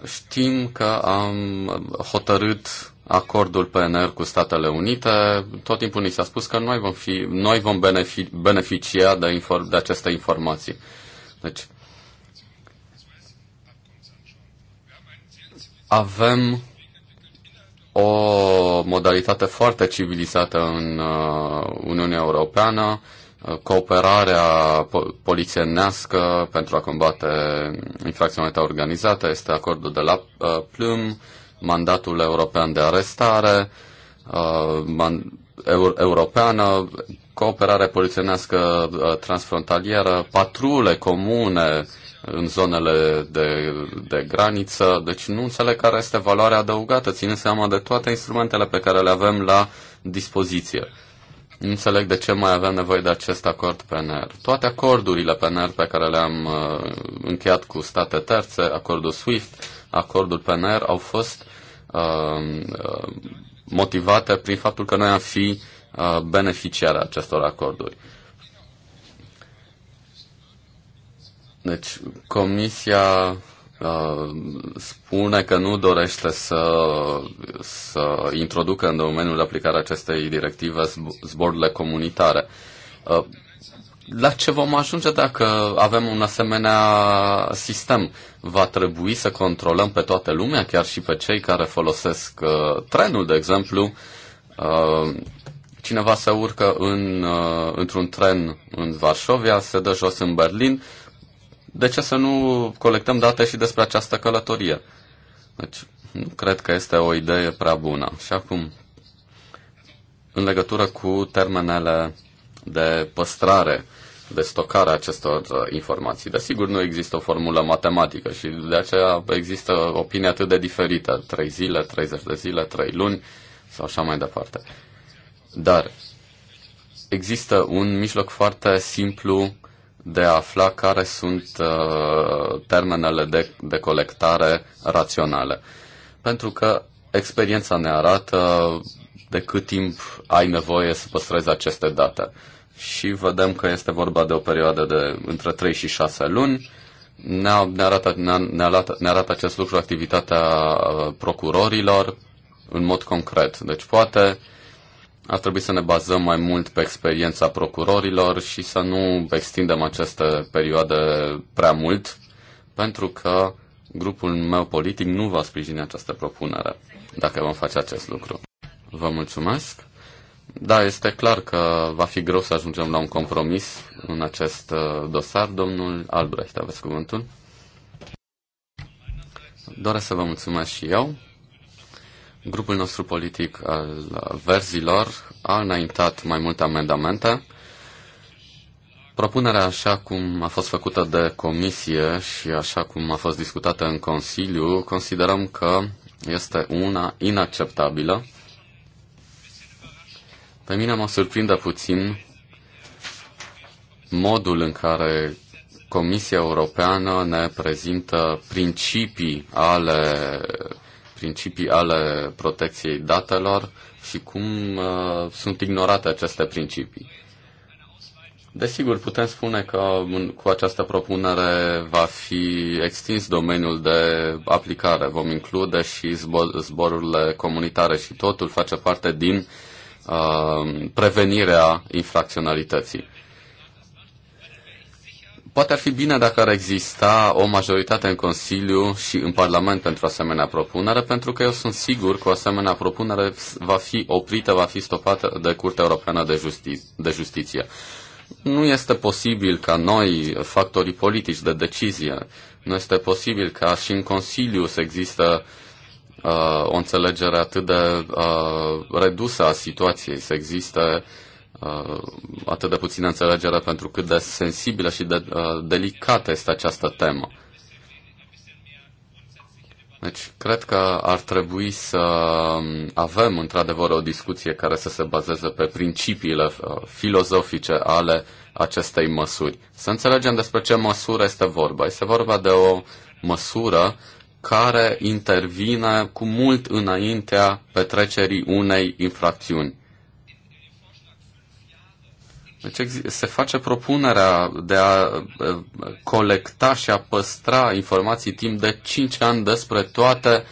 Știm că am hotărât acordul PNR cu Statele Unite. Tot timpul ni s-a spus că noi vom, fi, noi vom beneficia de, inform, de aceste informații. Deci, avem o modalitate foarte civilizată în uh, Uniunea Europeană Uh, cooperarea polițienească pentru a combate infracționalitatea organizată este acordul de la uh, Plum, mandatul european de arestare, uh, europeană, cooperare polițienească transfrontalieră, patrule comune în zonele de, de graniță, deci nu înțeleg care este valoarea adăugată, ținând seama de toate instrumentele pe care le avem la dispoziție. Nu înțeleg de ce mai avem nevoie de acest acord PNR. Toate acordurile PNR pe care le-am uh, încheiat cu state terțe, acordul SWIFT, acordul PNR, au fost uh, uh, motivate prin faptul că noi am fi uh, beneficiari acestor acorduri. Deci, Comisia Uh, spune că nu dorește să, să introducă în domeniul de aplicare acestei directive zborurile comunitare. Uh, la ce vom ajunge dacă avem un asemenea sistem? Va trebui să controlăm pe toată lumea, chiar și pe cei care folosesc uh, trenul, de exemplu. Cineva se urcă în, într-un tren în Varșovia, se dă jos în Berlin, de ce să nu colectăm date și despre această călătorie? Deci, nu cred că este o idee prea bună. Și acum, în legătură cu termenele de păstrare, de stocare a acestor uh, informații. Desigur, nu există o formulă matematică și de aceea există opinii atât de diferite, 3 zile, 30 de zile, 3 luni sau așa mai departe. Dar există un mijloc foarte simplu de a afla care sunt uh, termenele de, de colectare raționale. Pentru că experiența ne arată de cât timp ai nevoie să păstrezi aceste date. Și vedem că este vorba de o perioadă de între 3 și 6 luni. Ne-a, ne, arată, ne, ne, arată, ne arată acest lucru activitatea uh, procurorilor în mod concret. Deci poate ar trebui să ne bazăm mai mult pe experiența procurorilor și să nu extindem această perioadă prea mult, pentru că grupul meu politic nu va sprijini această propunere dacă vom face acest lucru. Vă mulțumesc. Da, este clar că va fi greu să ajungem la un compromis în acest uh, dosar. Domnul Albrecht, aveți cuvântul. Doresc să vă mulțumesc și eu Grupul nostru politic al verzilor a înaintat mai multe amendamente. Propunerea așa cum a fost făcută de comisie și așa cum a fost discutată în Consiliu, considerăm că este una inacceptabilă. Pe mine mă surprinde puțin modul în care Comisia Europeană ne prezintă principii ale principii ale protecției datelor și cum uh, sunt ignorate aceste principii. Desigur, putem spune că cu această propunere va fi extins domeniul de aplicare. Vom include și zbor, zborurile comunitare și totul face parte din uh, prevenirea infracționalității. Poate ar fi bine dacă ar exista o majoritate în Consiliu și în Parlament pentru asemenea propunere, pentru că eu sunt sigur că o asemenea propunere va fi oprită, va fi stopată de Curtea Europeană de, Justi- de Justiție. Nu este posibil ca noi, factorii politici de decizie, nu este posibil ca și în Consiliu să există uh, o înțelegere atât de uh, redusă a situației, să existe uh, Uh, atât de puțină înțelegere pentru cât de sensibilă și de uh, delicată este această temă. Deci, cred că ar trebui să um, avem, într-adevăr, o discuție care să se bazeze pe principiile uh, filozofice ale acestei măsuri. Să înțelegem despre ce măsură este vorba. Este vorba de o măsură care intervine cu mult înaintea petrecerii unei infracțiuni. Deci se face propunerea de a colecta și a păstra informații timp de 5 ani despre toate,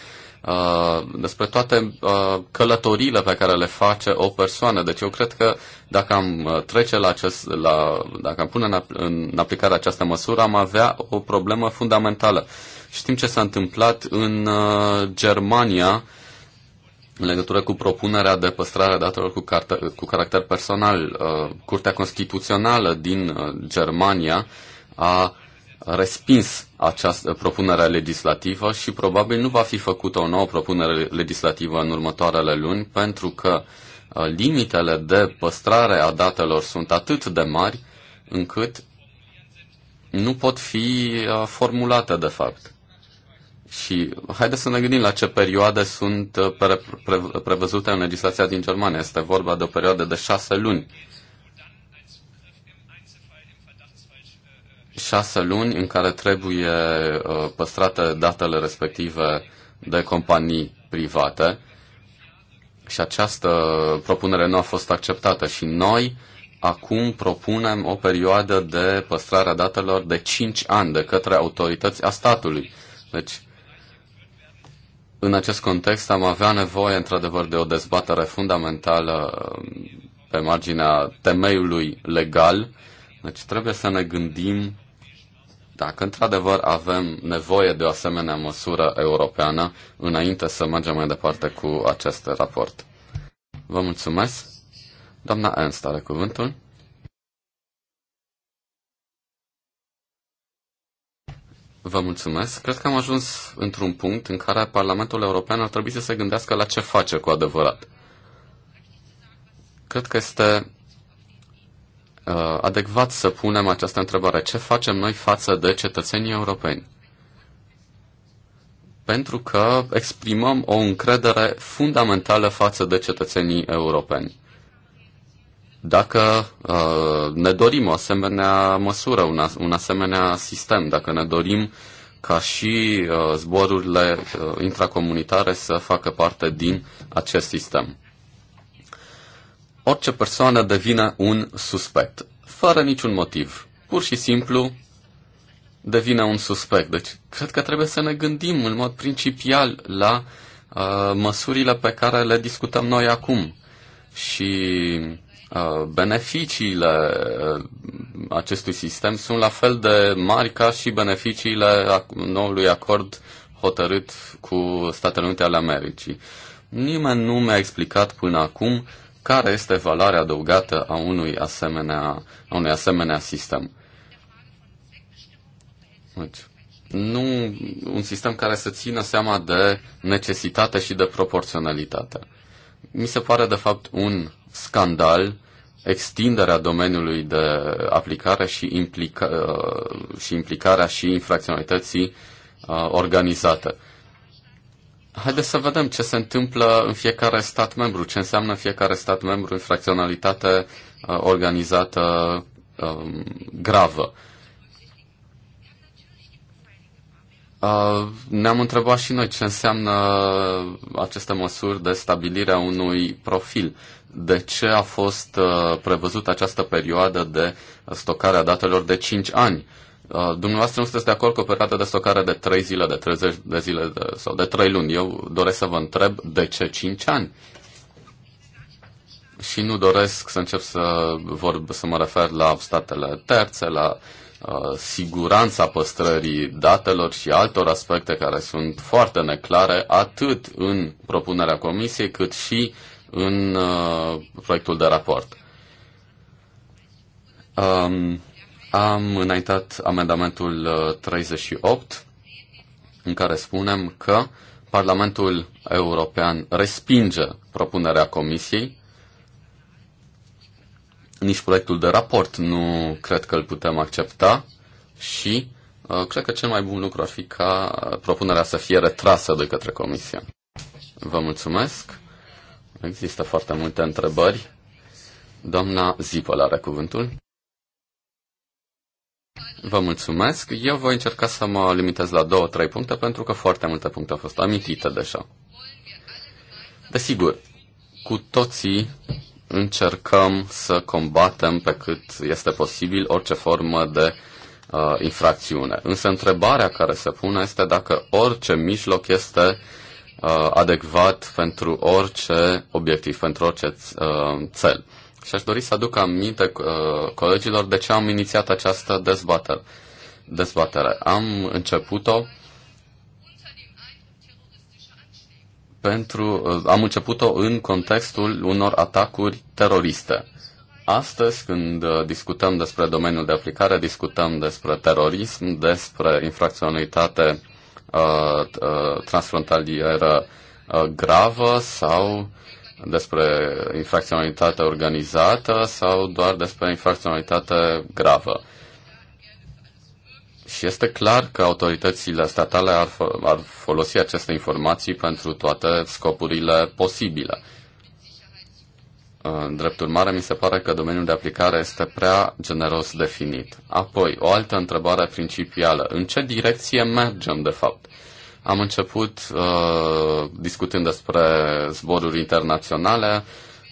uh, despre toate uh, călătorile pe care le face o persoană. Deci eu cred că dacă am trece la acest, la, dacă am pune în, aplicare această măsură, am avea o problemă fundamentală. Știm ce s-a întâmplat în uh, Germania în legătură cu propunerea de păstrare a datelor cu, car- cu caracter personal, uh, Curtea Constituțională din uh, Germania a respins această propunere legislativă și probabil nu va fi făcută o nouă propunere legislativă în următoarele luni, pentru că uh, limitele de păstrare a datelor sunt atât de mari încât nu pot fi uh, formulate de fapt. Și haideți să ne gândim la ce perioade sunt uh, pre- pre- prevăzute în legislația din Germania. Este vorba de o perioadă de șase luni. Șase luni în care trebuie uh, păstrate datele respective de companii private și această propunere nu a fost acceptată și noi acum propunem o perioadă de păstrare a datelor de 5 ani de către autorități a statului. Deci în acest context am avea nevoie, într-adevăr, de o dezbatere fundamentală um, pe marginea temeiului legal. Deci trebuie să ne gândim dacă într-adevăr avem nevoie de o asemenea măsură europeană înainte să mergem mai departe cu acest raport. Vă mulțumesc. Doamna Ernst are cuvântul. Vă mulțumesc. Cred că am ajuns într-un punct în care Parlamentul European ar trebui să se gândească la ce face cu adevărat. Cred că este uh, adecvat să punem această întrebare. Ce facem noi față de cetățenii europeni? Pentru că exprimăm o încredere fundamentală față de cetățenii europeni. Dacă uh, ne dorim o asemenea măsură, un, as- un asemenea sistem, dacă ne dorim ca și uh, zborurile uh, intracomunitare să facă parte din acest sistem. Orice persoană devine un suspect, fără niciun motiv. Pur și simplu devine un suspect. Deci, cred că trebuie să ne gândim în mod principial la uh, măsurile pe care le discutăm noi acum. Și Uh, beneficiile uh, acestui sistem sunt la fel de mari ca și beneficiile noului acord hotărât cu Statele Unite ale Americii. Nimeni nu mi-a explicat până acum care este valoarea adăugată a unui asemenea, a unui asemenea sistem. Deci, nu un sistem care să țină seama de necesitate și de proporționalitate. Mi se pare, de fapt, un scandal extinderea domeniului de aplicare și, implica, uh, și implicarea și infracționalității uh, organizate. Haideți să vedem ce se întâmplă în fiecare stat membru, ce înseamnă în fiecare stat membru infracționalitate uh, organizată um, gravă. ne-am întrebat și noi ce înseamnă aceste măsuri de stabilire a unui profil de ce a fost uh, prevăzută această perioadă de stocare a datelor de 5 ani. Uh, dumneavoastră nu sunteți de acord cu o perioadă de stocare de 3 zile, de 30 de zile de, sau de 3 luni. Eu doresc să vă întreb de ce 5 ani? Și nu doresc să încep să, vorb, să mă refer la statele terțe, la uh, siguranța păstrării datelor și altor aspecte care sunt foarte neclare atât în propunerea comisiei cât și uh, în uh, proiectul de raport. Um, am înaintat amendamentul 38 uh, în care spunem că Parlamentul European respinge propunerea Comisiei. Nici proiectul de raport nu cred că îl putem accepta și uh, cred că cel mai bun lucru ar fi ca propunerea să fie retrasă de către Comisie. Vă mulțumesc. Există foarte multe întrebări. Doamna Zipăl are cuvântul. Vă mulțumesc. Eu voi încerca să mă limitez la două, trei puncte, pentru că foarte multe puncte au fost amintite deja. Desigur, cu toții încercăm să combatem pe cât este posibil orice formă de uh, infracțiune. Însă întrebarea care se pune este dacă orice mijloc este uh, uh, adecvat pentru orice obiectiv, pentru orice uh, cel. Și aș dori să aduc aminte uh, colegilor de ce am inițiat această dezbatere. dezbatere. Am început-o pentru, uh, am început-o în contextul unor atacuri teroriste. Astăzi, când uh, discutăm despre domeniul de aplicare, discutăm despre terorism, despre infracționalitate Uh, uh, transfrontalieră uh, gravă sau despre infracționalitate organizată sau doar despre infracționalitate gravă. Și este clar că autoritățile statale ar, ar folosi aceste informații pentru toate scopurile posibile. În drept urmare, mi se pare că domeniul de aplicare este prea generos definit. Apoi, o altă întrebare principială. În ce direcție mergem, de fapt? Am început uh, discutând despre zboruri internaționale,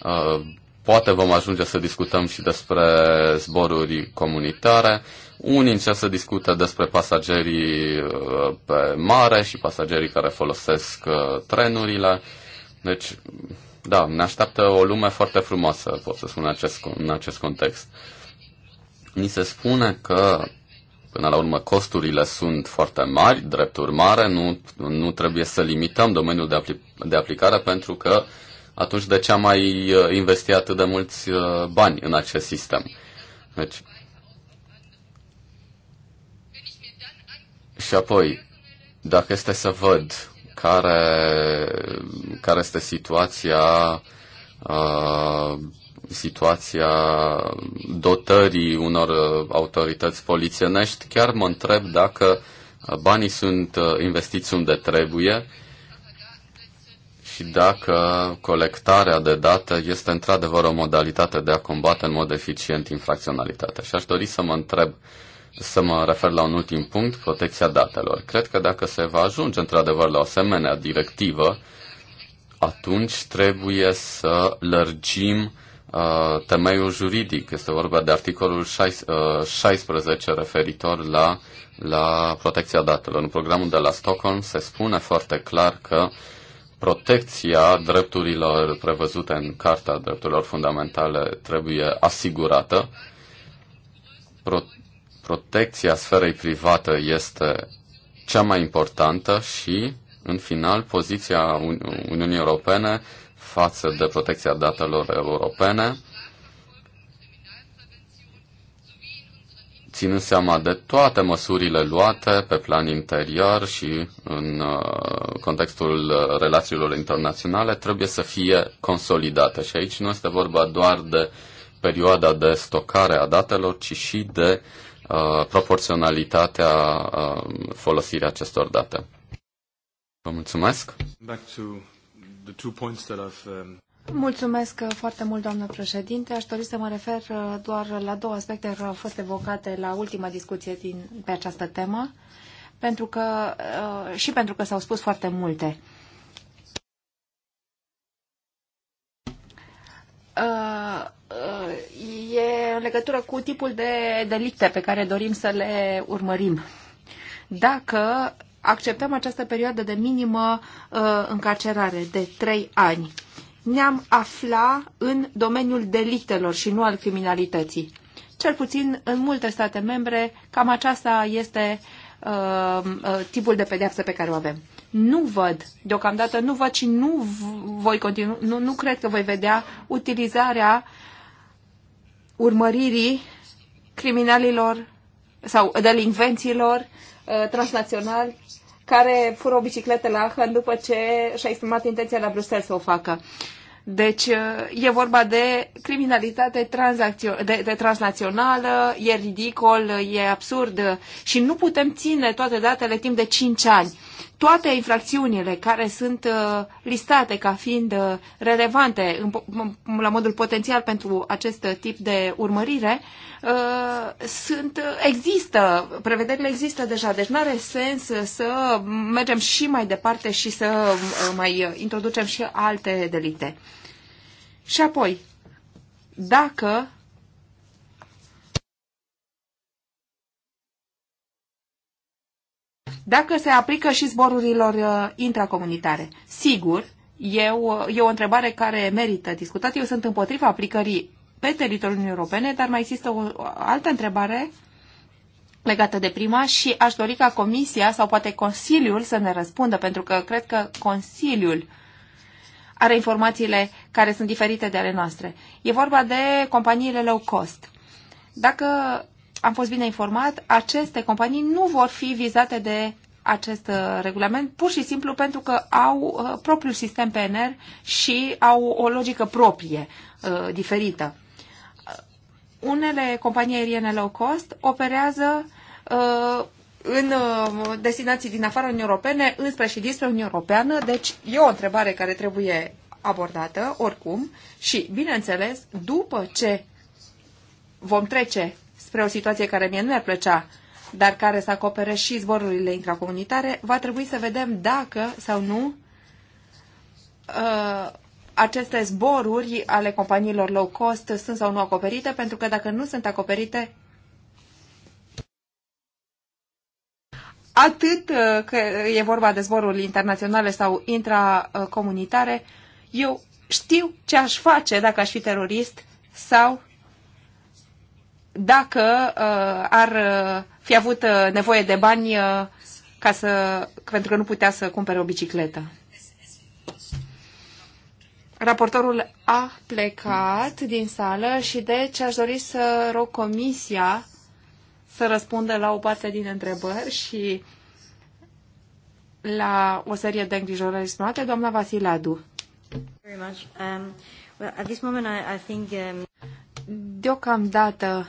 uh, poate vom ajunge să discutăm și despre zboruri comunitare. Unii încerc să discută despre pasagerii uh, pe mare și pasagerii care folosesc uh, trenurile. Deci, da, ne așteaptă o lume foarte frumoasă, pot să spun în acest, în acest context. Ni se spune că, până la urmă, costurile sunt foarte mari, drept urmare, nu, nu trebuie să limităm domeniul de, apli- de aplicare pentru că atunci de ce am mai uh, investi atât de mulți uh, bani în acest sistem? Deci, și apoi, dacă este să văd care, care este situația uh, situația dotării unor autorități polițienești, chiar mă întreb dacă banii sunt uh, investiți unde trebuie și dacă colectarea de date este într-adevăr o modalitate de a combate în mod eficient infracționalitatea. Și aș dori să mă întreb uh, să mă refer la un ultim punct, protecția datelor. Cred că dacă se va ajunge într-adevăr la o asemenea directivă, atunci trebuie să lărgim uh, temeiul juridic. Este vorba de articolul 16 uh, referitor la, la protecția datelor. În programul de la Stockholm se spune foarte clar că protecția drepturilor prevăzute în Carta Drepturilor Fundamentale trebuie asigurată. Pro- protecția sferei private este cea mai importantă și, în final, poziția Uniunii Europene față de protecția datelor europene, ținând seama de toate măsurile luate pe plan interior și în uh, contextul uh, relațiilor internaționale, trebuie să fie consolidată. Și aici nu este vorba doar de perioada de stocare a datelor, ci și de uh, Uh, proporționalitatea uh, folosirii acestor date. Vă mulțumesc! Um, mulțumesc foarte mult, doamnă președinte. Aș dori să mă refer uh, doar la două aspecte care au fost evocate la ultima discuție din, pe această temă, pentru că, și pentru că s-au spus foarte multe e în legătură cu tipul de delicte pe care dorim să le urmărim. Dacă acceptăm această perioadă de minimă uh, încarcerare de 3 ani, ne-am afla în domeniul delictelor și nu al criminalității. Cel puțin în multe state membre, cam aceasta este uh, uh, tipul de pedeapsă pe care o avem. Nu văd, deocamdată nu văd și nu voi continua, nu, nu cred că voi vedea utilizarea uh, urmăririi criminalilor sau delinvenților uh, transnaționali care fură o bicicletă la Aachen după ce și-a exprimat intenția la Bruxelles să o facă. Deci uh, e vorba de criminalitate de, de transnațională, e ridicol, e absurd și nu putem ține toate datele timp de 5 ani toate infracțiunile care sunt uh, listate ca fiind uh, relevante la modul potențial pentru acest tip de urmărire, uh, sunt, există, prevederile există deja, deci nu are sens să mergem și mai departe și să mai introducem și alte delite. Și apoi, dacă dacă se aplică și zborurilor uh, intracomunitare. Sigur, eu, uh, e o întrebare care merită discutat. Eu sunt împotriva aplicării pe teritoriul Uniunii Europene, dar mai există o altă întrebare legată de prima și aș dori ca Comisia sau poate Consiliul să ne răspundă, pentru că cred că Consiliul are informațiile care sunt diferite de ale noastre. E vorba de companiile low cost. Dacă am fost bine informat, aceste companii nu vor fi vizate de acest uh, regulament, pur și simplu pentru că au uh, propriul sistem PNR și au o logică proprie, uh, diferită. Unele companii aeriene low cost operează în destinații din afara Uniunii Europene, înspre și dinspre Uniunea Europeană, deci e o întrebare care trebuie abordată oricum și, bineînțeles, după ce vom trece spre o situație care mie nu mi-ar plăcea, dar care să acopere și zborurile intracomunitare, va trebui să vedem dacă sau nu uh, aceste zboruri ale companiilor low cost sunt sau nu acoperite, pentru că dacă nu sunt acoperite, atât uh, că e vorba de zboruri internaționale sau intracomunitare, eu știu ce aș face dacă aș fi terorist sau dacă uh, ar uh, fi avut uh, nevoie de bani uh, ca să, pentru că nu putea să cumpere o bicicletă. Raportorul a plecat din sală și deci aș dori să rog comisia să răspundă la o parte din întrebări și la o serie de îngrijorări exprimate. Doamna Vasiladu. Um, um, Deocamdată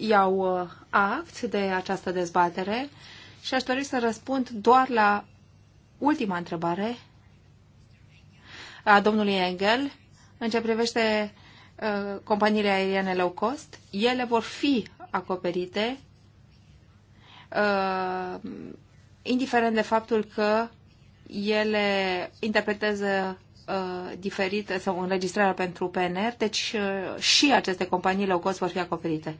iau uh, act de această dezbatere și aș dori să răspund doar la ultima întrebare a domnului Engel în ce privește uh, companiile aeriene low cost. Ele vor fi acoperite uh, indiferent de faptul că ele interpretează diferit sau înregistrarea pentru PNR, deci și aceste companii low cost vor fi acoperite.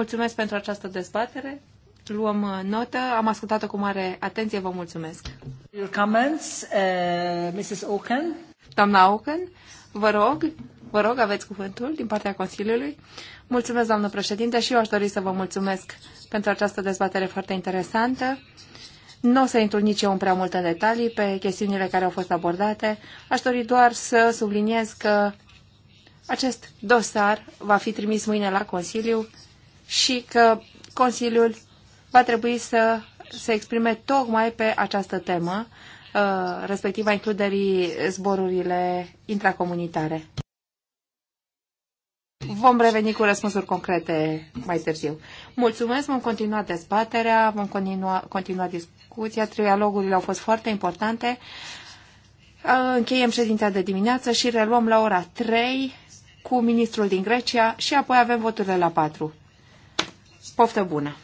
Mulțumesc pentru această dezbatere. Luăm uh, notă. Am ascultat-o cu mare atenție. Vă mulțumesc. Your comments, uh, Mrs. Oaken. Doamna Oaken, vă rog, vă rog, aveți cuvântul din partea Consiliului. Mulțumesc, doamnă președinte, și eu aș dori să vă mulțumesc pentru această dezbatere foarte interesantă. Nu o să intru nici eu în prea multe detalii pe chestiunile care au fost abordate. Aș dori doar să subliniez că acest dosar va fi trimis mâine la Consiliu și că Consiliul va trebui să se exprime tocmai pe această temă, uh, respectiv a includerii zborurile intracomunitare. Vom reveni cu răspunsuri concrete mai târziu. Mulțumesc, vom continua dezbaterea, vom continua, continua discuția, trialogurile au fost foarte importante. Uh, încheiem ședința de dimineață și reluăm la ora 3 cu ministrul din Grecia și apoi avem voturile la 4. Poftă bună!